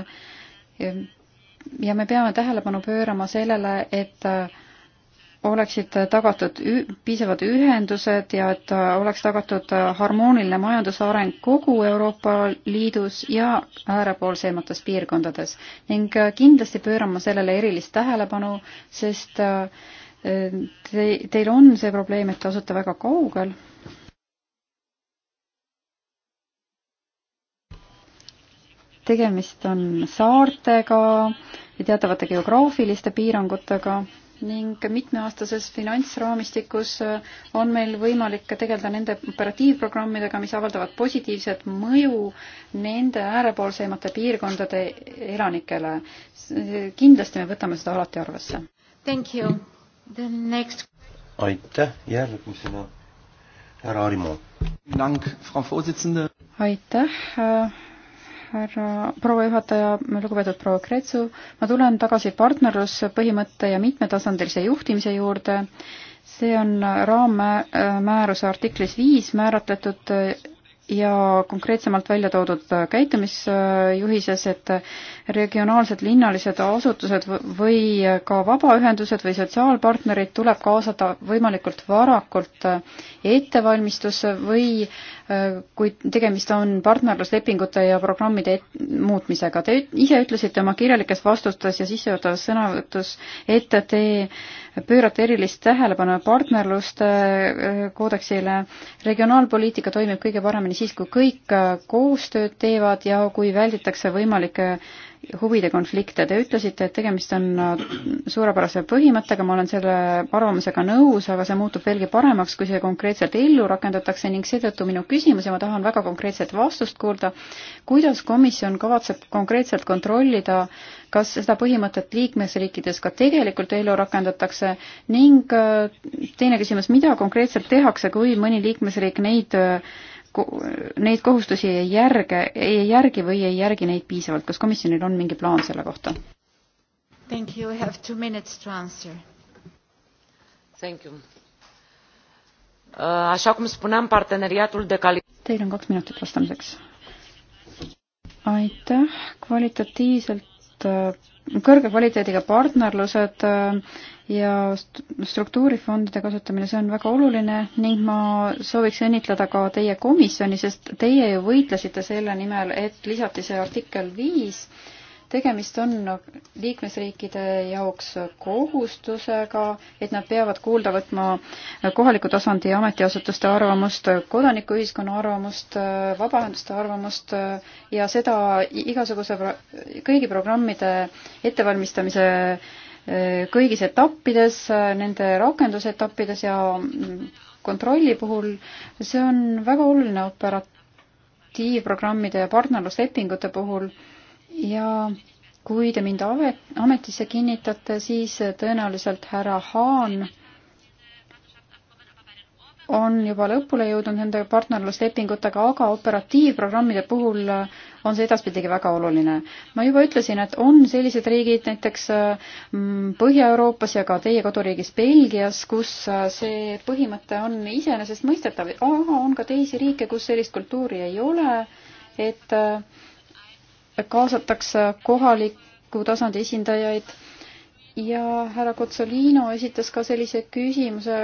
ja me peame tähelepanu pöörama sellele, et oleksid tagatud piisavad ühendused ja et oleks tagatud harmooniline majandusareng kogu Euroopa Liidus ja äärepoolsemates piirkondades ning kindlasti pöörama sellele erilist tähelepanu, sest äh, te, teil on see probleem, et te asute väga kaugel. tegemist on saartega ja teatavate geograafiliste piirangutega ning mitmeaastases finantsraamistikus äh, on meil võimalik tegeleda nende operatiivprogrammidega, mis avaldavad positiivset mõju nende äärepoolseimate piirkondade elanikele. kindlasti me võtame seda alati arvesse. Thank you. The next. aitäh, järgmisena härra Arimo. aitäh äh, härra, proua juhataja, lugupeetud proua Kreetsu, ma tulen tagasi partnerluspõhimõtte ja mitmetasandilise juhtimise juurde. see on raammääruse artiklis viis määratletud ja konkreetsemalt välja toodud käitumisjuhises, et regionaalsed linnalised asutused või ka vabaühendused või sotsiaalpartnerid tuleb kaasata võimalikult varakult ettevalmistusse või äh, kui tegemist on partnerluslepingute ja programmide muutmisega. Te ise ütlesite oma kirjalikes vastustes ja sissejuhatavas sõnavõtus, et te pöörata erilist tähelepanu partnerluste äh, koodeksile. regionaalpoliitika toimib kõige paremini siis, kui kõik äh, koostööd teevad ja kui välditakse võimalikke huvide konflikte. Te ütlesite, et tegemist on äh, suurepärase põhimõttega, ma olen selle arvamusega nõus, aga see muutub veelgi paremaks, kui see konkreetselt ellu rakendatakse ning seetõttu minu küsimus ja ma tahan väga konkreetset vastust kuulda. kuidas komisjon kavatseb konkreetselt kontrollida, kas seda põhimõtet liikmesriikides ka tegelikult ellu rakendatakse ning äh, teine küsimus, mida konkreetselt tehakse, kui mõni liikmesriik neid äh, neid kohustusi ei järge, ei järgi või ei järgi neid piisavalt, kas komisjonil on mingi plaan selle kohta? Thank you, we have two minutes to answer. Thank you. Uh, așa cum spuneam, parteneriatul de calitate. Teil on kaks minutit vastamiseks. aitäh, kvalitatiivselt, uh, kõrge kvaliteediga partnerlused äh, ja struktuurifondide kasutamine, see on väga oluline ning ma sooviks õnnitleda ka teie komisjoni, sest teie ju võitlesite selle nimel, et lisati see artikkel viis. tegemist on liikmesriikide jaoks kohustusega, et nad peavad kuulda võtma kohaliku tasandi ametiasutuste arvamust, kodanikuühiskonna arvamust, vabaühenduste arvamust ja seda igasuguse, kõigi programmide ettevalmistamise kõigis etappides, nende rakendusetappides ja kontrolli puhul, see on väga oluline operatiivprogrammide ja partnerluslepingute puhul ja kui te mind ametisse kinnitate, siis tõenäoliselt härra Haan on juba lõpule jõudnud nende partnerluslepingutega, aga operatiivprogrammide puhul äh, on see edaspidigi väga oluline. ma juba ütlesin, et on sellised riigid näiteks äh, mm, Põhja-Euroopas ja ka teie koduriigis Belgias, kus äh, see põhimõte on iseenesestmõistetav, aga on ka teisi riike, kus sellist kultuuri ei ole, et kaasatakse kohaliku tasandi esindajaid ja härra Kotsolino esitas ka sellise küsimuse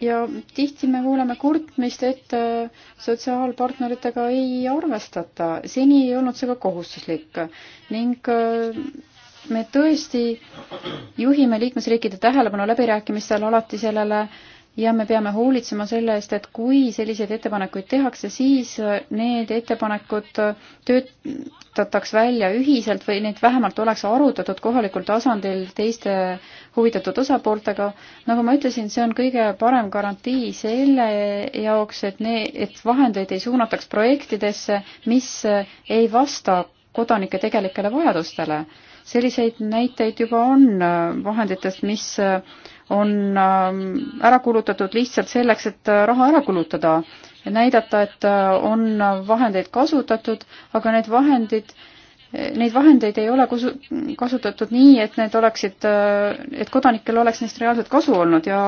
ja tihti me kuuleme kurtmist, et äh, sotsiaalpartneritega ei arvestata, seni ei olnud see ka kohustuslik ning äh, me tõesti juhime liikmesriikide tähelepanu läbirääkimistel alati sellele äh, ja me peame hoolitsema selle eest, et kui selliseid ettepanekuid tehakse, siis need ettepanekud töötataks välja ühiselt või neid vähemalt oleks arutatud kohalikul tasandil teiste huvitatud osapooltega. nagu ma ütlesin, see on kõige parem garantii selle jaoks, et need, et vahendeid ei suunataks projektidesse, mis ei vasta kodanike tegelikele vajadustele. selliseid näiteid juba on vahenditest, mis on ähm, ära kulutatud lihtsalt selleks, et äh, raha ära kulutada, näidata, et äh, on vahendeid kasutatud, aga need vahendid äh, neid vahendeid ei ole kusu-, kasutatud nii, et need oleksid, et kodanikel oleks neist reaalselt kasu olnud ja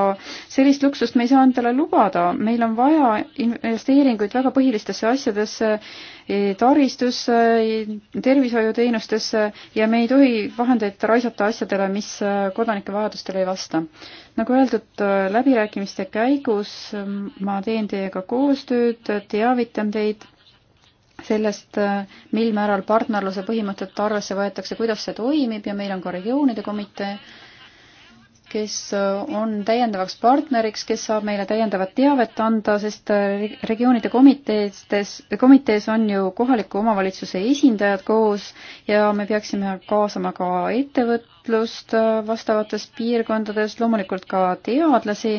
sellist luksust me ei saa endale lubada, meil on vaja investeeringuid väga põhilistesse asjadesse, e, taristusse, e, tervishoiuteenustesse ja me ei tohi vahendeid raisata asjadele, mis kodanike vajadustele ei vasta. nagu öeldud, läbirääkimiste käigus ma teen teiega koostööd, teavitan teid sellest, mil määral partnerluse põhimõtet arvesse võetakse, kuidas see toimib ja meil on ka regioonide komitee, kes on täiendavaks partneriks, kes saab meile täiendavat teavet anda, sest regioonide komiteestes, komitees on ju kohaliku omavalitsuse esindajad koos ja me peaksime kaasama ka ettevõtlust äh, vastavates piirkondades, loomulikult ka teadlasi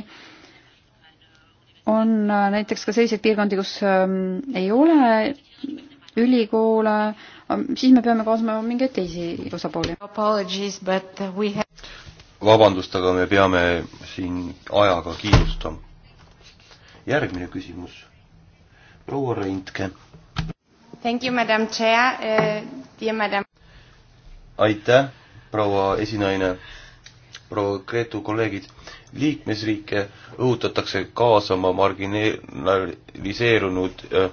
on äh, näiteks ka selliseid piirkondi, kus ähm, ei ole ülikoole, ähm, siis me peame kaasama mingeid teisi osapooli. vabandust, aga me peame siin ajaga kiirustama. järgmine küsimus, proua Reintke. Thank you, madam chair uh,, dear madam. aitäh, proua esinaine, proua Gretu kolleegid liikmesriike õhutatakse kaasama marginaliseerunud äh,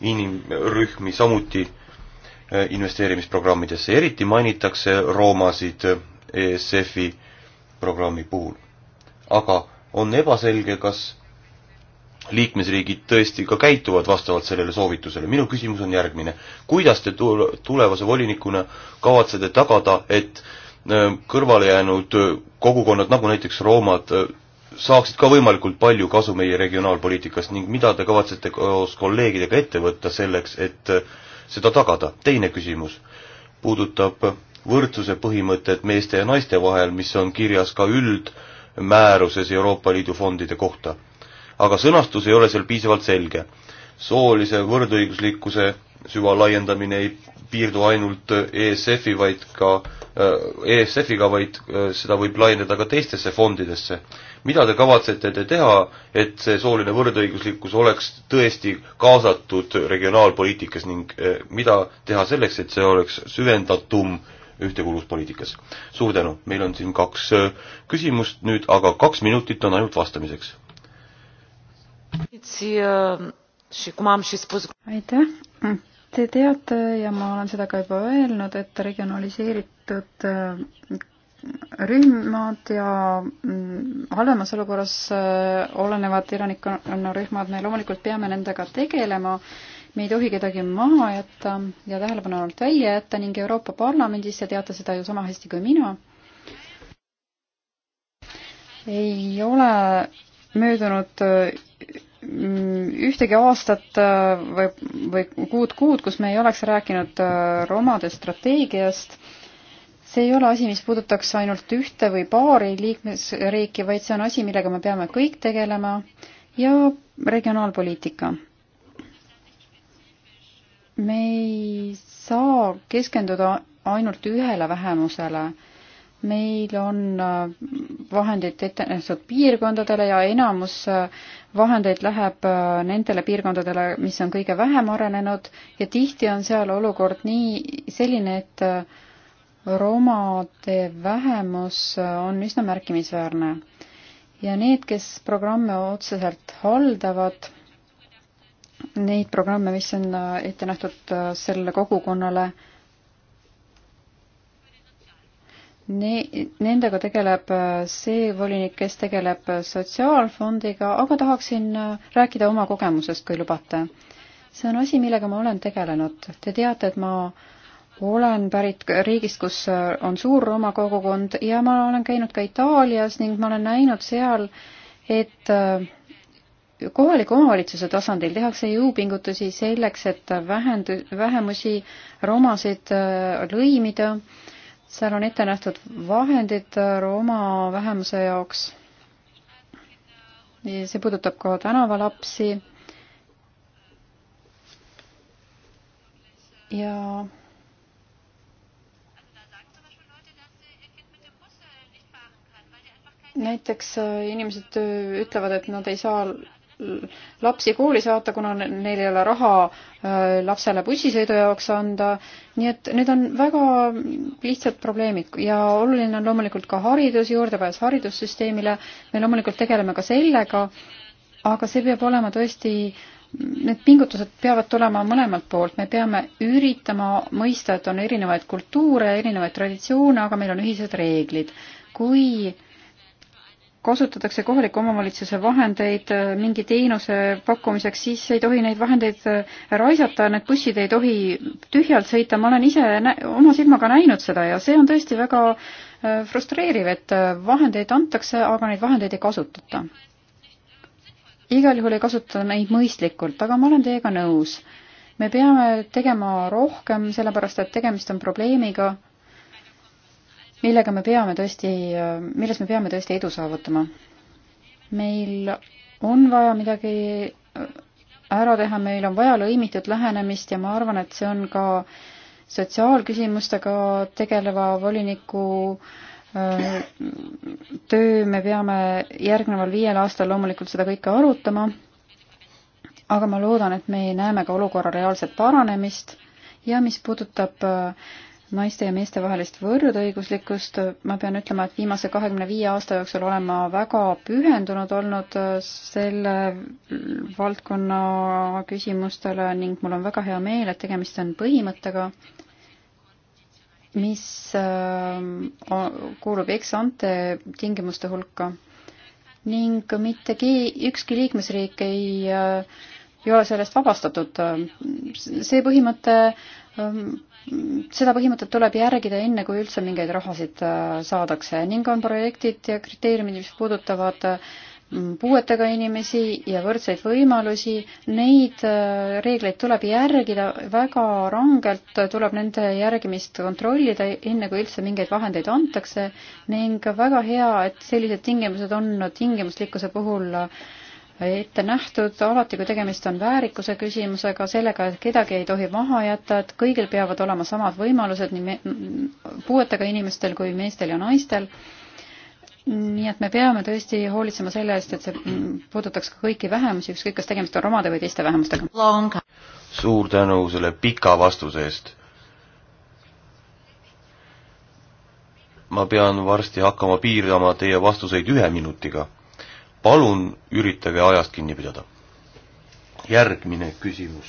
inimrühmi samuti äh, investeerimisprogrammidesse, eriti mainitakse roomasid äh, ESF-i programmi puhul. aga on ebaselge, kas liikmesriigid tõesti ka käituvad vastavalt sellele soovitusele. minu küsimus on järgmine. kuidas te tulevase volinikuna kavatsete tagada, et äh, Äh, kõrvale jäänud äh, kogukonnad, nagu näiteks roomad, äh, saaksid ka võimalikult palju kasu meie regionaalpoliitikast ning mida te kavatsete koos kolleegidega ette võtta selleks, et seda tagada? teine küsimus puudutab võrdsuse põhimõtet meeste ja naiste vahel, mis on kirjas ka üldmääruses Euroopa Liidu fondide kohta. aga sõnastus ei ole seal piisavalt selge soolise võrdõiguslikkuse süvalaiendamine ei piirdu ainult ESF-i, vaid ka äh, ESF-iga, vaid äh, seda võib laiendada ka teistesse fondidesse. mida te kavatsete te teha, et see sooline võrdõiguslikkus oleks tõesti kaasatud regionaalpoliitikas ning äh, mida teha selleks, et see oleks süvendatum ühtekuuluvuspoliitikas? suur tänu, meil on siin kaks küsimust nüüd, aga kaks minutit on ainult vastamiseks. It's, uh aitäh. Te teate ja ma olen seda ka juba öelnud, et regionaliseeritud äh, rühmad ja mm, halvemas olukorras äh, olenevad elanikkonnarühmad, me loomulikult peame nendega tegelema, me ei tohi kedagi maha jätta ja tähelepanu alt välja jätta ning Euroopa Parlamendis, te teate seda ju sama hästi kui mina, ei ole möödunud äh, Mm, ühtegi aastat äh, või, või kuud-kuud, kus me ei oleks rääkinud äh, romade strateegiast. see ei ole asi, mis puudutaks ainult ühte või paari liikmesriiki, vaid see on asi, millega me peame kõik tegelema ja regionaalpoliitika. me ei saa keskenduda ainult ühele vähemusele meil on äh, vahendid ette nähtud piirkondadele ja enamus äh, vahendeid läheb äh, nendele piirkondadele, mis on kõige vähem arenenud ja tihti on seal olukord nii selline, et romade vähemus on üsna märkimisväärne. ja need, kes programme otseselt haldavad, neid programme, mis on ette nähtud sellele kogukonnale, Ne-, nendega tegeleb äh, see volinik, kes tegeleb äh, sotsiaalfondiga, aga tahaksin äh, rääkida oma kogemusest, kui lubate. see on asi, millega ma olen tegelenud. Te teate, et ma olen pärit riigist, kus on suur Rooma kogukond ja ma olen käinud ka Itaalias ning ma olen näinud seal, et kohaliku omavalitsuse tasandil tehakse jõupingutusi selleks, et vähend-, vähemusi, romasid lõimida äh, seal on ette nähtud vahendid äh, Rooma vähemuse jaoks. see puudutab ka tänavalapsi. ja näiteks äh, inimesed äh, ütlevad, et nad ei saa lapsi kooli saata, kuna neil ei ole raha äh, lapsele bussisõidu jaoks anda. nii et need on väga lihtsad probleemid ja oluline on loomulikult ka haridus, juurdepääs haridussüsteemile. me loomulikult tegeleme ka sellega, aga see peab olema tõesti Need pingutused peavad tulema mõlemalt poolt, me peame üritama mõista, et on erinevaid kultuure, erinevaid traditsioone, aga meil on ühised reeglid. kui kasutatakse kohaliku omavalitsuse vahendeid äh, mingi teenuse pakkumiseks, siis ei tohi neid vahendeid äh, raisata, need bussid ei tohi tühjalt sõita, ma olen ise oma silmaga näinud seda ja see on tõesti väga äh, frustreeriv, et vahendeid antakse, aga neid vahendeid ei kasutata. igal juhul ei kasutata neid mõistlikult, aga ma olen teiega nõus. me peame tegema rohkem, sellepärast et tegemist on probleemiga, millega me peame tõesti, milles me peame tõesti edu saavutama. meil on vaja midagi ära teha, meil on vaja lõimitud lähenemist ja ma arvan, et see on ka sotsiaalküsimustega tegeleva voliniku äh, töö, me peame järgneval viiel aastal loomulikult seda kõike arutama, aga ma loodan, et me näeme ka olukorra reaalset paranemist ja mis puudutab äh, naiste ja meeste vahelist võrdõiguslikkust. ma pean ütlema, et viimase kahekümne viie aasta jooksul olen ma väga pühendunud olnud äh, selle valdkonna küsimustele ning mul on väga hea meel, et tegemist on põhimõttega, mis äh, kuulub ex-ante tingimuste hulka ning mitte keegi, ükski liikmesriik ei, äh, ei ole sellest vabastatud. see põhimõte äh, Ehm, seda põhimõtet tuleb järgida enne, kui üldse mingeid rahasid äh, saadakse ning on projektid ja kriteeriumid, mis puudutavad mm, puuetega inimesi ja võrdseid võimalusi, neid äh, reegleid tuleb järgida väga rangelt, tuleb nende järgimist kontrollida, enne kui üldse mingeid vahendeid antakse ning väga hea, et sellised tingimused on tingimuslikkuse puhul äh, ette nähtud, alati kui tegemist on väärikuse küsimusega, sellega, et kedagi ei tohi maha jätta, et kõigil peavad olema samad võimalused nii puuetega inimestel kui meestel ja naistel. nii et me peame tõesti hoolitsema selle eest, et see puudutaks ka kõiki vähemusi, ükskõik kas tegemist on romade või teiste vähemustega. suur tänu selle pika vastuse eest ma pean varsti hakkama piirama teie vastuseid ühe minutiga palun üritage ajast kinni pidada. järgmine küsimus.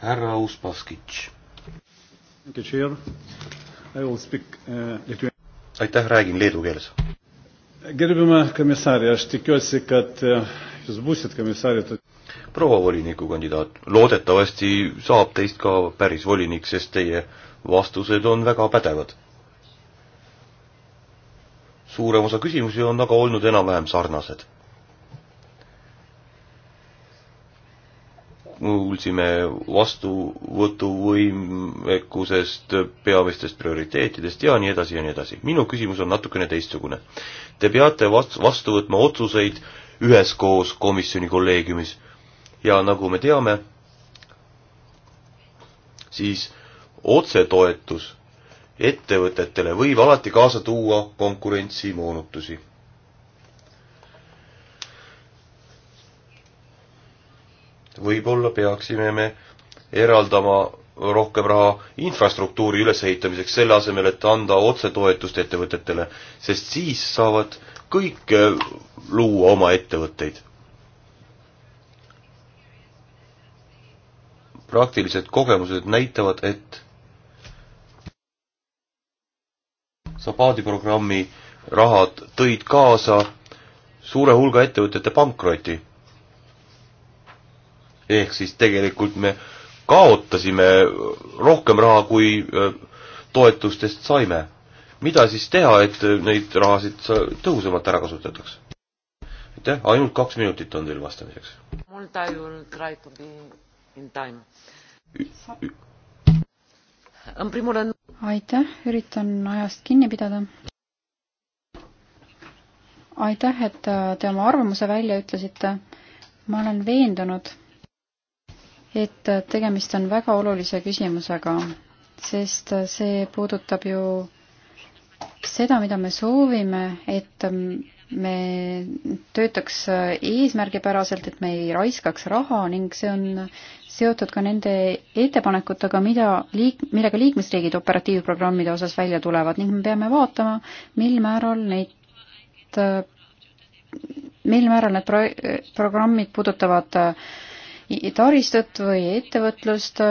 härra Uspaskitš. Uh, aitäh, räägin leedu keeles. Gerbiama komisarė, aš tikiuosi, kad uh, jūs būsit komisarė. proua volinikukandidaat, loodetavasti saab teist ka päris volinik, sest teie vastused on väga pädevad suurem osa küsimusi on aga olnud enam-vähem sarnased. kuulsime vastuvõtuvõimekusest, peamistest prioriteetidest ja nii edasi ja nii edasi. minu küsimus on natukene teistsugune. Te peate vast-, vastu võtma otsuseid üheskoos komisjoni kolleegiumis ja nagu me teame, siis otsetoetus ettevõtetele võib alati kaasa tuua konkurentsimoonutusi. võib-olla peaksime me eraldama rohkem raha infrastruktuuri ülesehitamiseks, selle asemel, et anda otsetoetust ettevõtetele, sest siis saavad kõik äh, luua oma ettevõtteid. praktilised kogemused näitavad, et Sabaadi programmi rahad tõid kaasa suure hulga ettevõtete pankroti. ehk siis tegelikult me kaotasime rohkem raha, kui toetustest saime. mida siis teha, et neid rahasid tõhusamalt ära kasutataks? aitäh, ainult kaks minutit on teil vastamiseks. mul ta ju try to be in time. În primul rând, aitäh, üritan ajast kinni pidada. aitäh, et äh, te oma arvamuse välja ütlesite. ma olen veendunud, et äh, tegemist on väga olulise küsimusega, sest äh, see puudutab ju seda, mida me soovime, et mm, me töötaks eesmärgipäraselt, et me ei raiskaks raha ning see on seotud ka nende ettepanekutega, mida liik-, millega liikmesriigid operatiivprogrammide osas välja tulevad ning me peame vaatama, mil määral neid, mil määral need pro-, programmid puudutavad taristut või ettevõtlust,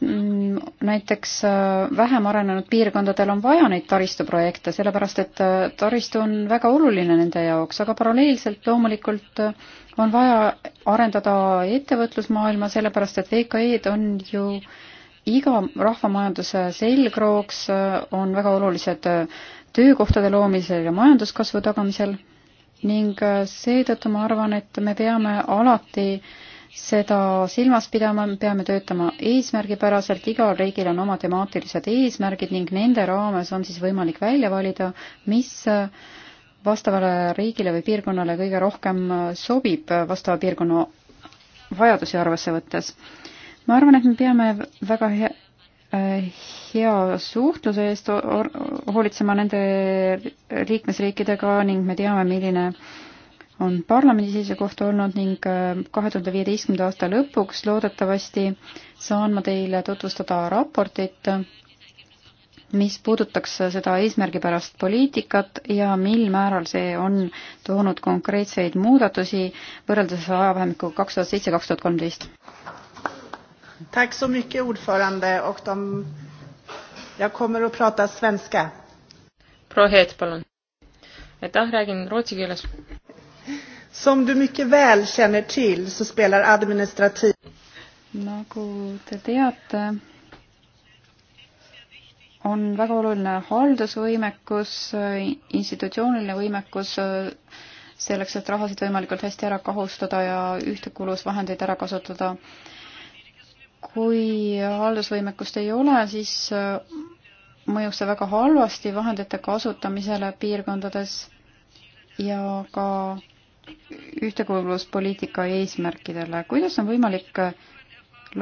Mm, näiteks äh, vähem arenenud piirkondadel on vaja neid taristuprojekte, sellepärast et äh, taristu on väga oluline nende jaoks, aga paralleelselt loomulikult äh, on vaja arendada ettevõtlusmaailma, sellepärast et VKE-d on ju iga rahvamajanduse selgrooks, on väga olulised töökohtade loomisel ja majanduskasvu tagamisel ning seetõttu ma arvan, et me peame alati äh, seda silmas pidama, peame töötama eesmärgipäraselt, igal riigil on oma temaatilised eesmärgid ning nende raames on siis võimalik välja valida, mis vastavale riigile või piirkonnale kõige rohkem sobib vastava piirkonna vajadusi arvesse võttes. ma arvan, et me peame väga hea eh, hea suhtluse eest hoolitsema nende liikmesriikidega ning me teame, milline äh, on parlamendi seisukoht olnud ning äh, kahe tuhande viieteistkümnenda aasta lõpuks loodetavasti saan ma teile tutvustada raportit, mis puudutaks seda eesmärgipärast poliitikat ja mil määral see on toonud konkreetseid muudatusi võrreldes ajavahemikuga kaks tuhat seitse, kaks tuhat kolmteist. Tack så mycket ordförande och de... jag kommer att prata svenska. Proua Heet, palun. aitäh, räägin rootsi keeles Som du mycket väl känner till så spelar administrativ... Nagu te teate, on väga oluline haldusvõimekus, institutsiooniline võimekus selleks, et rahasid võimalikult hästi ära kahustada ja ühtekulusvahendeid ära kasutada. kui haldusvõimekust ei ole, siis mõjub see väga halvasti vahendite kasutamisele piirkondades ja ka ühtekuuluvuspoliitika eesmärkidele. kuidas on võimalik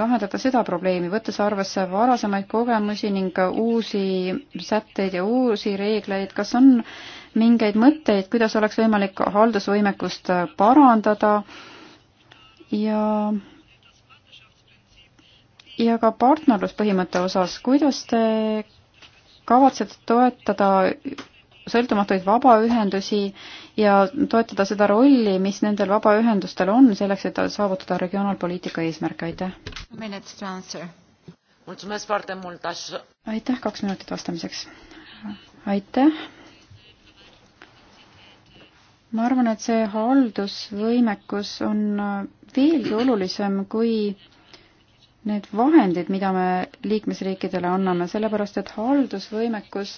lahendada seda probleemi, võttes arvesse varasemaid kogemusi ning uusi sätteid ja uusi reegleid, kas on mingeid mõtteid, kuidas oleks võimalik haldusvõimekust parandada ja ja ka partnerluspõhimõtte osas, kuidas te kavatsete toetada sõltumatuid vabaühendusi ja toetada seda rolli, mis nendel vabaühendustel on selleks, et saavutada regionaalpoliitika eesmärke, aitäh. aitäh, kaks minutit vastamiseks. aitäh. ma arvan, et see haldusvõimekus on veelgi olulisem kui need vahendid, mida me liikmesriikidele anname, sellepärast et haldusvõimekus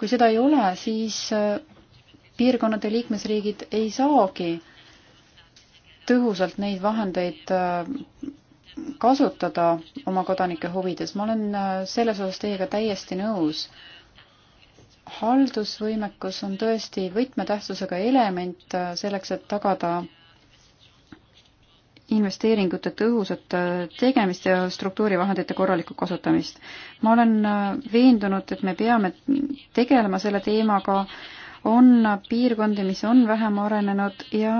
kui seda ei ole, siis äh, piirkonnad ja liikmesriigid ei saagi tõhusalt neid vahendeid äh, kasutada oma kodanike huvides. ma olen äh, selles osas teiega täiesti nõus. haldusvõimekus on tõesti võtmetähtsusega element selleks, et tagada investeeringute tõhusat äh, tegemist ja struktuurivahendite korralikku kasutamist. ma olen äh, veendunud, et me peame tegelema selle teemaga, on äh, piirkondi, mis on vähem arenenud ja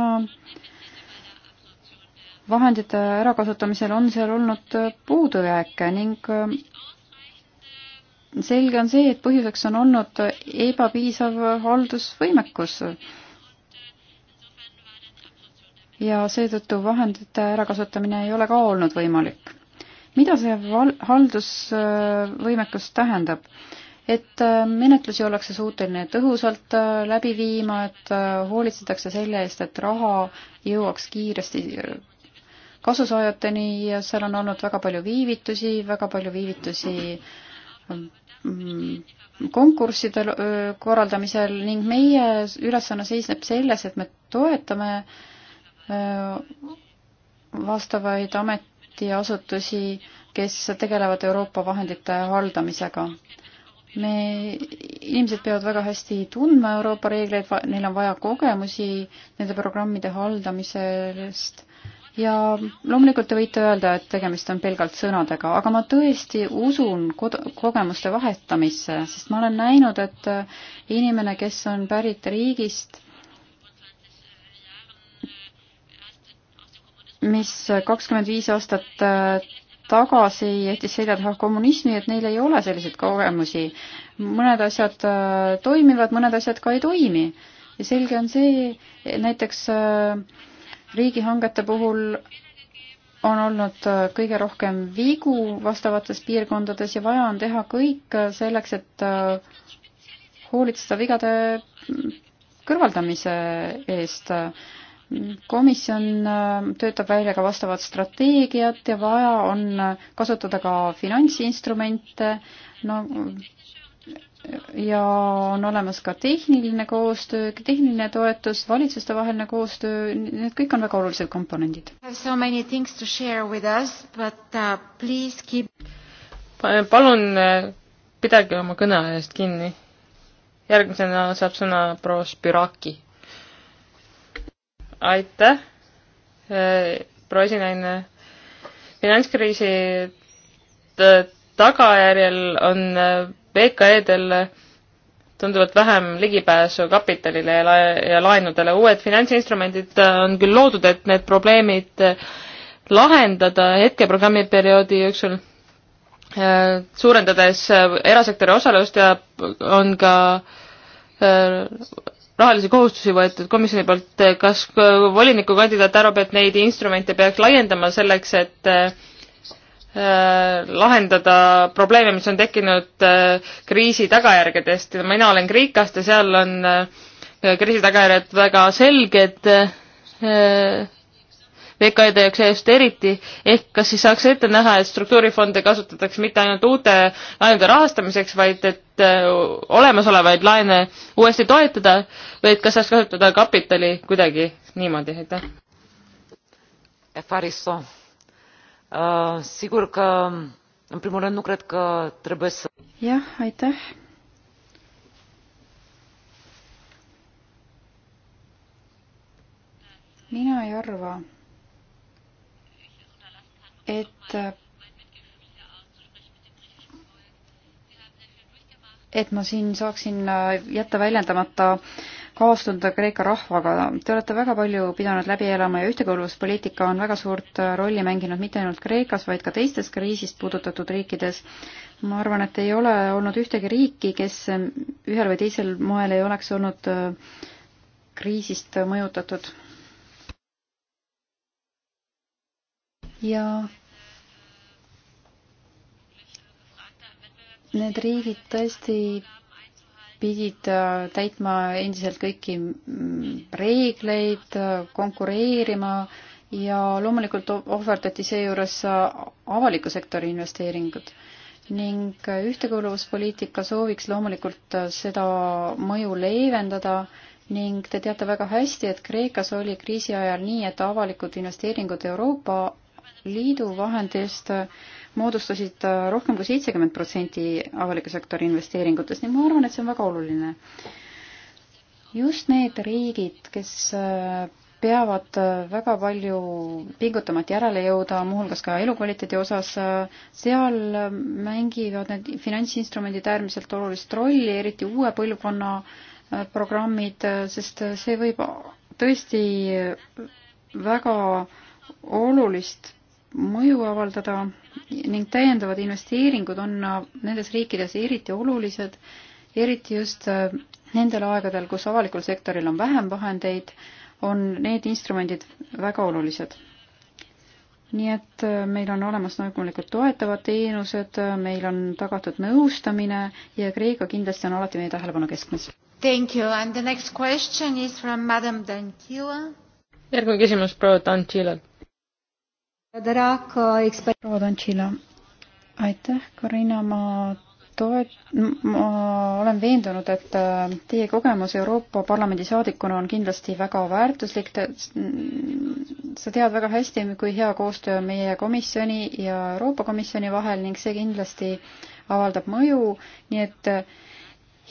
vahendite ärakasutamisel on seal olnud puudujääke ning selge on see, et põhjuseks on olnud ebapiisav haldusvõimekus ja seetõttu vahendite ärakasutamine ei ole ka olnud võimalik. mida see val-, haldusvõimekus tähendab? et äh, menetlusi ollakse suuteline tõhusalt äh, läbi viima, et äh, hoolitsetakse selle eest, et raha jõuaks kiiresti kasusaajateni ja seal on olnud väga palju viivitusi, väga palju viivitusi mm, konkursside korraldamisel ning meie ülesanne seisneb selles, et me toetame äh, vastavaid ametiasutusi, kes tegelevad Euroopa vahendite haldamisega. me, inimesed peavad väga hästi tundma Euroopa reegleid, neil on vaja kogemusi nende programmide haldamisest ja loomulikult te võite öelda, et tegemist on pelgalt sõnadega, aga ma tõesti usun kod-, kogemuste vahetamisse, sest ma olen näinud, et inimene, kes on pärit riigist, mis kakskümmend viis aastat äh, tagasi jättis selja taha kommunismi, et neil ei ole selliseid kogemusi. mõned asjad äh, toimivad, mõned asjad ka ei toimi. ja selge on see, näiteks äh, riigihangete puhul on olnud kõige rohkem vigu vastavates piirkondades ja vaja on teha kõik selleks, et hoolitseda vigade kõrvaldamise eest komisjon äh, töötab välja ka vastavat strateegiat ja vaja on äh, kasutada ka finantsinstrumente, no ja on olemas ka tehniline koostöö, tehniline toetus, valitsustevaheline koostöö, need kõik on väga olulised komponendid. Uh, keep... palun äh, pidage oma kõne eest kinni. järgmisena saab sõna proua Spiraki aitäh, äh, proua esinaine. finantskriisi tagajärjel on äh, VKE-del äh, tunduvalt vähem ligipääsu kapitalile ja, la ja laenudele. uued finantsinstrumendid on küll loodud, et need probleemid lahendada hetkeprogrammi perioodi jooksul, suurendades erasektori osalust ja on ka rahalisi kohustusi võetud komisjoni poolt, kas volinikukandidaat arvab, et neid instrumente peaks laiendama selleks, et äh, lahendada probleeme, mis on tekkinud äh, kriisi tagajärgedest. mina olen Kreekast ja seal on äh, kriisi tagajärjed väga selged. VKD jaoks just eriti, ehk kas siis saaks ette näha, et struktuurifonde kasutatakse mitte ainult uute laenude rahastamiseks, vaid et äh, olemasolevaid laene uuesti toetada või et kas saaks kasutada kapitali kuidagi niimoodi, aitäh? Fariso, äh, sigur ka, în primul rând, nu cred că trebuie să... Jah, aitäh. mina ei arva, et et ma siin saaksin jätta väljendamata kaastunde Kreeka rahvaga. Te olete väga palju pidanud läbi elama ja ühtekuuluvuspoliitika on väga suurt rolli mänginud mitte ainult Kreekas, vaid ka teistes kriisist puudutatud riikides. ma arvan, et ei ole olnud ühtegi riiki, kes ühel või teisel moel ei oleks olnud kriisist mõjutatud ja need riigid tõesti pidid äh, täitma endiselt kõiki mm, reegleid, äh, konkureerima ja loomulikult ohverdati seejuures äh, avaliku sektori investeeringud ning ühtekuuluvuspoliitika sooviks loomulikult seda mõju leevendada ning te teate väga hästi, et Kreekas oli kriisi ajal nii, et avalikud investeeringud Euroopa Liidu vahendist äh, moodustasid äh, rohkem kui seitsekümmend protsenti avaliku sektori investeeringutest ning ma arvan, et see on väga oluline. just need riigid, kes äh, peavad väga palju pingutama, et järele jõuda, muuhulgas ka elukvaliteedi osas, seal mängivad need finantsinstrumendid äärmiselt olulist rolli, eriti uue põlvkonna programmid, sest see võib tõesti väga olulist mõju avaldada ning täiendavad investeeringud on nendes riikides eriti olulised, eriti just äh, nendel aegadel, kus avalikul sektoril on vähem vahendeid, on need instrumendid väga olulised. nii et äh, meil on olemas loomulikult toetavad teenused, äh, meil on tagatud nõustamine ja Kreeka kindlasti on alati meie tähelepanu keskmes. Thank you and the next question is from madam Dantila. järgmine küsimus proua Dantilalt proua Tontšila, aitäh, Karina, ma toet-, ma olen veendunud, et äh, teie kogemus Euroopa Parlamendi saadikuna on kindlasti väga väärtuslik. sa tead väga hästi, kui hea koostöö on meie komisjoni ja Euroopa Komisjoni vahel ning see kindlasti avaldab mõju, nii et äh,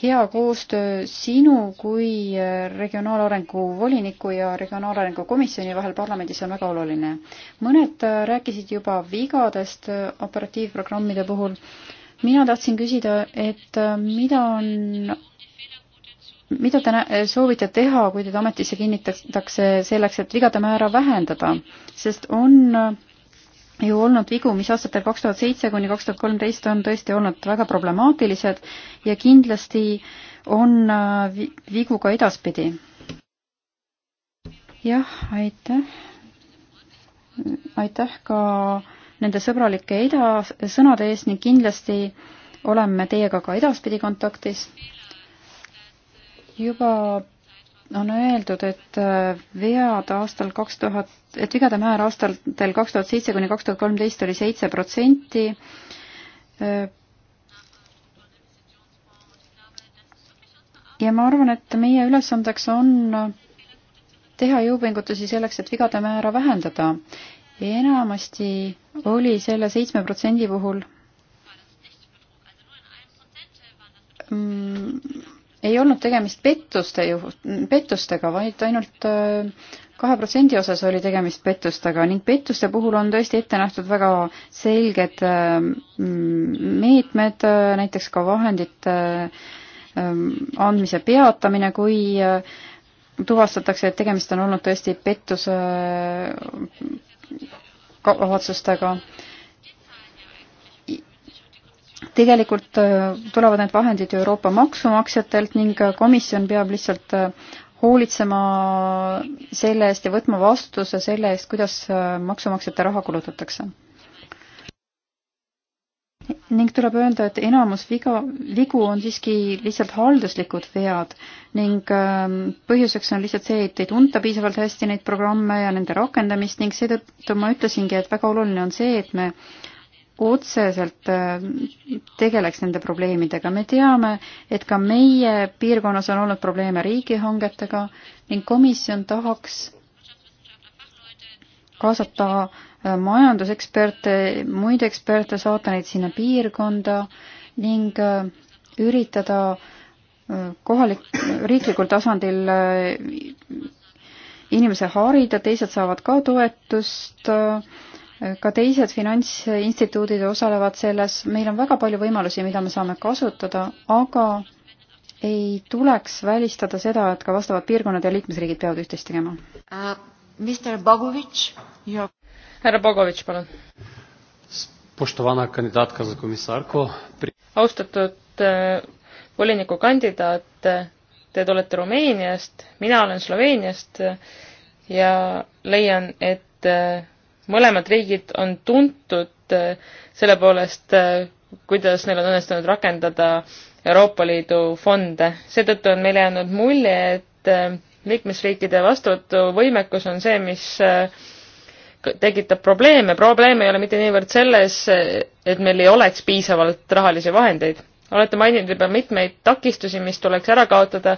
hea koostöö sinu kui regionaalarengu voliniku ja regionaalarengu komisjoni vahel parlamendis on väga oluline. mõned rääkisid juba vigadest operatiivprogrammide puhul. mina tahtsin küsida, et mida on mida te soovite teha, kui teid ametisse kinnitakse selleks, et vigade määra vähendada, sest on ju olnud vigu, mis aastatel kaks tuhat seitse kuni kaks tuhat kolmteist on tõesti olnud väga problemaatilised ja kindlasti on äh, vigu ka edaspidi. jah, aitäh. aitäh ka nende sõbralike ida, sõnade eest ning kindlasti oleme teiega ka edaspidi kontaktis. juba on öeldud, et äh, vead aastal kaks tuhat, et vigade määr aastatel kaks tuhat seitse kuni kaks tuhat kolmteist oli seitse protsenti. ja ma arvan, et meie ülesandeks on teha jõupingutusi selleks, et vigade määra vähendada. enamasti oli selle seitsme protsendi puhul mm, ei olnud tegemist pettuste juhu, pettustega, vaid ainult äh, kahe protsendi osas oli tegemist pettustega ning pettuste puhul on tõesti ette nähtud väga selged äh, meetmed, äh, näiteks ka vahendite andmise peatamine, kui tuvastatakse, et tegemist on olnud tõesti pettuse kavatsustega ka tegelikult äh, tulevad need vahendid ju Euroopa maksumaksjatelt ning äh, komisjon peab lihtsalt äh, hoolitsema selle eest ja võtma vastutuse selle eest, kuidas maksumaksjate raha kulutatakse. ning tuleb öelda, et enamus viga, vigu on siiski lihtsalt halduslikud vead ning ähm, põhjuseks on lihtsalt see, et ei tunta piisavalt hästi neid programme ja nende rakendamist ning seetõttu ma ütlesingi, et väga oluline on see, et me äh, otseselt äh, tegeleks nende probleemidega. me teame, et ka meie piirkonnas on olnud probleeme riigihangetega ning komisjon tahaks kaasata äh, majanduseksperte, muid eksperte, saata neid sinna piirkonda ning äh, üritada kohalik, riiklikul tasandil inimese harida, teised saavad ka toetust äh, ka teised finantsinstituudid osalevad selles, meil on väga palju võimalusi, mida me saame kasutada, aga ei tuleks välistada seda, et ka vastavad piirkonnad ja liikmesriigid peavad üht-teist tegema uh,. Äh, Mr Bogovic ja.... härra Bogovic, palun. austatud äh, volinikukandidaat, te olete Rumeeniast, mina olen Sloveeniast ja leian, et äh, mõlemad riigid on tuntud äh, selle poolest, äh, kuidas neil on õnnestunud rakendada Euroopa Liidu fonde. seetõttu on meile jäänud mulje, et äh, liikmesriikide vastuvõtuvõimekus on see, mis tekitab probleeme. probleem ei ole mitte niivõrd selles, et meil ei oleks piisavalt rahalisi vahendeid. olete maininud juba mitmeid takistusi, mis tuleks ära kaotada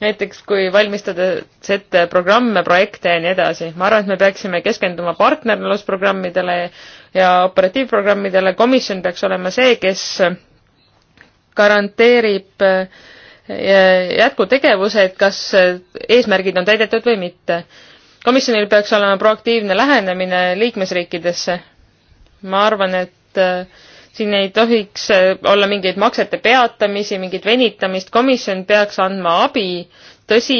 näiteks kui valmistades ette programme, projekte ja nii edasi. ma arvan, et me peaksime keskenduma partnerlusprogrammidele ja operatiivprogrammidele, komisjon peaks olema see, kes garanteerib eh, jätkutegevuse, et kas eesmärgid on täidetud või mitte. komisjonil peaks olema proaktiivne lähenemine liikmesriikidesse. ma arvan, et eh, siin ei tohiks äh, olla mingeid maksete peatamisi, mingit venitamist, komisjon peaks andma abi, tõsi,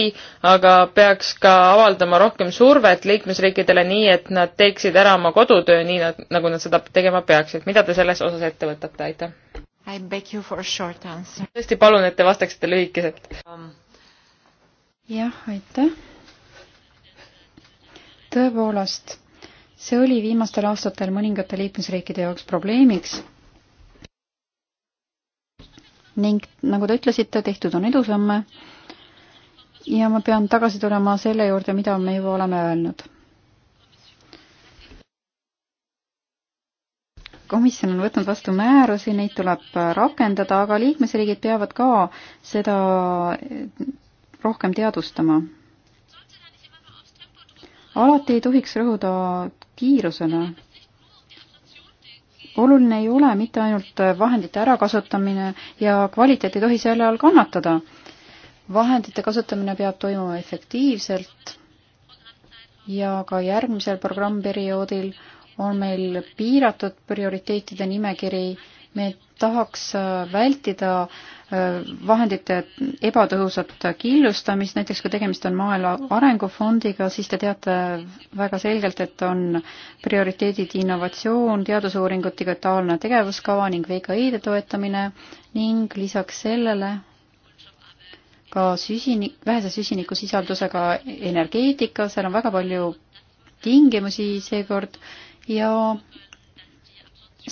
aga peaks ka avaldama rohkem survet liikmesriikidele nii, et nad teeksid ära oma kodutöö nii, nagu nad seda tegema peaksid. mida te selles osas ette võtate, aitäh? I beg you for a short answer. tõesti palun, et te vastaksite lühikeselt um.... jah, aitäh. tõepoolest, see oli viimastel aastatel mõningate liikmesriikide jaoks probleemiks ning nagu te ütlesite, tehtud on edusamme. ja ma pean tagasi tulema selle juurde, mida me juba oleme öelnud. komisjon on võtnud vastu määrusi, neid tuleb rakendada, aga liikmesriigid peavad ka seda rohkem teadvustama. alati ei tohiks rõhuda kiirusele oluline ei ole mitte ainult vahendite ärakasutamine ja kvaliteet ei tohi selle all kannatada. vahendite kasutamine peab toimuma efektiivselt ja ka järgmisel programmperioodil on meil piiratud prioriteetide nimekiri, me tahaks vältida äh, vahendite ebatõhusat killustamist, näiteks kui tegemist on Maaelu Arengufondiga, siis te teate väga selgelt, et on prioriteedid innovatsioon, teadusuuringud, digitaalne tegevuskava ning VKI-de toetamine ning lisaks sellele ka süsinik, vähese süsinikusisaldusega energeetika, seal on väga palju tingimusi seekord ja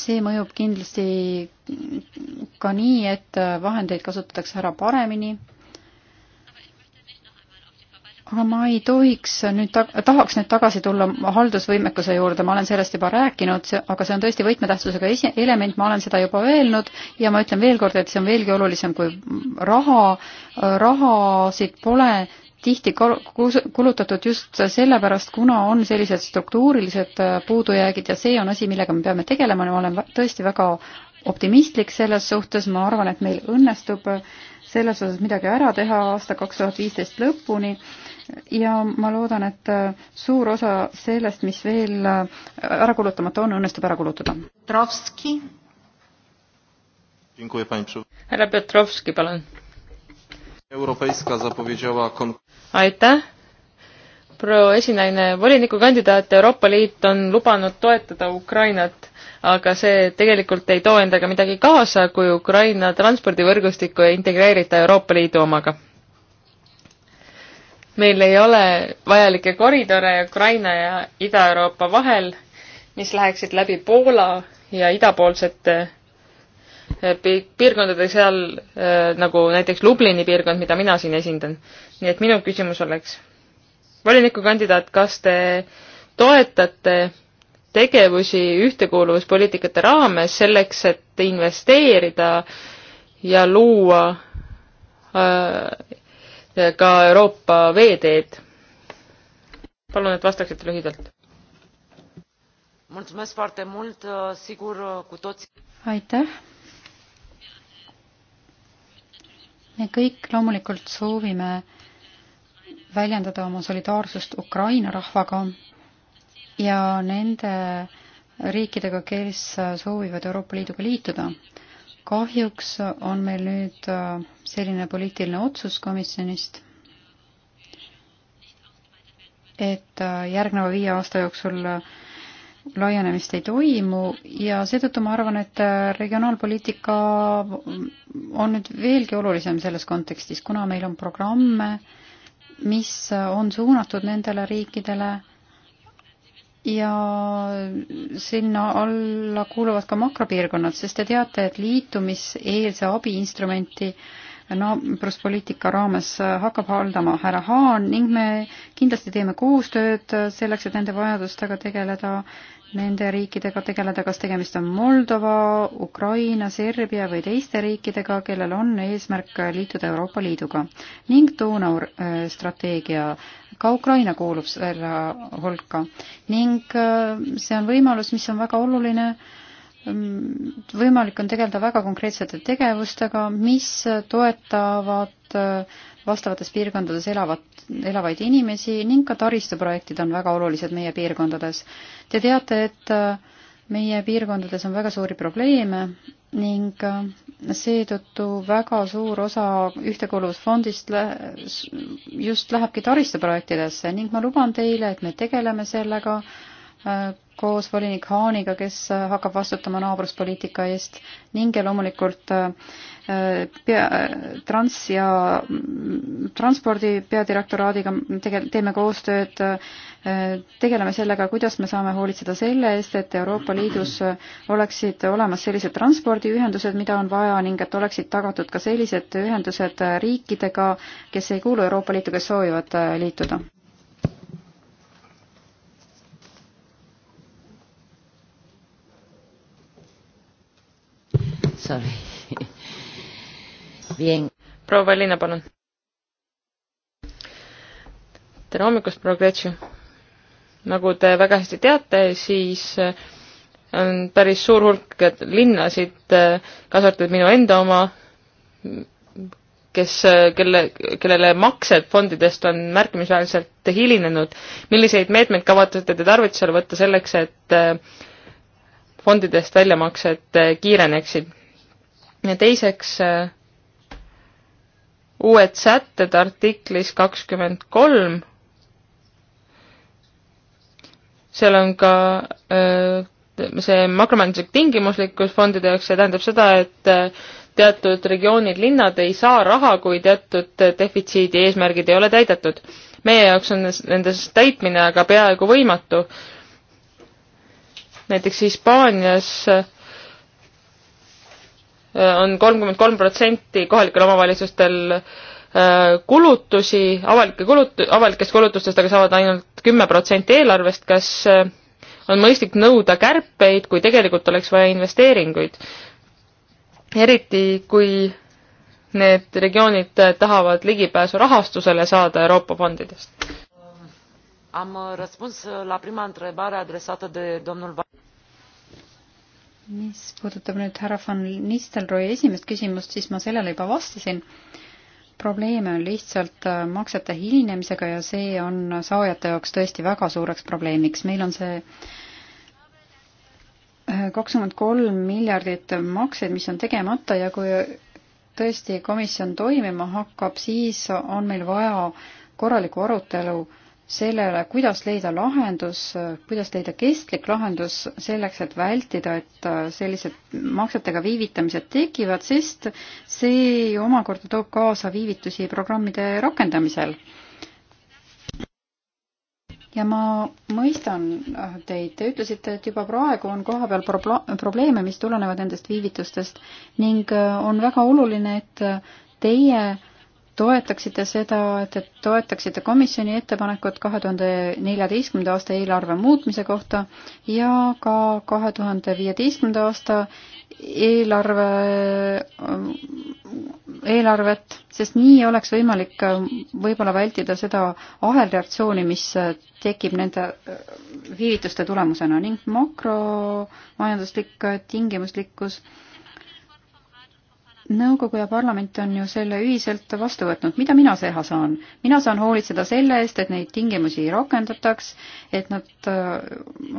see mõjub kindlasti ka nii, et vahendeid kasutatakse ära paremini. aga ma ei tohiks nüüd ta-, tahaks nüüd tagasi tulla haldusvõimekuse juurde, ma olen sellest juba rääkinud, aga see on tõesti võtmetähtsusega esi-, element, ma olen seda juba öelnud ja ma ütlen veel kord, et see on veelgi olulisem kui raha, rahasid pole tihti kulutatud just sellepärast, kuna on sellised struktuurilised äh, puudujäägid ja see on asi, millega me peame tegelema ja ma olen tõesti väga optimistlik selles suhtes, ma arvan, et meil õnnestub äh, selles osas midagi ära teha aasta kaks tuhat viisteist lõpuni ja ma loodan, et äh, suur osa sellest, mis veel ära kulutamata on, õnnestub ära kulutada. Petrovski. härra Petrovski, palun aitäh, proua esinaine, volinikukandidaat Euroopa Liit on lubanud toetada Ukrainat, aga see tegelikult ei too endaga midagi kaasa, kui Ukraina transpordivõrgustikku ei integreerita Euroopa Liidu omaga. meil ei ole vajalikke koridore Ukraina ja Ida-Euroopa vahel, mis läheksid läbi Poola ja idapoolsete Äh, piirkondade seal äh, nagu näiteks Lublini piirkond, mida mina siin esindan. nii et minu küsimus oleks, volinikukandidaat, kas te toetate tegevusi ühtekuuluvuspoliitikate raames selleks, et investeerida ja luua äh, ka Euroopa veeteed? palun, et vastaksite lühidalt. aitäh me kõik loomulikult soovime väljendada oma solidaarsust Ukraina rahvaga ja nende riikidega, kes soovivad Euroopa Liiduga liituda. kahjuks on meil nüüd äh, selline poliitiline otsus komisjonist, et äh, järgneva viie aasta jooksul äh, laienemist ei toimu ja seetõttu ma arvan, et äh, regionaalpoliitika on nüüd veelgi olulisem selles kontekstis, kuna meil on programme, mis äh, on suunatud nendele riikidele ja sinna alla kuuluvad ka makropiirkonnad, sest te teate, et liitumiseelse abiinstrumenti naabruspoliitika raames äh, hakkab haldama härra Haan ning me kindlasti teeme koostööd selleks, et nende vajadustega tegeleda nende riikidega tegeleda, kas tegemist on Moldova, Ukraina, Serbia või teiste riikidega, kellel on eesmärk liituda Euroopa Liiduga ning doonor äh, strateegia. ka Ukraina kuulub selle hulka ning äh, see on võimalus, mis on väga oluline mm, võimalik on tegeleda väga konkreetsete tegevustega, mis toetavad äh, vastavates piirkondades elavad, elavaid inimesi ning ka taristuprojektid on väga olulised meie piirkondades. Te teate, et äh, meie piirkondades on väga suuri probleeme ning äh, seetõttu väga suur osa ühtekuuluvusfondist just lähebki taristuprojektidesse ning ma luban teile, et me tegeleme sellega äh, koos volinik Haaniga, kes hakkab vastutama naabruspoliitika eest ning ja loomulikult pea, trans ja transpordi peadirektoraadiga tegel-, teeme koostööd, tegeleme sellega, kuidas me saame hoolitseda selle eest, et Euroopa Liidus oleksid olemas sellised transpordiühendused, mida on vaja ning et oleksid tagatud ka sellised ühendused riikidega, kes ei kuulu Euroopa Liitu, kes soovivad liituda. Sorry proua Elina, palun. tere hommikust, proua Gretši. nagu te väga hästi teate, siis äh, on päris suur hulk linnasid, äh, kaasa arvatud minu enda oma, kes, äh, kelle, kellele maksed fondidest on märkimisväärselt hilinenud. milliseid meetmeid kavatsete te tarvitusele võtta selleks, et fondidest väljamaksed kiireneksid? ja teiseks äh, uued sätted artiklis kakskümmend kolm. seal on ka öö, äh, see makromajanduslik tingimuslikkus fondide jaoks, see tähendab seda, et äh, teatud regioonid, linnad ei saa raha, kui teatud äh, defitsiidi eesmärgid ei ole täidetud. meie jaoks on nendes täitmine aga peaaegu võimatu. näiteks Hispaanias on kolmkümmend kolm protsenti kohalikel omavalitsustel äh, kulutusi, avalikke kulut-, avalikest kulutustest, aga saavad ainult kümme protsenti eelarvest, kas äh, on mõistlik nõuda kärpeid, kui tegelikult oleks vaja investeeringuid? eriti, kui need regioonid tahavad ligipääsu rahastusele saada Euroopa fondidest. am răspuns la prima întrebare adresată de domnul mis puudutab nüüd härra von Nistelrooy esimest küsimust, siis ma sellele juba vastasin. probleeme on lihtsalt äh, maksete hilinemisega ja see on saajate jaoks tõesti väga suureks probleemiks. meil on see äh, kakskümmend kolm miljardit makseid, mis on tegemata ja kui tõesti komisjon toimima hakkab, siis on meil vaja korralikku arutelu sellele, kuidas leida lahendus, kuidas leida kestlik lahendus selleks, et vältida, et äh, sellised maksetega viivitamised tekivad, sest see ju omakorda toob kaasa viivitusi programmide rakendamisel. ja ma mõistan äh, teid, te ütlesite, et juba praegu on kohapeal probleeme, mis tulenevad nendest viivitustest ning äh, on väga oluline, et teie toetaksite seda, et te toetaksite komisjoni ettepanekut kahe tuhande neljateistkümnenda aasta eelarve muutmise kohta ja ka kahe tuhande viieteistkümnenda aasta eelarve, eelarvet, sest nii oleks võimalik võib-olla vältida seda ahelreaktsiooni, mis tekib nende viivituste tulemusena ning makromajanduslik tingimuslikkus äh, nõukogu ja parlament on ju selle ühiselt vastu võtnud, mida mina teha saan? mina saan hoolitseda selle eest, et neid tingimusi rakendataks, et nad äh,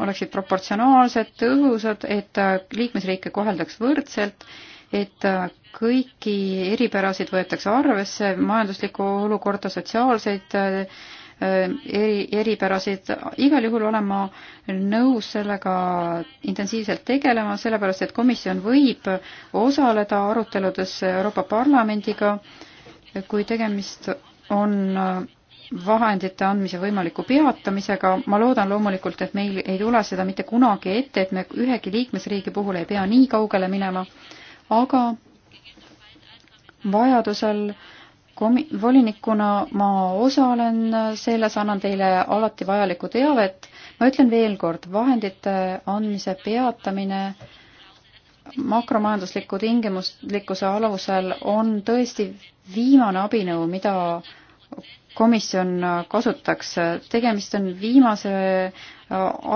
oleksid proportsionaalsed, tõhusad, et äh, liikmesriike koheldaks võrdselt, et äh, kõiki eripärasid võetakse arvesse, majanduslikku olukorda, sotsiaalseid Äh, eri, eripärasid. igal juhul olen ma nõus sellega intensiivselt tegelema, sellepärast et komisjon võib osaleda aruteludes Euroopa Parlamendiga, kui tegemist on vahendite andmise võimaliku peatamisega. ma loodan loomulikult, et meil ei tule seda mitte kunagi ette, et me ühegi liikmesriigi puhul ei pea nii kaugele minema, aga vajadusel äh, komi-, volinikuna ma osalen selles, annan teile alati vajalikku teavet. ma ütlen veel kord, vahendite andmise peatamine makromajandusliku tingimuslikkuse alusel on tõesti viimane abinõu, mida komisjon kasutaks. tegemist on viimase äh,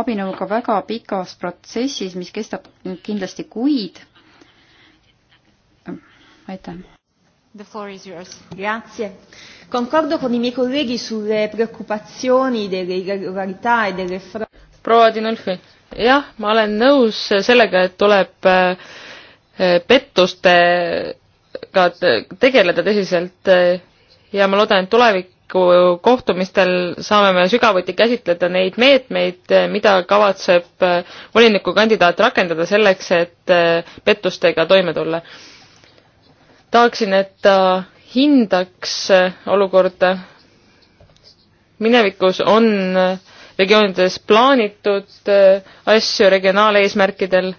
abinõuga väga pikas protsessis, mis kestab kindlasti kuid. aitäh! The floor is yours. Grazie. Concordo con i miei colleghi sulle preoccupazioni delle irregolarità e delle frodi. proua Dinolfi, jah, ma olen nõus sellega, et tuleb eh, pettustega tegeleda tõsiselt eh, ja ma loodan, et tuleviku kohtumistel saame me sügavuti käsitleda neid meetmeid, eh, mida kavatseb volinikukandidaat rakendada selleks, et pettustega toime tulla tahaksin, et ta äh, hindaks äh, olukorda. minevikus on äh, regioonides plaanitud asju regionaaleesmärkidel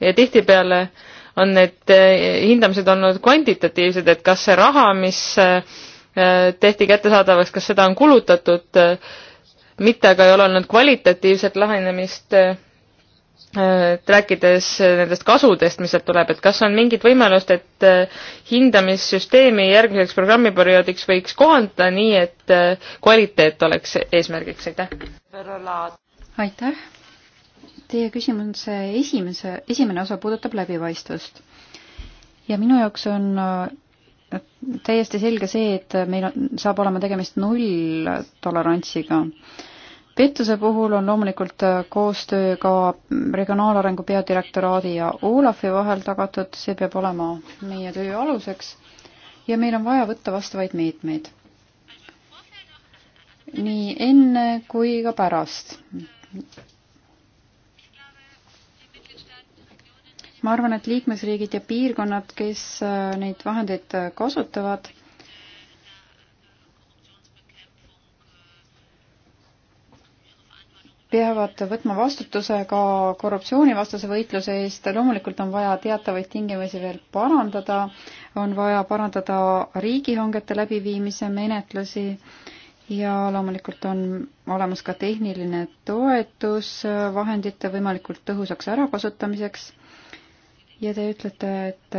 ja tihtipeale on need hindamised olnud kvantitatiivsed, et kas see raha, mis tehti kättesaadavaks, kas seda on kulutatud, mitte aga ei ole olnud kvalitatiivset lahenemist et rääkides nendest kasudest, mis sealt tuleb, et kas on mingit võimalust, et äh, hindamissüsteemi järgmiseks programmiperioodiks võiks kohandada nii, et äh, kvaliteet oleks eesmärgiks, aitäh! aitäh! Teie küsimuse esimese, esimene osa puudutab läbipaistvust. ja minu jaoks on äh, täiesti selge see, et meil on, saab olema tegemist nulltolerantsiga pettuse puhul on loomulikult äh, koostöö ka Regionaalarengu peadirektoraadi ja Olafi vahel tagatud, see peab olema meie töö aluseks ja meil on vaja võtta vastavaid meetmeid. nii enne kui ka pärast. ma arvan, et liikmesriigid ja piirkonnad, kes äh, neid vahendeid kasutavad, peavad võtma vastutuse ka korruptsioonivastase võitluse eest, loomulikult on vaja teatavaid tingimusi veel parandada, on vaja parandada riigihangete läbiviimise menetlusi ja loomulikult on olemas ka tehniline toetus vahendite võimalikult tõhusaks ärakasutamiseks. ja te ütlete, et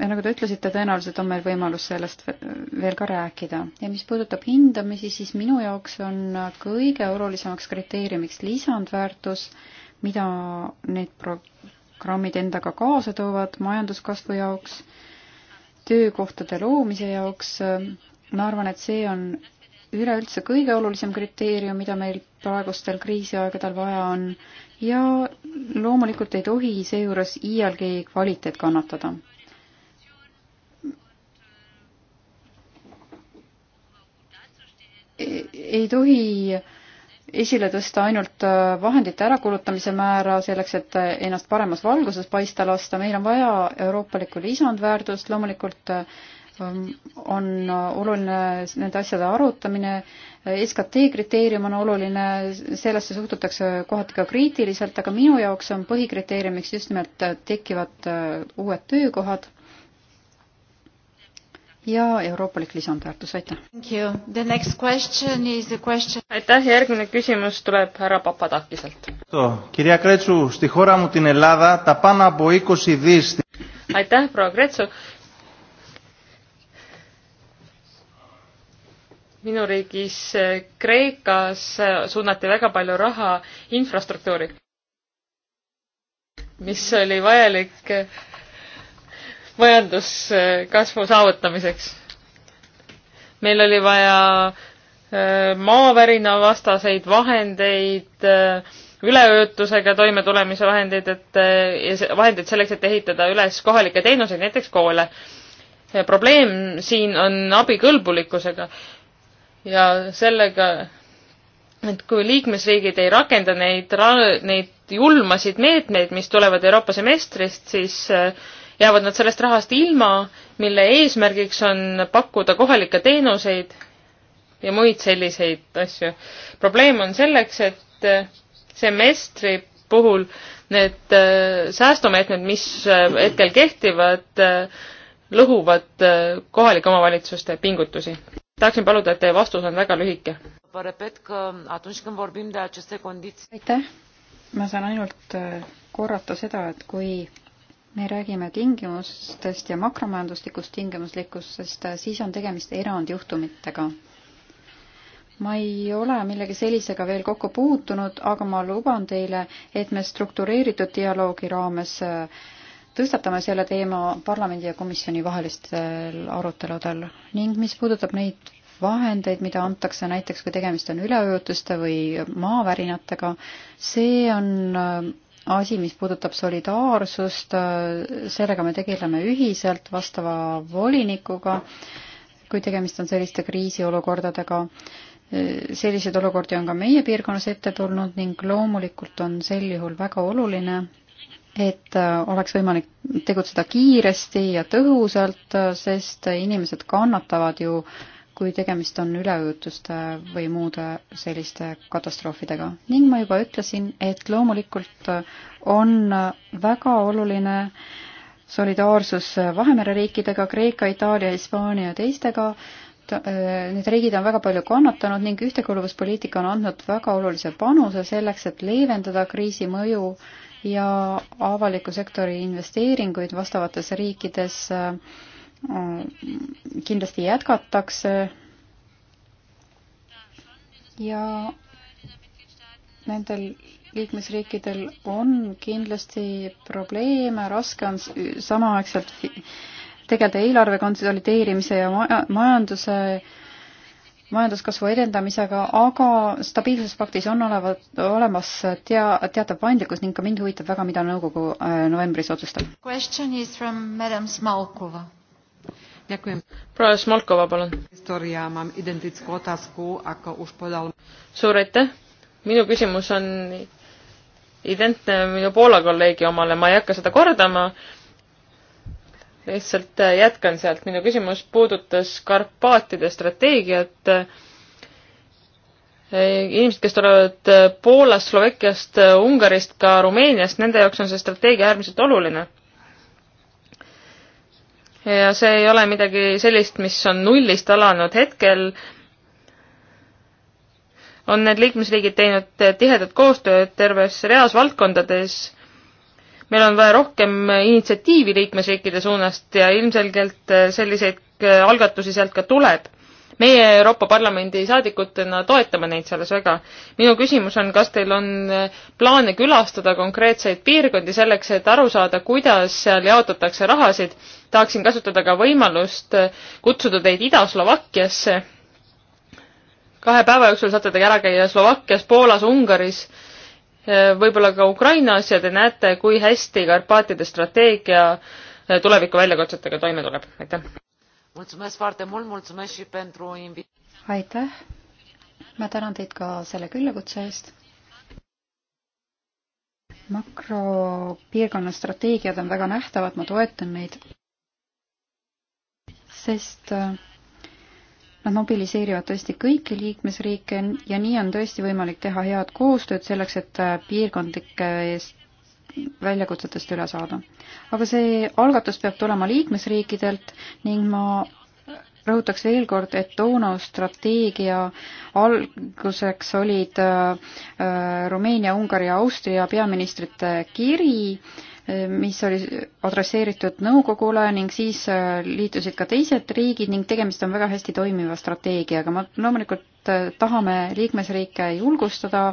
ja nagu te ütlesite, tõenäoliselt on meil võimalus sellest veel ka rääkida. ja mis puudutab hindamisi, siis minu jaoks on kõige olulisemaks kriteeriumiks lisandväärtus, mida need programmid endaga kaasa toovad majanduskasvu jaoks, töökohtade loomise jaoks. ma arvan, et see on üleüldse kõige olulisem kriteerium, mida meil praegustel kriisiaegadel vaja on ja loomulikult ei tohi seejuures iialgi kvaliteet kannatada ei tohi esile tõsta ainult äh, vahendite ärakulutamise määra selleks, et äh, ennast paremas valguses paista lasta, meil on vaja euroopalikku lisandväärtust, loomulikult ähm, on äh, oluline nende asjade arutamine, SKT kriteerium on oluline, sellesse suhtutakse kohati ka kriitiliselt, aga minu jaoks on põhikriteeriumiks just nimelt tekivad uued töökohad ja euroopalik lisandväärtus, aitäh! aitäh, järgmine küsimus tuleb härra Papadakiselt. aitäh, proua Kretsu! minu riigis äh, Kreekas äh, suunati väga palju raha infrastruktuuri, mis oli vajalik äh, majanduskasvu saavutamiseks. meil oli vaja äh, maavärina vastaseid vahendeid, äh, üleujutusega toimetulemise vahendeid, et äh, vahendeid selleks, et ehitada üles kohalikke teenuseid, näiteks koole. probleem siin on abikõlbulikkusega ja sellega, et kui liikmesriigid ei rakenda neid, neid julmasid meetmeid, mis tulevad Euroopa semestrist, siis äh, jäävad nad sellest rahast ilma, mille eesmärgiks on pakkuda kohalikke teenuseid ja muid selliseid asju. probleem on selleks, et eh, semestri puhul need eh, säästumeetmed, mis eh, hetkel kehtivad, lõhuvad kohalike omavalitsuste pingutusi. tahaksin paluda, et teie vastus on väga lühike. aitäh, ma saan ainult korrata seda, et kui me räägime tingimustest ja makromajanduslikust tingimuslikkusest, siis on tegemist erandjuhtumitega. ma ei ole millegi sellisega veel kokku puutunud, aga ma luban teile, et me struktureeritud dialoogi raames äh, tõstatame selle teema parlamendi ja komisjoni vahelistel aruteludel ning mis puudutab neid vahendeid, mida antakse näiteks, kui tegemist on üleujutuste või maavärinatega, see on äh, asi, mis puudutab solidaarsust, sellega me tegeleme ühiselt vastava volinikuga, kui tegemist on selliste kriisiolukordadega. selliseid olukordi on ka meie piirkonnas ette tulnud ning loomulikult on sel juhul väga oluline, et oleks võimalik tegutseda kiiresti ja tõhusalt, sest inimesed kannatavad ju äh, kui tegemist on üleujutuste või muude selliste katastroofidega. ning ma juba ütlesin, et loomulikult on väga oluline solidaarsus Vahemere riikidega, Kreeka, Itaalia, Hispaania ja teistega. Äh, need riigid on väga palju kannatanud ning ühtekuuluvuspoliitika on andnud väga olulise panuse selleks, et leevendada kriisi mõju ja avaliku sektori investeeringuid vastavates riikides äh, kindlasti jätkatakse ja nendel liikmesriikidel on kindlasti probleeme, raske on samaaegselt tegeleda eelarve konsolideerimise ja majanduse, majanduskasvu edendamisega, aga stabiilsuspaktis on olevat, olemas tea, teatav paindlikkus ning ka mind huvitab väga, mida nõukogu äh, novembris otsustab proua Smolkova, palun. suur aitäh. minu küsimus on identne minu Poola kolleegi omale, ma ei hakka seda kordama. lihtsalt äh, jätkan sealt, minu küsimus puudutas Karpaatide strateegiat. Äh, inimesed, kes tulevad äh, Poolast, Slovakkiast, Ungarist, ka Rumeeniast, nende jaoks on see strateegia äärmiselt oluline ja see ei ole midagi sellist, mis on nullist alanud hetkel, on need liikmesriigid teinud tihedat koostööd terves reas valdkondades. meil on vaja rohkem initsiatiivi liikmesriikide suunast ja ilmselgelt selliseid algatusi sealt ka tuleb meie Euroopa Parlamendi saadikutena toetame neid selles väga. minu küsimus on, kas teil on äh, plaane külastada konkreetseid piirkondi selleks, et aru saada, kuidas seal jaotatakse rahasid. tahaksin kasutada ka võimalust äh, kutsuda teid Ida-Slovakkiasse. kahe päeva jooksul saate te ära käia Slovakkias, Poolas, Ungaris, äh, võib-olla ka Ukrainas ja te näete, kui hästi Karpaatide strateegia tuleviku väljakutsetega toime tuleb. aitäh! mulțumesc foarte mult, mulțumesc și pentru invitație. aitäh, ma tänan teid ka selle küllakutse eest. makropiirkonna strateegiad on väga nähtavad, ma toetan neid, sest äh, Nad mobiliseerivad tõesti kõiki liikmesriike ja nii on tõesti võimalik teha head koostööd selleks, et äh, piirkondlike eest väljakutsetest üle saada. aga see algatus peab tulema liikmesriikidelt ning ma rõhutaks veel kord, et toona strateegia alguseks olid äh, äh, Rumeenia, Ungari ja Austria peaministrite kiri, äh, mis oli adresseeritud nõukogule ning siis liitusid ka teised riigid ning tegemist on väga hästi toimiva strateegiaga. ma loomulikult tahame liikmesriike julgustada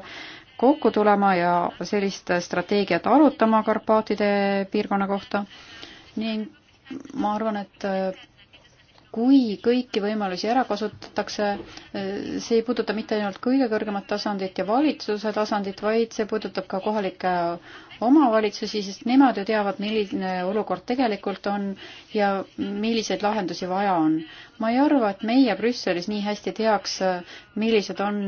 kokku tulema ja sellist strateegiat arutama Karpaatide piirkonna kohta ning ma arvan, et äh, kui kõiki võimalusi ära kasutatakse, äh, see ei puuduta mitte ainult kõige kõrgemat tasandit ja valitsuse tasandit, vaid see puudutab ka kohalikke omavalitsusi, sest nemad ju teavad, milline olukord tegelikult on ja milliseid lahendusi vaja on. ma ei arva, et meie Brüsselis nii hästi teaks, millised on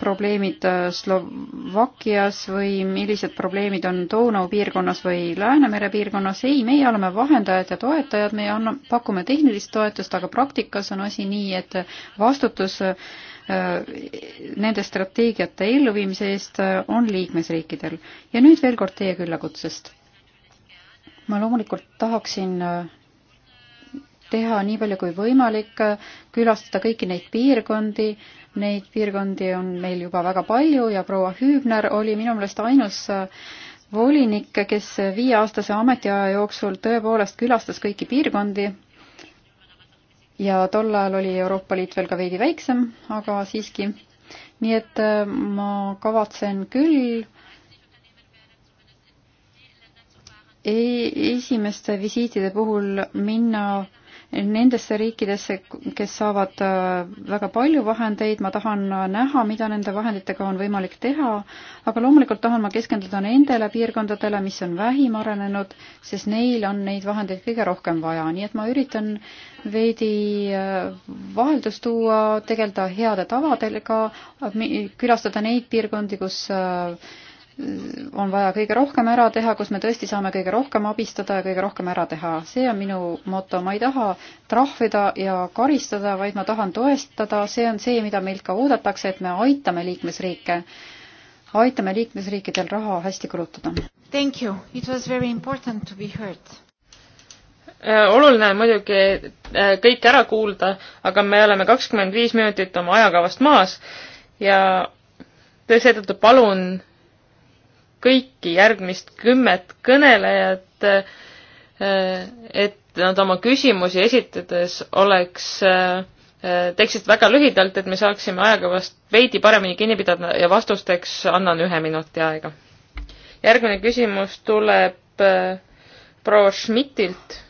probleemid äh, Slovakkias või millised probleemid on Donau piirkonnas või Läänemere piirkonnas. ei, meie oleme vahendajad ja toetajad, me anname, pakume tehnilist toetust, aga praktikas on asi nii, et vastutus Äh, nende strateegiate elluviimise eest äh, on liikmesriikidel. ja nüüd veel kord teie küllakutsest. ma loomulikult tahaksin äh, teha nii palju kui võimalik, külastada kõiki neid piirkondi, neid piirkondi on meil juba väga palju ja proua Hüübner oli minu meelest ainus volinik, kes viieaastase ametiaja jooksul tõepoolest külastas kõiki piirkondi ja tol ajal oli Euroopa Liit veel ka veidi väiksem, aga siiski. nii et äh, ma kavatsen küll e-, esimeste visiitide puhul minna nendesse riikidesse, kes saavad äh, väga palju vahendeid, ma tahan äh, näha, mida nende vahenditega on võimalik teha, aga loomulikult tahan ma keskenduda nendele piirkondadele, mis on vähim arenenud, sest neil on neid vahendeid kõige rohkem vaja, nii et ma üritan veidi äh, vaheldust tuua, tegeleda heade tavadega, külastada neid piirkondi, kus on vaja kõige rohkem ära teha, kus me tõesti saame kõige rohkem abistada ja kõige rohkem ära teha. see on minu moto, ma ei taha trahvida ja karistada, vaid ma tahan toestada, see on see, mida meilt ka oodatakse, et me aitame liikmesriike, aitame liikmesriikidel raha hästi kulutada. Thank you, it was very important to be heard äh, oluline on muidugi äh, kõik ära kuulda, aga me oleme kakskümmend viis minutit oma ajakavast maas ja seetõttu palun kõiki järgmist kümmet kõnelejat, eh, et nad oma küsimusi esitades oleks, eh, teeksid väga lühidalt, et me saaksime ajaga vast veidi paremini kinni pidada ja vastusteks annan ühe minuti aega. järgmine küsimus tuleb eh, proua Schmidtilt.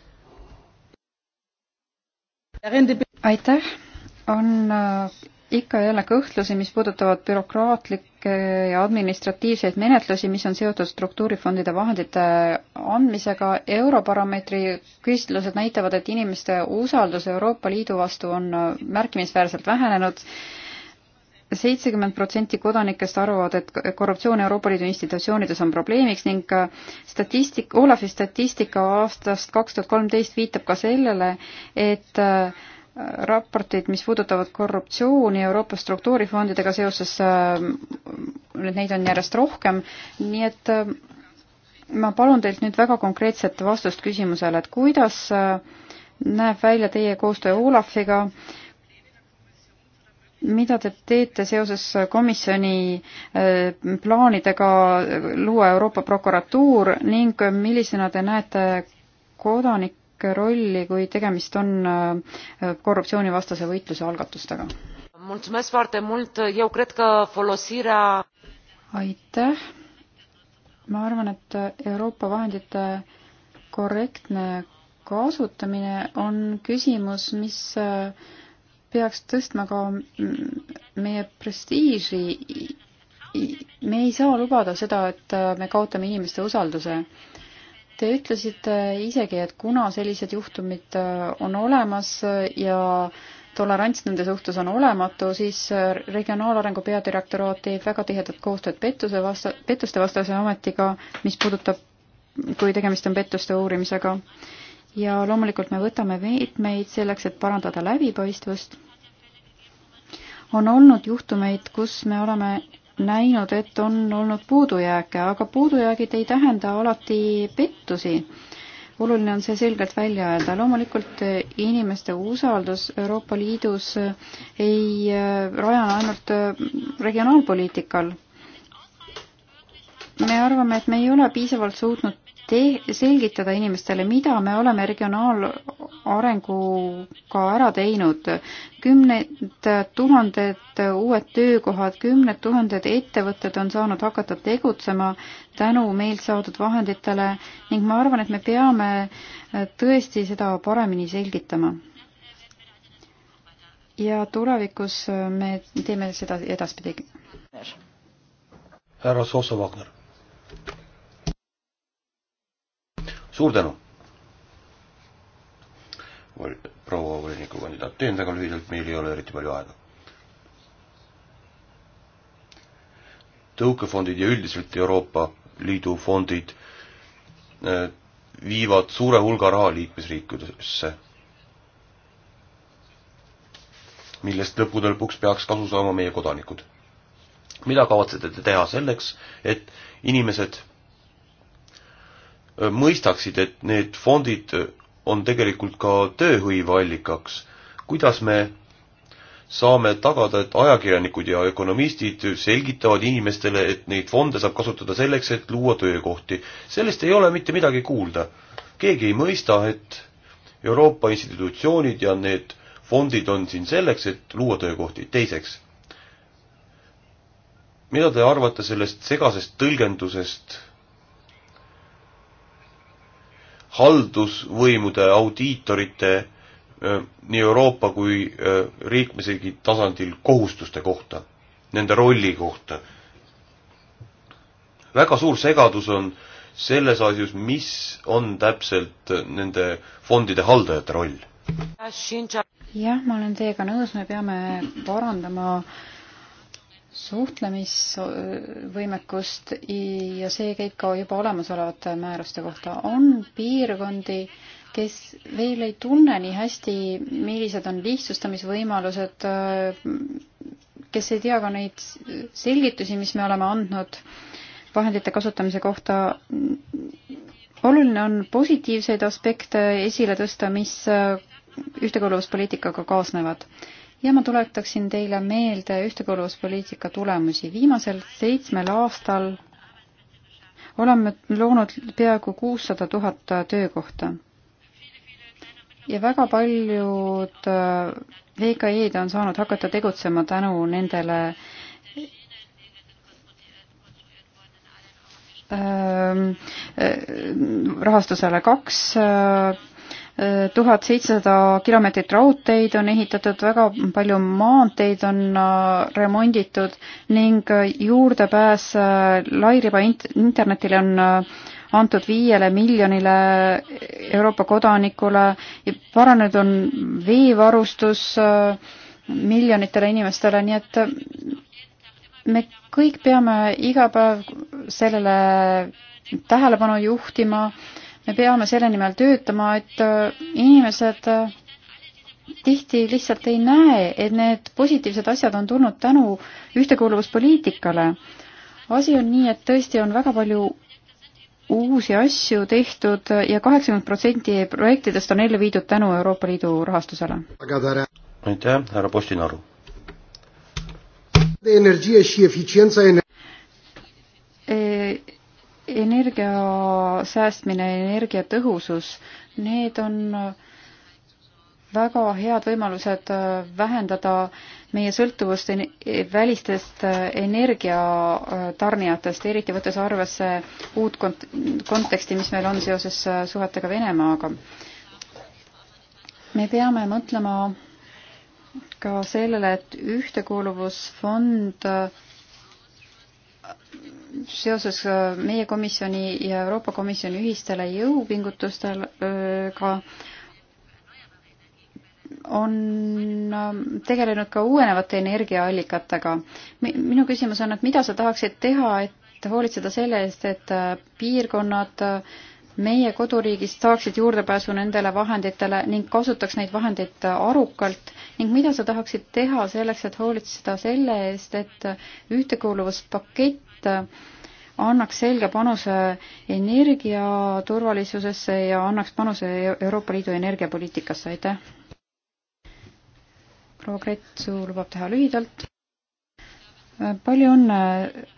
aitäh, on ikka ja jälle kõhtlusi, mis puudutavad bürokraatlikku õiguslikke ja administratiivseid menetlusi, mis on seotud struktuurifondide vahendite andmisega. Eurobaromeetri küsitlused näitavad, et inimeste usaldus Euroopa Liidu vastu on märkimisväärselt vähenenud. seitsekümmend protsenti kodanikest arvavad, et korruptsioon Euroopa Liidu institutsioonides on probleemiks ning statistik, Olavi statistika aastast kaks tuhat kolmteist viitab ka sellele, et äh, raportid, mis puudutavad korruptsiooni Euroopa struktuurifondidega seoses, äh, neid on järjest rohkem, nii et äh, ma palun teilt nüüd väga konkreetset vastust küsimusele, et kuidas äh, näeb välja teie koostöö Olafiga, mida te teete seoses komisjoni plaanidega luua Euroopa prokuratuur ning millisena te näete kodanik-, rolli, kui tegemist on äh, korruptsioonivastase võitluse algatustega. aitäh. ma arvan, et Euroopa vahendite korrektne kasutamine on küsimus, mis äh, peaks tõstma ka mm, meie prestiiži. me ei saa lubada seda, et äh, me kaotame inimeste usalduse Te ütlesite isegi, et kuna sellised juhtumid äh, on olemas ja tolerants nende suhtes on olematu, siis äh, Regionaalarengu peadirektoraat teeb väga tihedat koostööd pettuse vasta-, pettuste vastase ametiga, mis puudutab, kui tegemist on pettuste uurimisega. ja loomulikult me võtame meetmeid selleks, et parandada läbipaistvust. on olnud juhtumeid, kus me oleme näinud, et on olnud puudujääke, aga puudujäägid ei tähenda alati pettusi. oluline on see selgelt välja öelda. loomulikult inimeste usaldus Euroopa Liidus ei äh, rajane ainult äh, regionaalpoliitikal me arvame, et me ei ole piisavalt suutnud te-, selgitada inimestele, mida me oleme regionaalarenguga ära teinud. kümned tuhanded uued töökohad, kümned tuhanded ettevõtted on saanud hakata tegutsema tänu meilt saadud vahenditele ning ma arvan, et me peame äh, tõesti seda paremini selgitama. ja tulevikus äh, me teeme seda edaspidi. härra Sosa-Wagner suur tänu! proua volinikukandidaat, teen väga lühidalt, meil ei ole eriti palju aega. tõukefondid ja üldiselt Euroopa Liidu fondid äh, viivad suure hulga raha liikmesriikidesse, millest lõppude lõpuks peaks kasu saama meie kodanikud mida kavatsete te teha selleks, et inimesed äh, mõistaksid, et need fondid äh, on tegelikult ka tööhõive allikaks. kuidas me saame tagada, et ajakirjanikud ja ökonomistid selgitavad inimestele, et neid fonde saab kasutada selleks, et luua töökohti. sellest ei ole mitte midagi kuulda. keegi ei mõista, et Euroopa institutsioonid ja need fondid on siin selleks, et luua töökohti. teiseks, mida te arvate sellest segasest tõlgendusest haldusvõimude audiitorite nii Euroopa kui liikmesriigi tasandil kohustuste kohta, nende rolli kohta? väga suur segadus on selles asjus, mis on täpselt nende fondide haldajate roll? jah, ma olen teiega nõus, me peame parandama äh, suhtlemisvõimekust ja see käib ka juba olemasolevate määruste kohta. on piirkondi, kes veel ei tunne nii hästi, millised on lihtsustamisvõimalused, kes ei tea ka neid selgitusi, mis me oleme andnud vahendite kasutamise kohta. oluline on positiivseid aspekte esile tõsta, mis ühtekuuluvuspoliitikaga kaasnevad ja ma tuletaksin teile meelde ühtekuuluvuspoliitika tulemusi. viimasel seitsmel aastal oleme loonud peaaegu kuussada tuhat töökohta. ja väga paljud äh, VKE-d on saanud hakata tegutsema tänu nendele ähm, äh, rahastusele kaks äh, tuhat seitsesada kilomeetrit raudteid on ehitatud, väga palju maanteid on äh, remonditud ning äh, juurdepääs äh, lairiba internetile on antud viiele miljonile Euroopa kodanikule ja paranenud on veevarustus miljonitele inimestele, nii et me kõik peame iga päev sellele tähelepanu juhtima äh, me peame selle nimel töötama, et äh, inimesed äh, tihti lihtsalt ei näe, et need positiivsed asjad on tulnud tänu ühtekuuluvuspoliitikale. asi on nii, et tõesti on väga palju uusi asju tehtud ja kaheksakümmend protsenti projektidest on ellu viidud tänu Euroopa Liidu rahastusele. aitäh, härra Postinaru. energia ja efitsientsa energia energia säästmine, energiatõhusus, need on väga head võimalused vähendada meie sõltuvust välistest energiatarnijatest, eriti võttes arvesse uut kont-, konteksti, mis meil on seoses suhetega Venemaaga. me peame mõtlema ka sellele, et ühtekuuluvusfond seoses äh, meie komisjoni ja Euroopa Komisjoni ühistele jõupingutustega on äh, tegelenud ka uuenevate energiaallikatega. minu küsimus on, et mida sa tahaksid teha, et hoolitseda selle eest, et äh, piirkonnad meie koduriigis saaksid juurdepääsu nendele vahenditele ning kasutaks neid vahendeid arukalt ning mida sa tahaksid teha selleks, et hoolitseda selle eest, et ühtekuuluvuspakett et äh, annaks selge panuse energiaturvalisusesse ja annaks panuse e-, Euroopa Liidu energiapoliitikasse, aitäh! proua Kretsu lubab teha lühidalt. Äh, palju õnne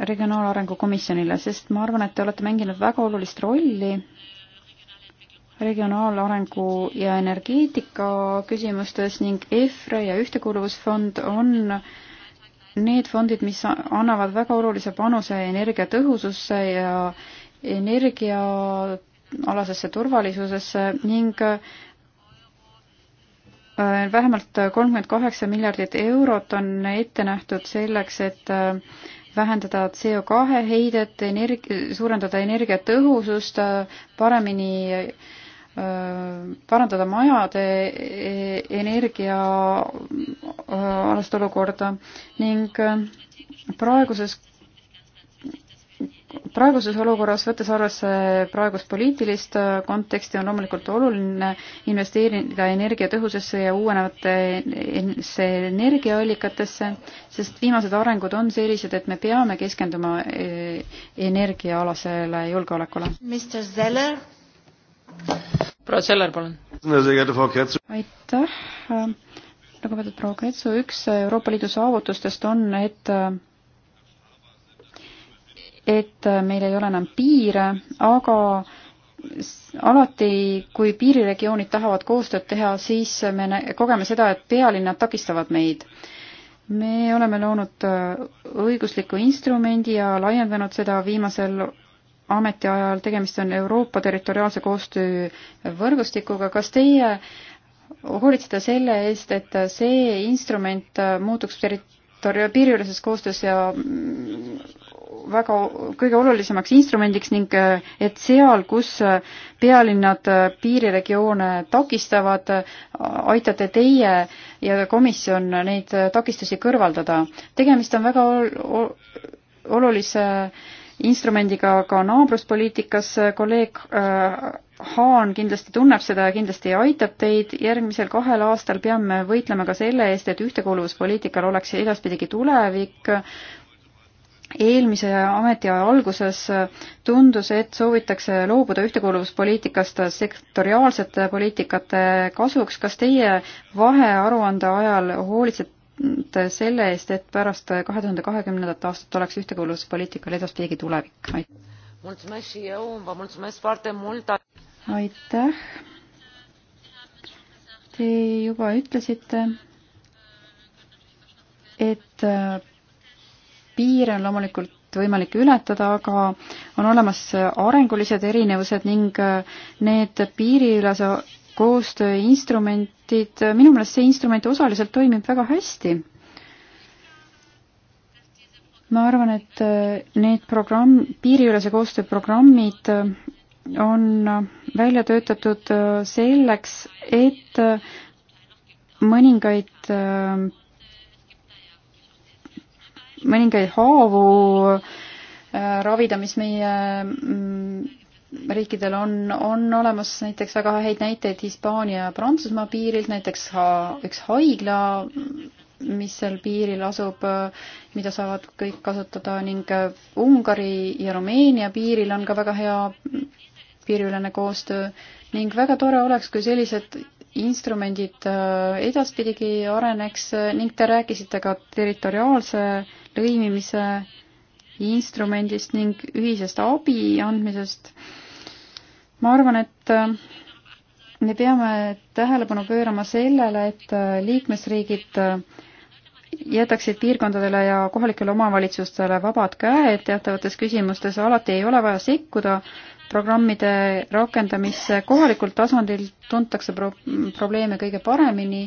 Regionaalarengu Komisjonile, sest ma arvan, et te olete mänginud väga olulist rolli regionaalarengu ja energeetika küsimustes ning EFRE ja Ühtekuuluvusfond on äh, need fondid, mis annavad väga olulise panuse energiatõhususse ja energiaalasesse turvalisusesse ning äh, vähemalt kolmkümmend kaheksa miljardit eurot on ette nähtud selleks, et äh, vähendada CO2 heidet, energi-, suurendada energiatõhusust, äh, paremini parandada majade e-, energiaalast olukorda ning äh, praeguses praeguses olukorras, võttes arvesse praegust poliitilist äh, konteksti, on loomulikult oluline investeerida energiatõhusesse ja uuenevatesse energiaallikatesse, sest viimased arengud on sellised, et me peame keskenduma äh, energiaalasele julgeolekule. Mr Zeller proua Seller, palun. aitäh, lugupeetud proua Kretsu, üks Euroopa Liidu saavutustest on, et et meil ei ole enam piire, aga alati, kui piiriregioonid tahavad koostööd teha, siis me kogeme seda, et pealinnad takistavad meid. me oleme loonud õigusliku instrumendi ja laiendanud seda viimasel ametiajal, tegemist on Euroopa territoriaalse koostöö võrgustikuga, kas teie hoolitseda selle eest, et see instrument muutuks territori-, piiriüleses koostöös ja mm, väga kõige olulisemaks instrumendiks ning et seal, kus pealinnad piiriregioone takistavad, aitate teie ja komisjon neid takistusi kõrvaldada. tegemist on väga ol olulise äh, instrumendiga ka naabruspoliitikas. kolleeg äh, Haan kindlasti tunneb seda ja kindlasti aitab teid. järgmisel kahel aastal peame võitlema ka selle eest, et ühtekuuluvuspoliitikal oleks edaspidigi tulevik. eelmise ametiaja alguses tundus, et soovitakse loobuda ühtekuuluvuspoliitikast sektoriaalsete poliitikate kasuks. kas teie vahearuande ajal hoolitsete selle eest, et pärast kahe tuhande kahekümnendat aastat oleks ühtekuuluvuspoliitikal edaspidigi tulevik. aitäh. Te juba ütlesite, et piire on loomulikult võimalik ületada, aga on olemas arengulised erinevused ning need piiriülese koostööinstrumentid, minu meelest see instrument osaliselt toimib väga hästi. ma arvan, et äh, need programm, piiriülese koostöö programmid äh, on äh, välja töötatud selleks, et mõningaid, mõningaid haavu ravida, mis meie mm, riikidel on, on olemas näiteks väga häid näiteid Hispaania ja Prantsusmaa piirilt, näiteks ha, üks haigla, mis seal piiril asub, mida saavad kõik kasutada ning Ungari ja Rumeenia piiril on ka väga hea piiriülene koostöö ning väga tore oleks, kui sellised instrumendid äh, edaspidigi areneks ning te rääkisite ka territoriaalse lõimimise instrumendist ning ühisest abi andmisest. ma arvan, et äh, me peame tähelepanu pöörama sellele, et äh, liikmesriigid äh, jätaksid piirkondadele ja kohalikele omavalitsustele vabad käed teatavates küsimustes, alati ei ole vaja sekkuda programmide rakendamisse, kohalikul tasandil tuntakse pro probleeme kõige paremini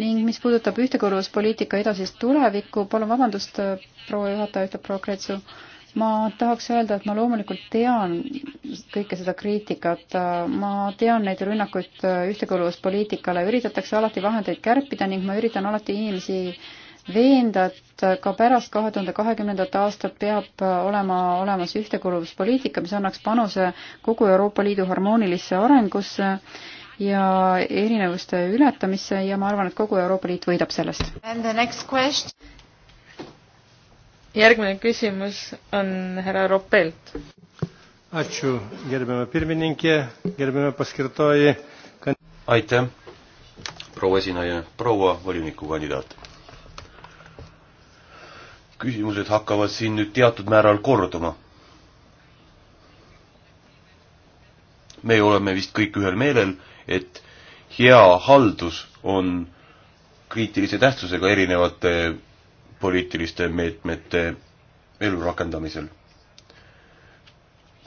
ning mis puudutab ühtekorralduspoliitika edasist tulevikku, palun vabandust, äh, proua juhataja ütleb proua Kreetsu, ma tahaks öelda, et ma loomulikult tean kõike seda kriitikat, äh, ma tean neid rünnakuid äh, ühtekorralduspoliitikale, üritatakse alati vahendeid kärpida ning ma üritan alati inimesi veenda, et ka pärast kahe tuhande kahekümnendat aastat peab olema olemas ühtekorralduspoliitika, mis annaks panuse kogu Euroopa Liidu harmoonilisse arengusse ja erinevuste ületamisse ja ma arvan, et kogu Euroopa Liit võidab sellest. järgmine küsimus on härra Ropelt. aitäh, proua esinaine, proua volinikukandidaat küsimused hakkavad siin nüüd teatud määral korduma. me oleme vist kõik ühel meelel, et hea haldus on kriitilise tähtsusega erinevate poliitiliste meetmete elurakendamisel.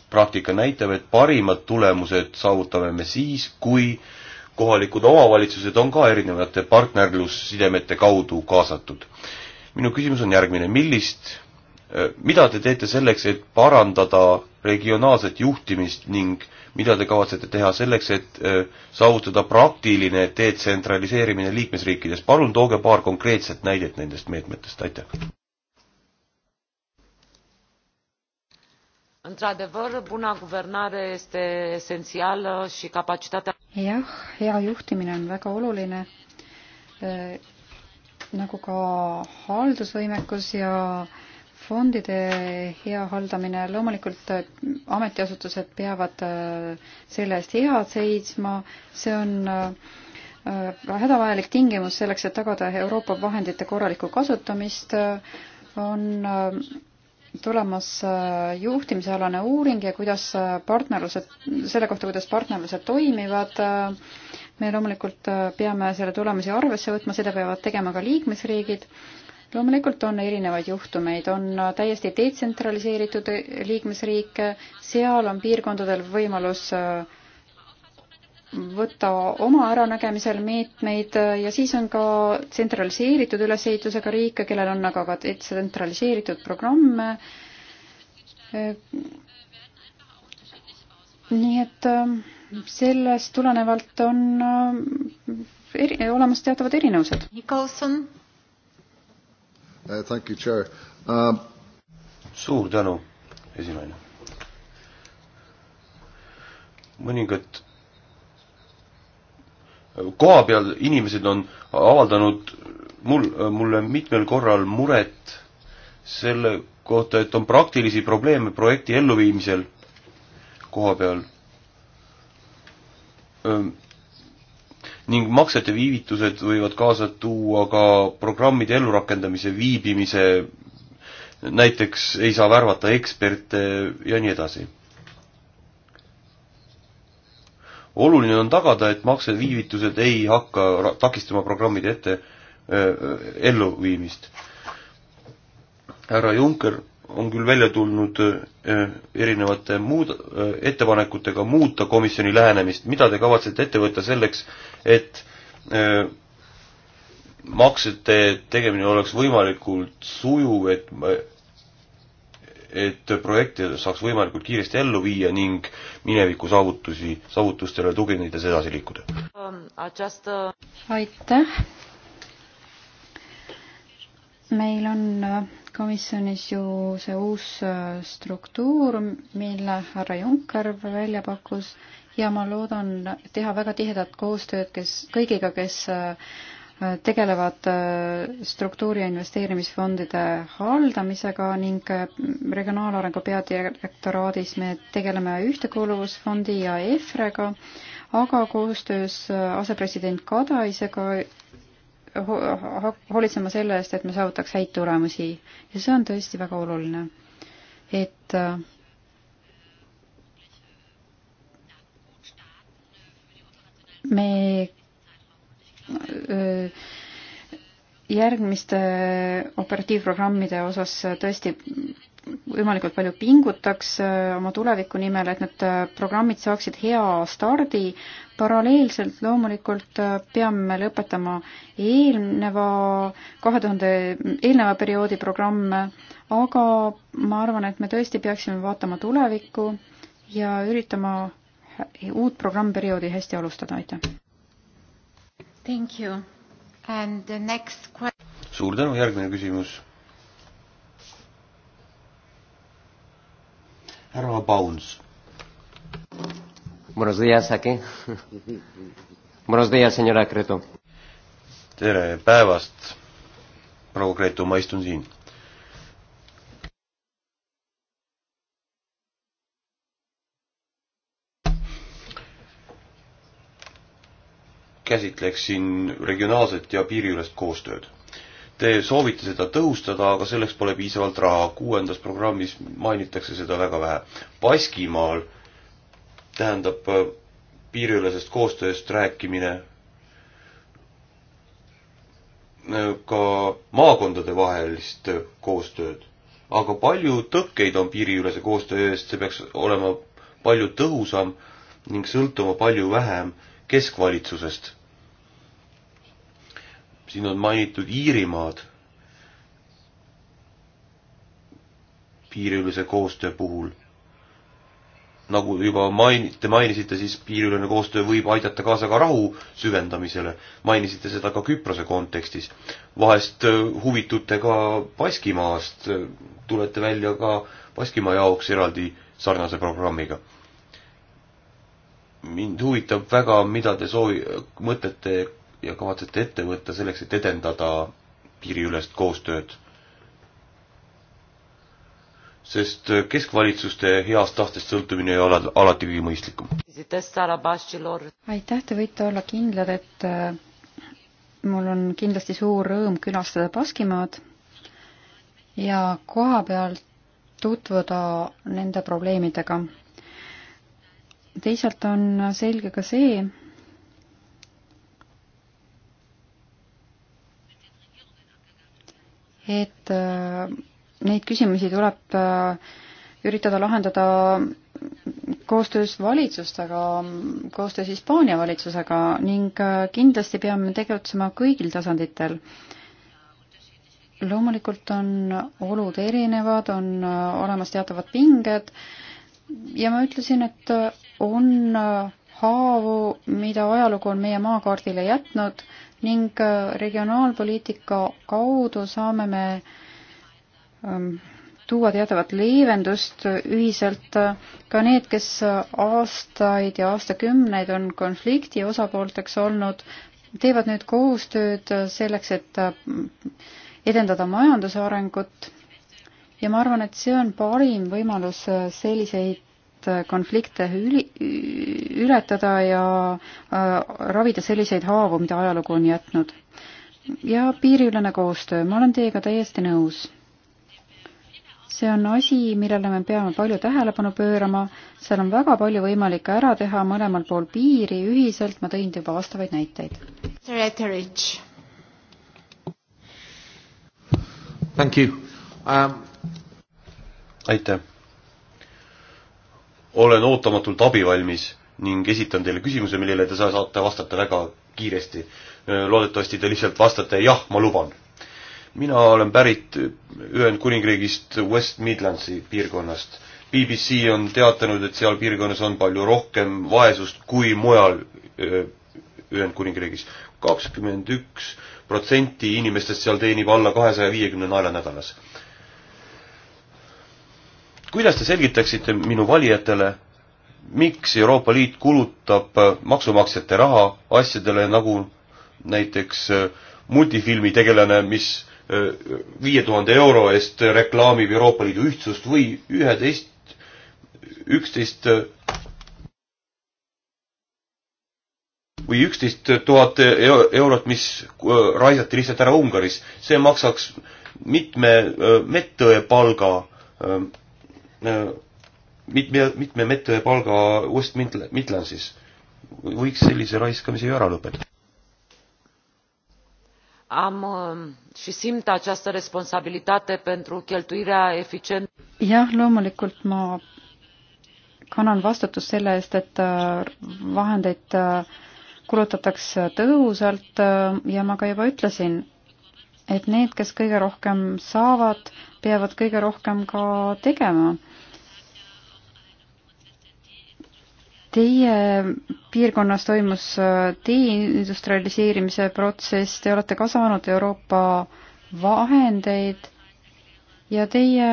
praktika näitab, et parimad tulemused saavutame me siis, kui kohalikud omavalitsused on ka erinevate partnerlussidemete kaudu kaasatud. minu küsimus on järgmine, millist mida te teete selleks, et parandada regionaalset juhtimist ning mida te kavatsete teha selleks, et äh, saavutada praktiline detsentraliseerimine liikmesriikides? palun tooge paar konkreetset näidet nendest meetmetest, aitäh. într-adevăr, buna guvernare este esențială și capacitatea... Jah, hea juhtimine on väga oluline, äh, nagu ka haldusvõimekus ja äh, fondide hea haldamine, loomulikult äh, ametiasutused peavad äh, selle eest head seisma, see on äh, hädavajalik tingimus selleks, et tagada Euroopa vahendite korralikku kasutamist, on tulemas juhtimisealane uuring ja kuidas partnerlused, selle kohta, kuidas partnerlused toimivad, me loomulikult peame selle tulemusi arvesse võtma, seda peavad tegema ka liikmesriigid loomulikult on erinevaid juhtumeid, on täiesti detsentraliseeritud liikmesriike, seal on piirkondadel võimalus äh, võtta oma äranägemisel meetmeid äh, ja siis on ka tsentraliseeritud ülesehitusega riike, kellel on aga ka tsentraliseeritud programme. Äh, nii et sellest tulenevalt on eri, olemas teatavad erinevused. Nikolson Uh, thank you, chair um.... suur tänu, esinaine. mõningad äh, koha peal inimesed on avaldanud mul, äh, mulle mitmel korral muret selle kohta, et on praktilisi probleeme projekti elluviimisel koha peal äh, ning maksete viivitused võivad kaasa tuua ka programmide ellurakendamise viibimise, näiteks ei saa värvata eksperte ja nii edasi. oluline on tagada, et makseviivitused ei hakka takistama programmide ette äh, elluviimist. härra Juncker on küll välja tulnud eh, erinevate muud, eh, ettepanekutega muuta komisjoni lähenemist, mida te kavatsete ette võtta selleks, et eh, maksete tegemine oleks võimalikult sujuv, et et projekte saaks võimalikult kiiresti ellu viia ning mineviku saavutusi, saavutustele tuginedes edasi liikuda. Um, uh, aitäh. meil on uh, komisjonis ju see uus äh, struktuur, mille härra Juncker välja pakkus ja ma loodan teha väga tihedat koostööd, kes, kõigiga, kes äh, tegelevad äh, struktuuri ja investeerimisfondide haldamisega ning regionaalarengu peadirektoraadis me tegeleme ühtekuuluvusfondi ja EFRE-ga, aga koostöös asepresident Kadaisega hoolitsema selle eest, et me saavutaks häid tulemusi ja see on tõesti väga oluline, et äh, me äh, järgmiste operatiivprogrammide osas tõesti võimalikult palju pingutaks äh, oma tuleviku nimel, et need äh, programmid saaksid hea stardi. paralleelselt loomulikult äh, peame lõpetama eelneva, kahe tuhande, eelneva perioodi programme, aga ma arvan, et me tõesti peaksime vaatama tulevikku ja üritama uut programmperioodi hästi alustada, aitäh! Thank you! And the next question. suur tänu, järgmine küsimus härra Pauns. Buenos dias, Aki. Buenos dias, senora Gretu. tere päevast, proua Gretu, ma istun siin käsitleksin regionaalset ja piiriülest koostööd. Te soovite seda tõhustada, aga selleks pole piisavalt raha. kuuendas programmis mainitakse seda väga vähe. Baskimaal tähendab äh, piiriülesest koostööst rääkimine äh, ka maakondade vahelist koostööd. aga palju tõkkeid on piiriülese koostöö eest, see peaks olema palju tõhusam ning sõltuma palju vähem keskvalitsusest siin on mainitud Iirimaad piiriülese koostöö puhul. nagu juba main-, te mainisite, siis piiriülene koostöö võib aidata kaasa ka rahu süvendamisele. mainisite seda ka Küprose kontekstis. vahest äh, huvitute ka Baskimaast, tulete välja ka Baskimaa jaoks eraldi sarnase programmiga. mind huvitab väga, mida te soovi-, mõtlete ja kavatsete ette võtta selleks, et edendada piiriülest koostööd? sest keskvalitsuste heast tahtest sõltumine ei ole alati kõige mõistlikum. aitäh, te võite olla kindlad, et äh, mul on kindlasti suur rõõm külastada Baskimaad ja koha peal tutvuda nende probleemidega. teisalt on selge ka see, et äh, neid küsimusi tuleb äh, üritada lahendada koostöös valitsustega, koostöös Hispaania valitsusega ning äh, kindlasti peame tegutsema kõigil tasanditel. loomulikult on olud erinevad, on olemas teatavad pinged ja ma ütlesin, et on haavu, mida ajalugu on meie maakaardile jätnud ning äh, regionaalpoliitika kaudu saame me ähm, tuua teatavat leevendust ühiselt ka need, kes aastaid ja aastakümneid on konflikti osapoolteks olnud, teevad nüüd koostööd selleks, et äh, edendada majanduse arengut ja ma arvan, et see on parim võimalus äh, selliseid konflikte üli, ületada ja äh, ravida selliseid haavu, mida ajalugu on jätnud. ja piiriülene koostöö, ma olen teiega täiesti nõus. see on asi, millele me peame palju tähelepanu pöörama, seal on väga palju võimalik ära teha mõlemal pool piiri ühiselt, ma tõin juba vastavaid näiteid. Thank you. Um... aitäh olen ootamatult abivalmis ning esitan teile küsimuse, millele te saate vastata väga kiiresti. loodetavasti te lihtsalt vastate jah, ma luban. mina olen pärit Ühendkuningriigist West Midlandsi piirkonnast. BBC on teatanud, et seal piirkonnas on palju rohkem vaesust kui mujal Ühendkuningriigis. kakskümmend üks protsenti inimestest seal teenib alla kahesaja viiekümne naela nädalas kuidas te selgitaksite minu valijatele, miks Euroopa Liit kulutab äh, maksumaksjate raha asjadele nagu näiteks äh, multifilmi tegelane, mis äh, viie tuhande euro eest reklaamib Euroopa Liidu ühtsust või üheteist, üksteist või üksteist tuhat e-, eurot, mis raisati lihtsalt ära Ungaris, see maksaks mitme medõe palga mitme, mitme mettõe palga West Midlandsis. võiks sellise raiskamise ju ära lõpetada. Am um, și simt această responsabilitate pentru cheltuirea eficientă. jah, loomulikult ma kannan vastutust selle eest, et äh, vahendeid äh, kulutatakse tõhusalt äh, ja ma ka juba ütlesin, et need, kes kõige rohkem saavad, peavad kõige rohkem ka tegema Teie piirkonnas toimus äh, deindustrialiseerimise protsess, te olete ka saanud Euroopa vahendeid ja teie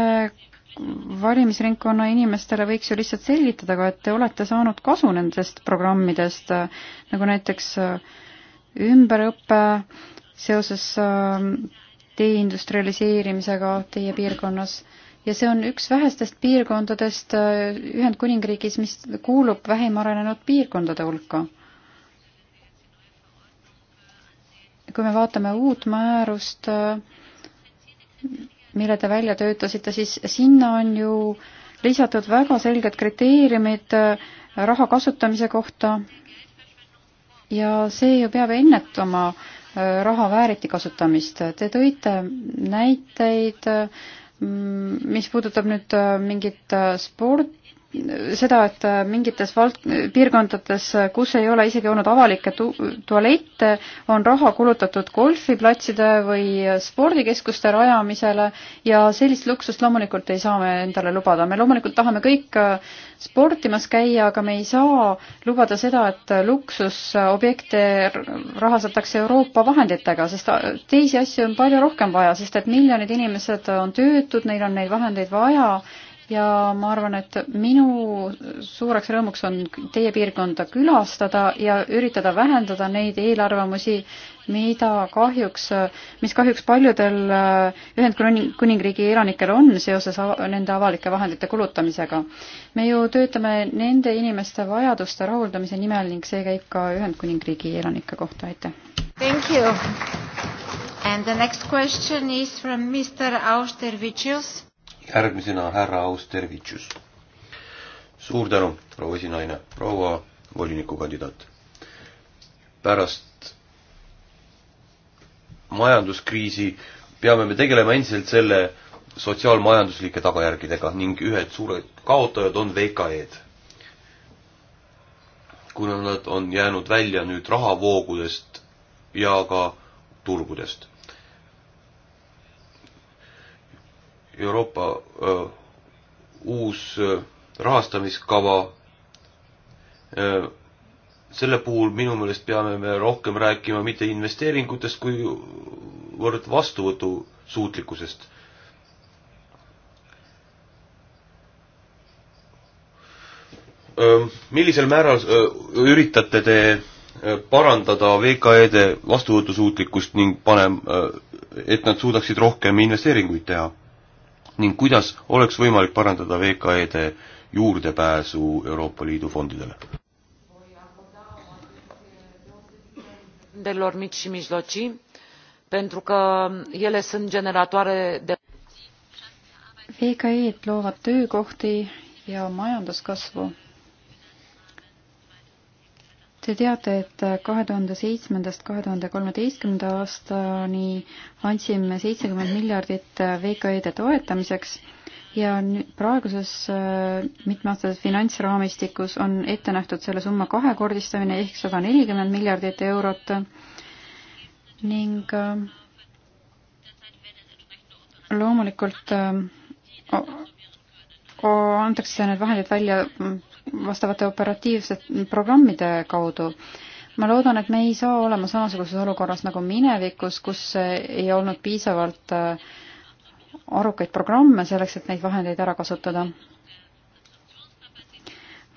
valimisringkonna inimestele võiks ju lihtsalt selgitada ka, et te olete saanud kasu nendest programmidest, äh, nagu näiteks äh, ümberõpe seoses deindustrialiseerimisega teie piirkonnas ja see on üks vähestest piirkondadest äh, Ühendkuningriigis, mis kuulub vähim arenenud piirkondade hulka. kui me vaatame uut määrust, äh, mille te välja töötasite, siis sinna on ju lisatud väga selged kriteeriumid äh, raha kasutamise kohta ja see ju peab ennetama raha vääriti kasutamist. Te tõite näiteid äh, Mm, mis puudutab nüüd äh, mingit äh, sport, seda, et mingites vald-, piirkondades, kus ei ole isegi olnud avalikke tu-, tualette, on raha kulutatud golfiplatside või spordikeskuste rajamisele ja sellist luksust loomulikult ei saa me endale lubada. me loomulikult tahame kõik äh, sportimas käia, aga me ei saa lubada seda, et luksusobjekte rahastatakse Euroopa vahenditega, sest äh, teisi asju on palju rohkem vaja, sest et miljonid inimesed on töötud, neil on neid vahendeid vaja ja ma arvan, et minu suureks rõõmuks on teie piirkonda külastada ja üritada vähendada neid eelarvamusi, mida kahjuks, mis kahjuks paljudel äh, Ühendkuningriigi elanikel on seoses nende avalike vahendite kulutamisega. me ju töötame nende inimeste vajaduste rahuldamise nimel ning see käib ka Ühendkuningriigi elanike kohta, aitäh! Thank you! And the next question is from Mr Austervicius järgmisena härra Austervitšus. suur tänu, proua esinaine, proua volinikukandidaat. pärast majanduskriisi peame me tegelema endiselt selle sotsiaalmajanduslike tagajärgedega ning ühed suured kaotajad on VKE-d. kuna nad on jäänud välja nüüd rahavoogudest ja ka turgudest Euroopa öö, uus öö, rahastamiskava, selle puhul minu meelest peame me rohkem rääkima mitte investeeringutest, kuivõrd vastuvõtu suutlikkusest. millisel määral üritate te parandada VKE-de vastuvõtusuutlikkust ning panem, et nad suudaksid rohkem investeeringuid teha? ning kuidas oleks võimalik parandada VKE-de juurdepääsu Euroopa Liidu fondidele? întreprinderilor mici și mijlocii pentru că ele sunt generatoare de VKE-d loovad töökohti ja majanduskasvu. Te teate, et kahe tuhande seitsmendast kahe tuhande kolmeteistkümnenda aastani andsime seitsekümmend miljardit VKE-de toetamiseks ja praeguses äh, mitmeaastases finantsraamistikus on ette nähtud selle summa kahekordistamine ehk sada nelikümmend miljardit eurot ning äh, loomulikult äh, antakse need vahendid välja mm, vastavate operatiivsete programmide kaudu ma loodan, et me ei saa olema samasuguses olukorras nagu minevikus, kus ei olnud piisavalt äh, arukaid programme selleks, et neid vahendeid ära kasutada.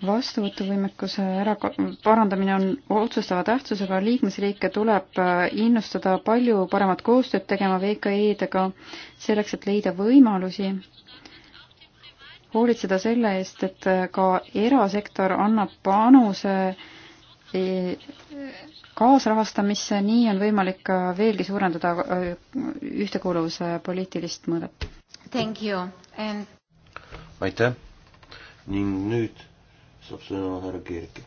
vastuvõtuvõimekuse ära parandamine on otsustava tähtsusega, liikmesriike tuleb äh, innustada palju paremat koostööd tegema VKE-dega selleks, et leida võimalusi hoolitseda selle eest, et ka erasektor annab panuse e, kaasrahastamisse, nii on võimalik veelgi suurendada e, ühtekuuluvuse poliitilist mõõdet. Thank you and aitäh ning nüüd saab sõna härra Kirki.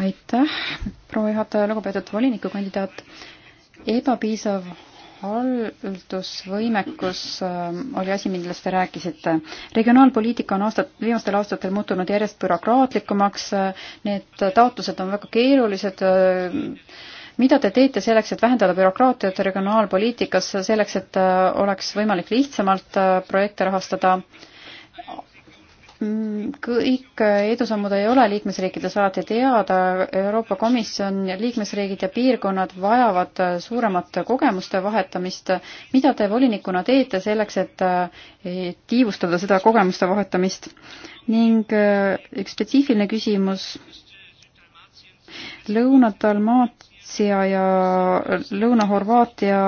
aitäh, proua juhataja, lugupeetud volinikukandidaat. ebapiisav haldusvõimekus äh, oli asi, millest te rääkisite. regionaalpoliitika on aastat, viimastel aastatel muutunud järjest bürokraatlikumaks, äh, need taotlused on väga keerulised, äh, mida te teete selleks, et vähendada bürokraatiat regionaalpoliitikas, selleks, et oleks võimalik lihtsamalt projekte rahastada? kõik edusammud ei ole liikmesriikides alati teada, Euroopa Komisjon, liikmesriigid ja piirkonnad vajavad suuremat kogemuste vahetamist. mida te volinikuna teete selleks, et eh, tiivustada seda kogemuste vahetamist? ning eh, üks spetsiifiline küsimus. Lõuna-Dalmaatia ja Lõuna-Horvaatia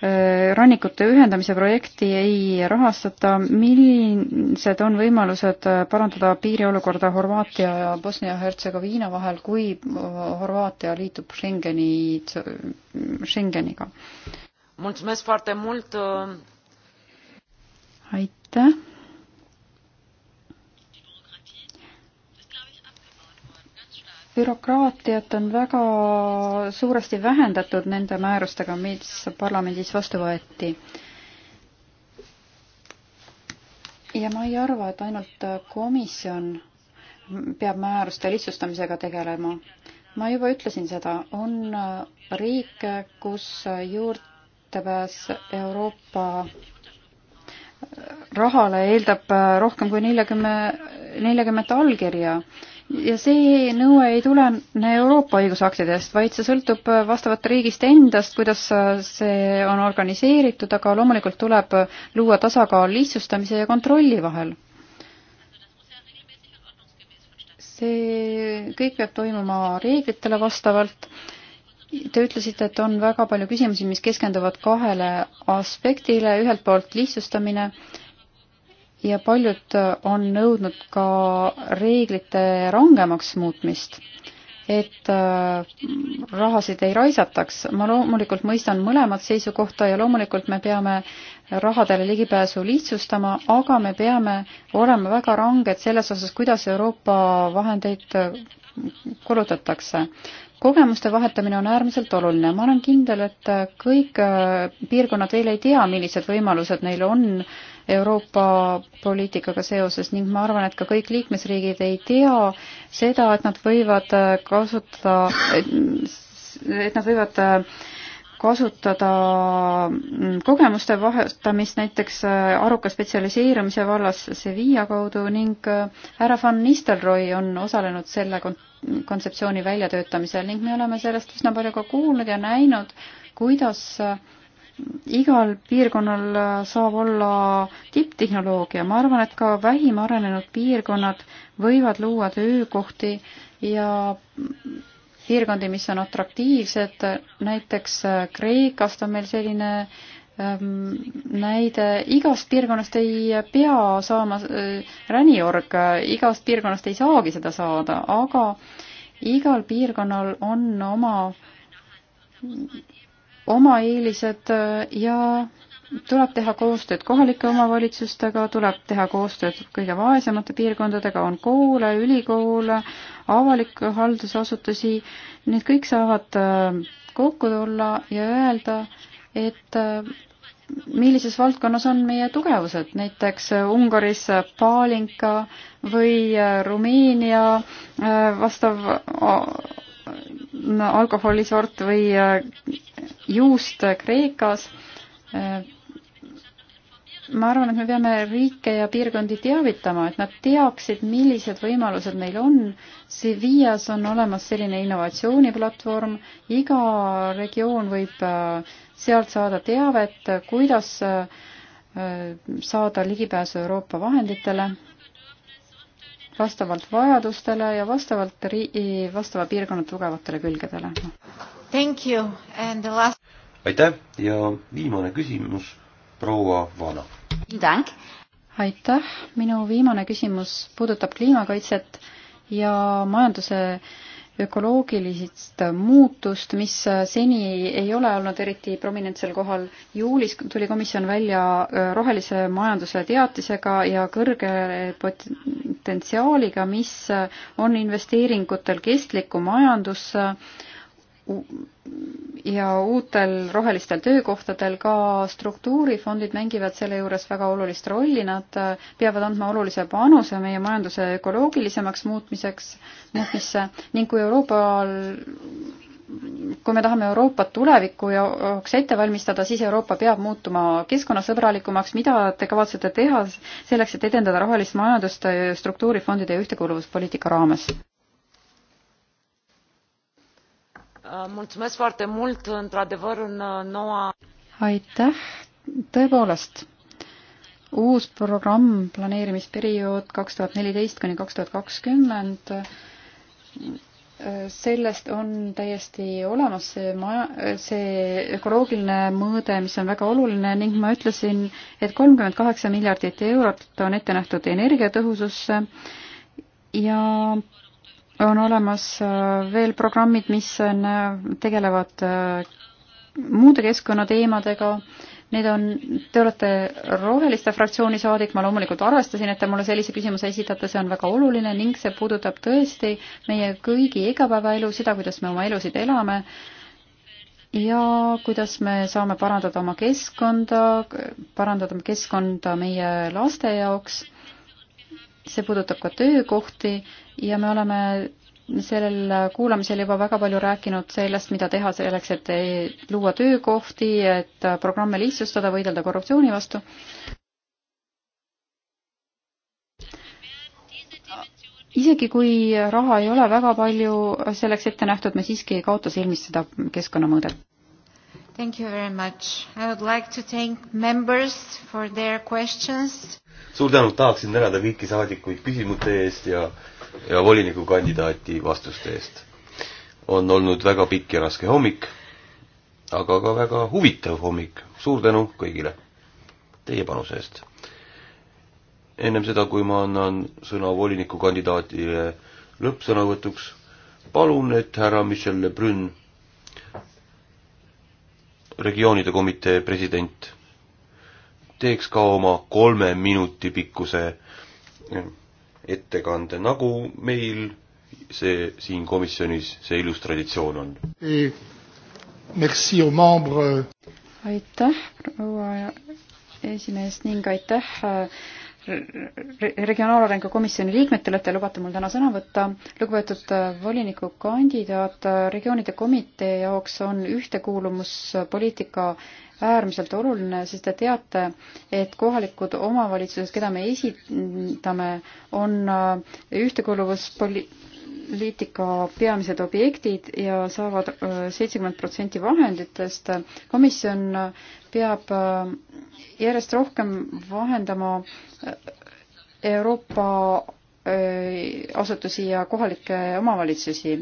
Äh, rannikute ühendamise projekti ei rahastata. millised on võimalused äh, parandada piiriolukorda Horvaatia ja Bosnia-Hertsegoviina vahel, kui äh, Horvaatia liitub Schengeni, Schengeniga? aitäh bürokraatiat on väga suuresti vähendatud nende määrustega, mis parlamendis vastu võeti. ja ma ei arva, et ainult komisjon peab määruste lihtsustamisega tegelema. ma juba ütlesin seda, on riike, kus juurdepääs Euroopa rahale eeldab rohkem kui neljakümne, neljakümmet allkirja ja see nõue ei tulene Euroopa õigusaktidest, vaid see sõltub äh, vastavast riigist endast, kuidas äh, see on organiseeritud, aga loomulikult tuleb luua tasakaal lihtsustamise ja kontrolli vahel. see kõik peab toimuma reeglitele vastavalt. Te ütlesite, et on väga palju küsimusi, mis keskenduvad kahele aspektile, ühelt poolt lihtsustamine äh, ja paljud on nõudnud ka reeglite rangemaks muutmist, et äh, rahasid ei raisataks. ma loomulikult mõistan mõlemat seisukohta ja loomulikult me peame rahadele ligipääsu lihtsustama, aga me peame olema väga ranged selles osas, kuidas Euroopa vahendeid äh, kulutatakse kogemuste vahetamine on äärmiselt oluline. ma olen kindel, et kõik äh, piirkonnad veel ei tea, millised võimalused neil on Euroopa poliitikaga seoses ning ma arvan, et ka kõik liikmesriigid ei tea seda, et nad võivad äh, kasutada, et nad võivad äh, kasutada mm, kogemuste vahetamist näiteks aruka spetsialiseerumise vallas Sevilla kaudu ning härra Van Nistelrooy on osalenud selle kont-, kontseptsiooni väljatöötamisel ning me oleme sellest üsna palju ka kuulnud ja näinud, kuidas äh, igal piirkonnal äh, saab olla tipptehnoloogia, ma arvan, et ka vähim arenenud piirkonnad võivad luua töökohti ja piirkondi, mis on atraktiivsed, näiteks äh, Kreekast on meil selline äh, Ehm, näide, igast piirkonnast ei pea saama äh, räniorg, igast piirkonnast ei saagi seda saada, aga igal piirkonnal on oma, oma eelised äh, ja tuleb teha koostööd kohalike omavalitsustega, tuleb teha koostööd kõige vaesemate piirkondadega, on koole, ülikoole, avalikke haldusasutusi, need kõik saavad äh, kokku tulla ja öelda, et millises valdkonnas on meie tugevused, näiteks äh, Ungaris äh, paalinka või äh, Rumeenia vastav alkoholisort või juust Kreekas. ma arvan, et me peame riike ja piirkondi teavitama, et nad teaksid, millised võimalused neil on. Sevillas on olemas selline innovatsiooniplatvorm, iga regioon võib äh, sealt saada teavet, kuidas äh, saada ligipääsu Euroopa vahenditele vastavalt vajadustele ja vastavalt riigi, vastava piirkonna tugevatele külgedele. Last... aitäh ja viimane küsimus, proua Vana. aitäh, minu viimane küsimus puudutab kliimakaitset ja majanduse äh, ökoloogilist muutust, mis seni ei ole olnud eriti prominentsel kohal. juulis tuli komisjon välja äh, rohelise majanduse teatisega ja kõrge potentsiaaliga, mis on investeeringutel kestlikku majandusse ja uutel rohelistel töökohtadel ka struktuurifondid mängivad selle juures väga olulist rolli, nad äh, peavad andma olulise panuse meie majanduse ökoloogilisemaks muutmiseks, muutmisse ning kui Euroopal kui me tahame Euroopat tuleviku jaoks ette valmistada, siis Euroopa peab muutuma keskkonnasõbralikumaks. mida te kavatsete teha selleks, et edendada rohelist majandust äh, struktuurifondide ja ühtekuuluvuspoliitika raames? Uh, mulțumesc foarte mult, într-adevăr, în uh, noua... Aitäh! Tõepoolest, uus programm, planeerimisperiood kaks tuhat neliteist kuni kaks tuhat kakskümmend, äh, sellest on täiesti olemas see maja, äh, see ökoloogiline mõõde, mis on väga oluline ning ma ütlesin, et kolmkümmend kaheksa miljardit eurot on ette nähtud energiatõhususse ja on olemas äh, veel programmid, mis on, äh, tegelevad äh, muude keskkonnateemadega. Need on, te olete Roheliste fraktsiooni saadik, ma loomulikult arvestasin, et te mulle sellise küsimuse esitate, see on väga oluline ning see puudutab tõesti meie kõigi igapäevaelu, seda, kuidas me oma elusid elame ja kuidas me saame parandada oma keskkonda, parandada keskkonda meie laste jaoks. see puudutab ka töökohti ja me oleme sellel kuulamisel juba väga palju rääkinud sellest, mida teha selleks, et luua töökohti, et programme lihtsustada, võidelda korruptsiooni vastu. isegi kui raha ei ole väga palju selleks ette nähtud, me siiski ei kaota silmist seda keskkonnamõõdet. Thank you very much. I would like to thank members for their questions. suur tänu, tahaksin tänada kõiki saadikuid küsimuste eest ja ja volinikukandidaati vastuste eest. on olnud väga pikk ja raske hommik, aga ka väga huvitav hommik. suur tänu kõigile teie panuse eest. ennem seda, kui ma annan sõna volinikukandidaadile lõppsõnavõtuks, palun, et härra Michel Lebrun, regioonide komitee president, teeks ka oma kolme minuti pikkuse ettekande, nagu meil see siin komisjonis see ilus traditsioon on. aitäh, proua esimees ning aitäh äh, Regionaalarengu Komisjoni liikmetele, et te lubate mul täna sõna võtta. lugupeetud äh, volinikukandidaat, äh, regioonide komitee jaoks on ühtekuuluvuspoliitika äärmiselt oluline, sest te teate, et kohalikud omavalitsused, keda me esindame, on äh, ühtekuuluvuspoliitika peamised objektid ja saavad äh, seitsekümmend protsenti vahenditest. komisjon äh, peab järjest rohkem vahendama Euroopa asutusi ja kohalikke omavalitsusi,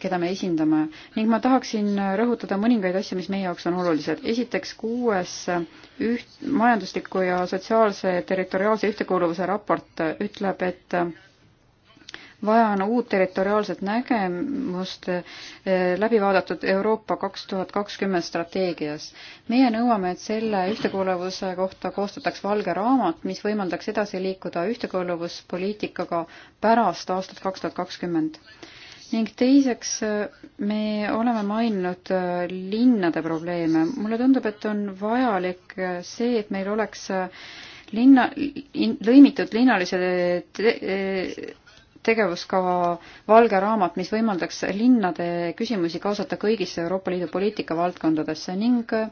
keda me esindame. ning ma tahaksin rõhutada mõningaid asju, mis meie jaoks on olulised. esiteks kuues üht-, majandusliku ja sotsiaalse territoriaalse ühtekuuluvuse raport ütleb, et vaja on uut territoriaalset nägemust eh, läbi vaadatud Euroopa kaks tuhat kakskümmend strateegias. meie nõuame, et selle ühtekuuluvuse kohta koostataks valge raamat, mis võimaldaks edasi liikuda ühtekuuluvuspoliitikaga pärast aastat kaks tuhat kakskümmend ning teiseks eh, me oleme maininud eh, linnade probleeme. mulle tundub, et on vajalik see, et meil oleks linna, lõimitud linnalise te, tegevuskava valge raamat, mis võimaldaks linnade küsimusi kaasata kõigisse Euroopa Liidu poliitika valdkondadesse ning äh,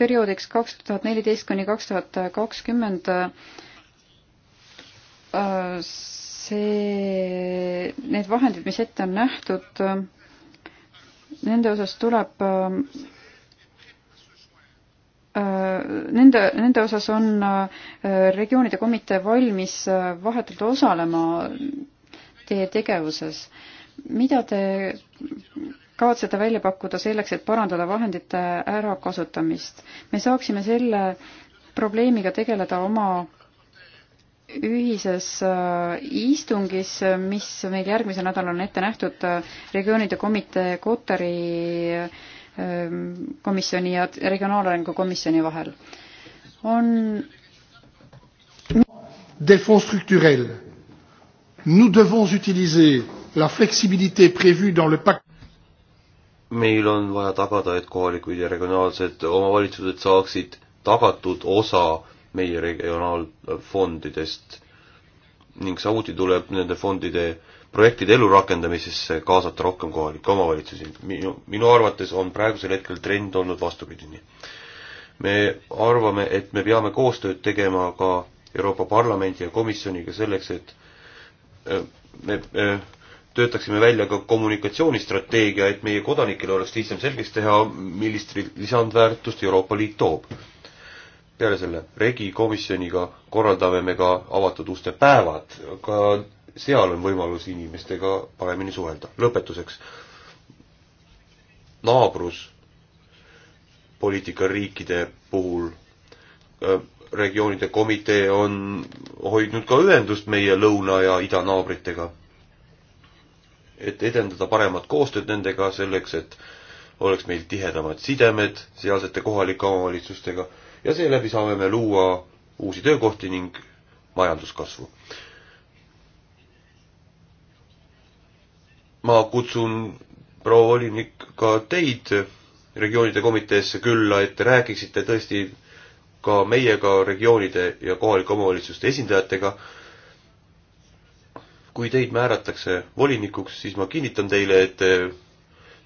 perioodiks kaks tuhat neliteist kuni kaks tuhat kakskümmend äh, see, need vahendid, mis ette on nähtud, nende osas tuleb äh, Nende, nende osas on regioonide komitee valmis vahetult osalema teie tegevuses. mida te kavatsete välja pakkuda selleks, et parandada vahendite ärakasutamist? me saaksime selle probleemiga tegeleda oma ühises äh, istungis, mis meil järgmisel nädalal on ette nähtud äh, regioonide komitee Kotari äh, komisjoni ja regionaalarengu komisjoni vahel. on. Nous devons utiliser la flexibilité prévue dans le pacte meil on vaja tagada, et kohalikud ja regionaalsed omavalitsused saaksid tagatud osa meie regionaalfondidest ning samuti tuleb nende fondide projektide elurakendamisesse kaasata rohkem kohalikke omavalitsusi. minu, minu arvates on praegusel hetkel trend olnud vastupidini. me arvame, et me peame koostööd tegema ka Euroopa Parlamendi ja Komisjoniga selleks, et Äh, me äh, töötaksime välja ka kommunikatsioonistrateegia, et meie kodanikele oleks lihtsam selgeks teha, millist lisandväärtust Euroopa Liit toob. peale selle regi komisjoniga korraldame me ka avatud uste päevad, ka seal on võimalus inimestega paremini suhelda. lõpetuseks, naabruspoliitika riikide puhul äh, regioonide komitee on hoidnud ka ühendust meie lõuna- ja idanaabritega, et edendada paremat koostööd nendega selleks, et oleks meil tihedamad sidemed sealsete kohalike omavalitsustega ja seeläbi saame me luua uusi töökohti ning majanduskasvu. ma kutsun, proua volinik, ka teid regioonide komiteesse külla, et te räägiksite tõesti ka meiega, regioonide ja kohalike omavalitsuste esindajatega. kui teid määratakse volinikuks, siis ma kinnitan teile, et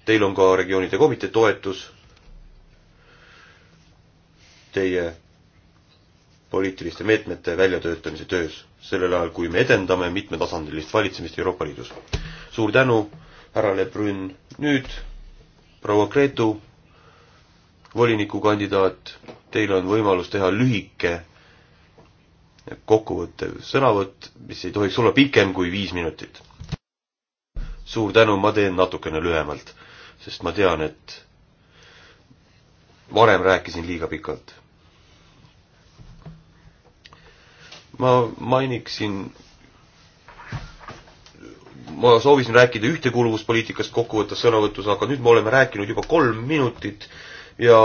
teil on ka regioonide komitee toetus. Teie poliitiliste meetmete väljatöötamise töös, sellel ajal kui me edendame mitmetasandilist valitsemist Euroopa Liidus. suur tänu, härra Le Brun, nüüd proua Gretu, volinikukandidaat teil on võimalus teha lühike kokkuvõttev sõnavõtt, mis ei tohiks olla pikem kui viis minutit. suur tänu, ma teen natukene lühemalt, sest ma tean, et varem rääkisin liiga pikalt. ma mainiksin, ma soovisin rääkida ühtekuuluvuspoliitikast kokkuvõttes sõnavõtus, aga nüüd me oleme rääkinud juba kolm minutit ja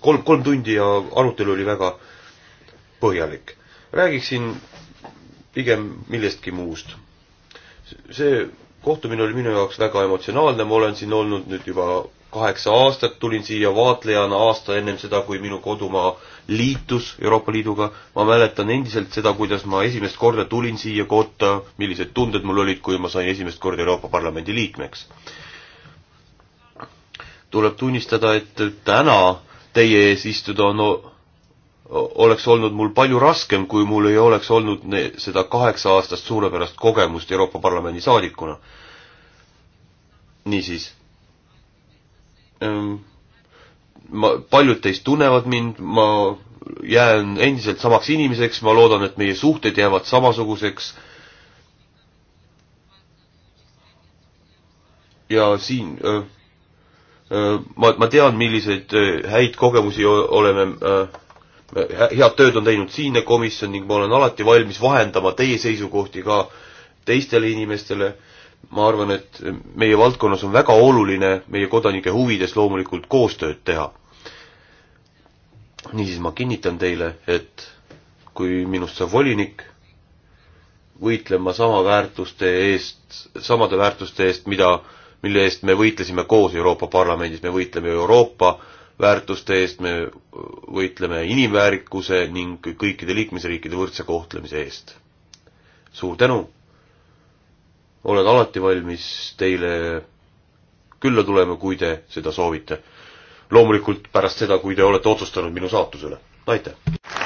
kolm, kolm tundi ja arutelu oli väga põhjalik. räägiksin pigem millestki muust. see kohtumine oli minu jaoks väga emotsionaalne, ma olen siin olnud nüüd juba kaheksa aastat, tulin siia vaatlejana aasta ennem seda, kui minu kodumaa liitus Euroopa Liiduga. ma mäletan endiselt seda, kuidas ma esimest korda tulin siia kotta, millised tunded mul olid, kui ma sain esimest korda Euroopa Parlamendi liikmeks. tuleb tunnistada, et täna teie ees istuda on, oleks olnud mul palju raskem, kui mul ei oleks olnud ne, seda kaheksa aastast suurepärast kogemust Euroopa Parlamendi saadikuna. niisiis ähm,. ma, paljud teist tunnevad mind, ma jään endiselt samaks inimeseks, ma loodan, et meie suhted jäävad samasuguseks ja siin öö, ma, ma tean, milliseid häid kogemusi oleme, head tööd on teinud siinne komisjon ning ma olen alati valmis vahendama teie seisukohti ka teistele inimestele. ma arvan, et meie valdkonnas on väga oluline meie kodanike huvides loomulikult koostööd teha. niisiis ma kinnitan teile, et kui minust saab volinik, võitlema sama väärtuste eest, samade väärtuste eest, mida äh, mille eest me võitlesime koos Euroopa Parlamendis, me võitleme Euroopa väärtuste eest, me võitleme inimväärikuse ning kõikide liikmesriikide võrdse kohtlemise eest. suur tänu! olen alati valmis teile külla tulema, kui te seda soovite. loomulikult pärast seda, kui te olete otsustanud minu saatuse üle. aitäh!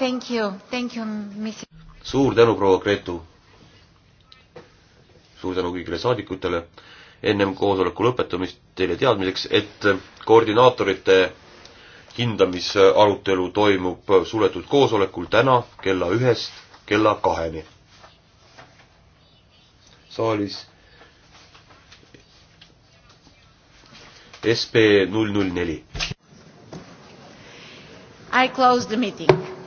Thank you, thank you, mis. suur tänu, proua Gretu. suur tänu kõigile saadikutele. ennem koosoleku lõpetamist teile teadmiseks, et koordinaatorite hindamisarutelu toimub suletud koosolekul täna kella ühest kella kaheni. saalis SB null null neli. I close the meeting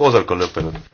koosolek on lõppenud.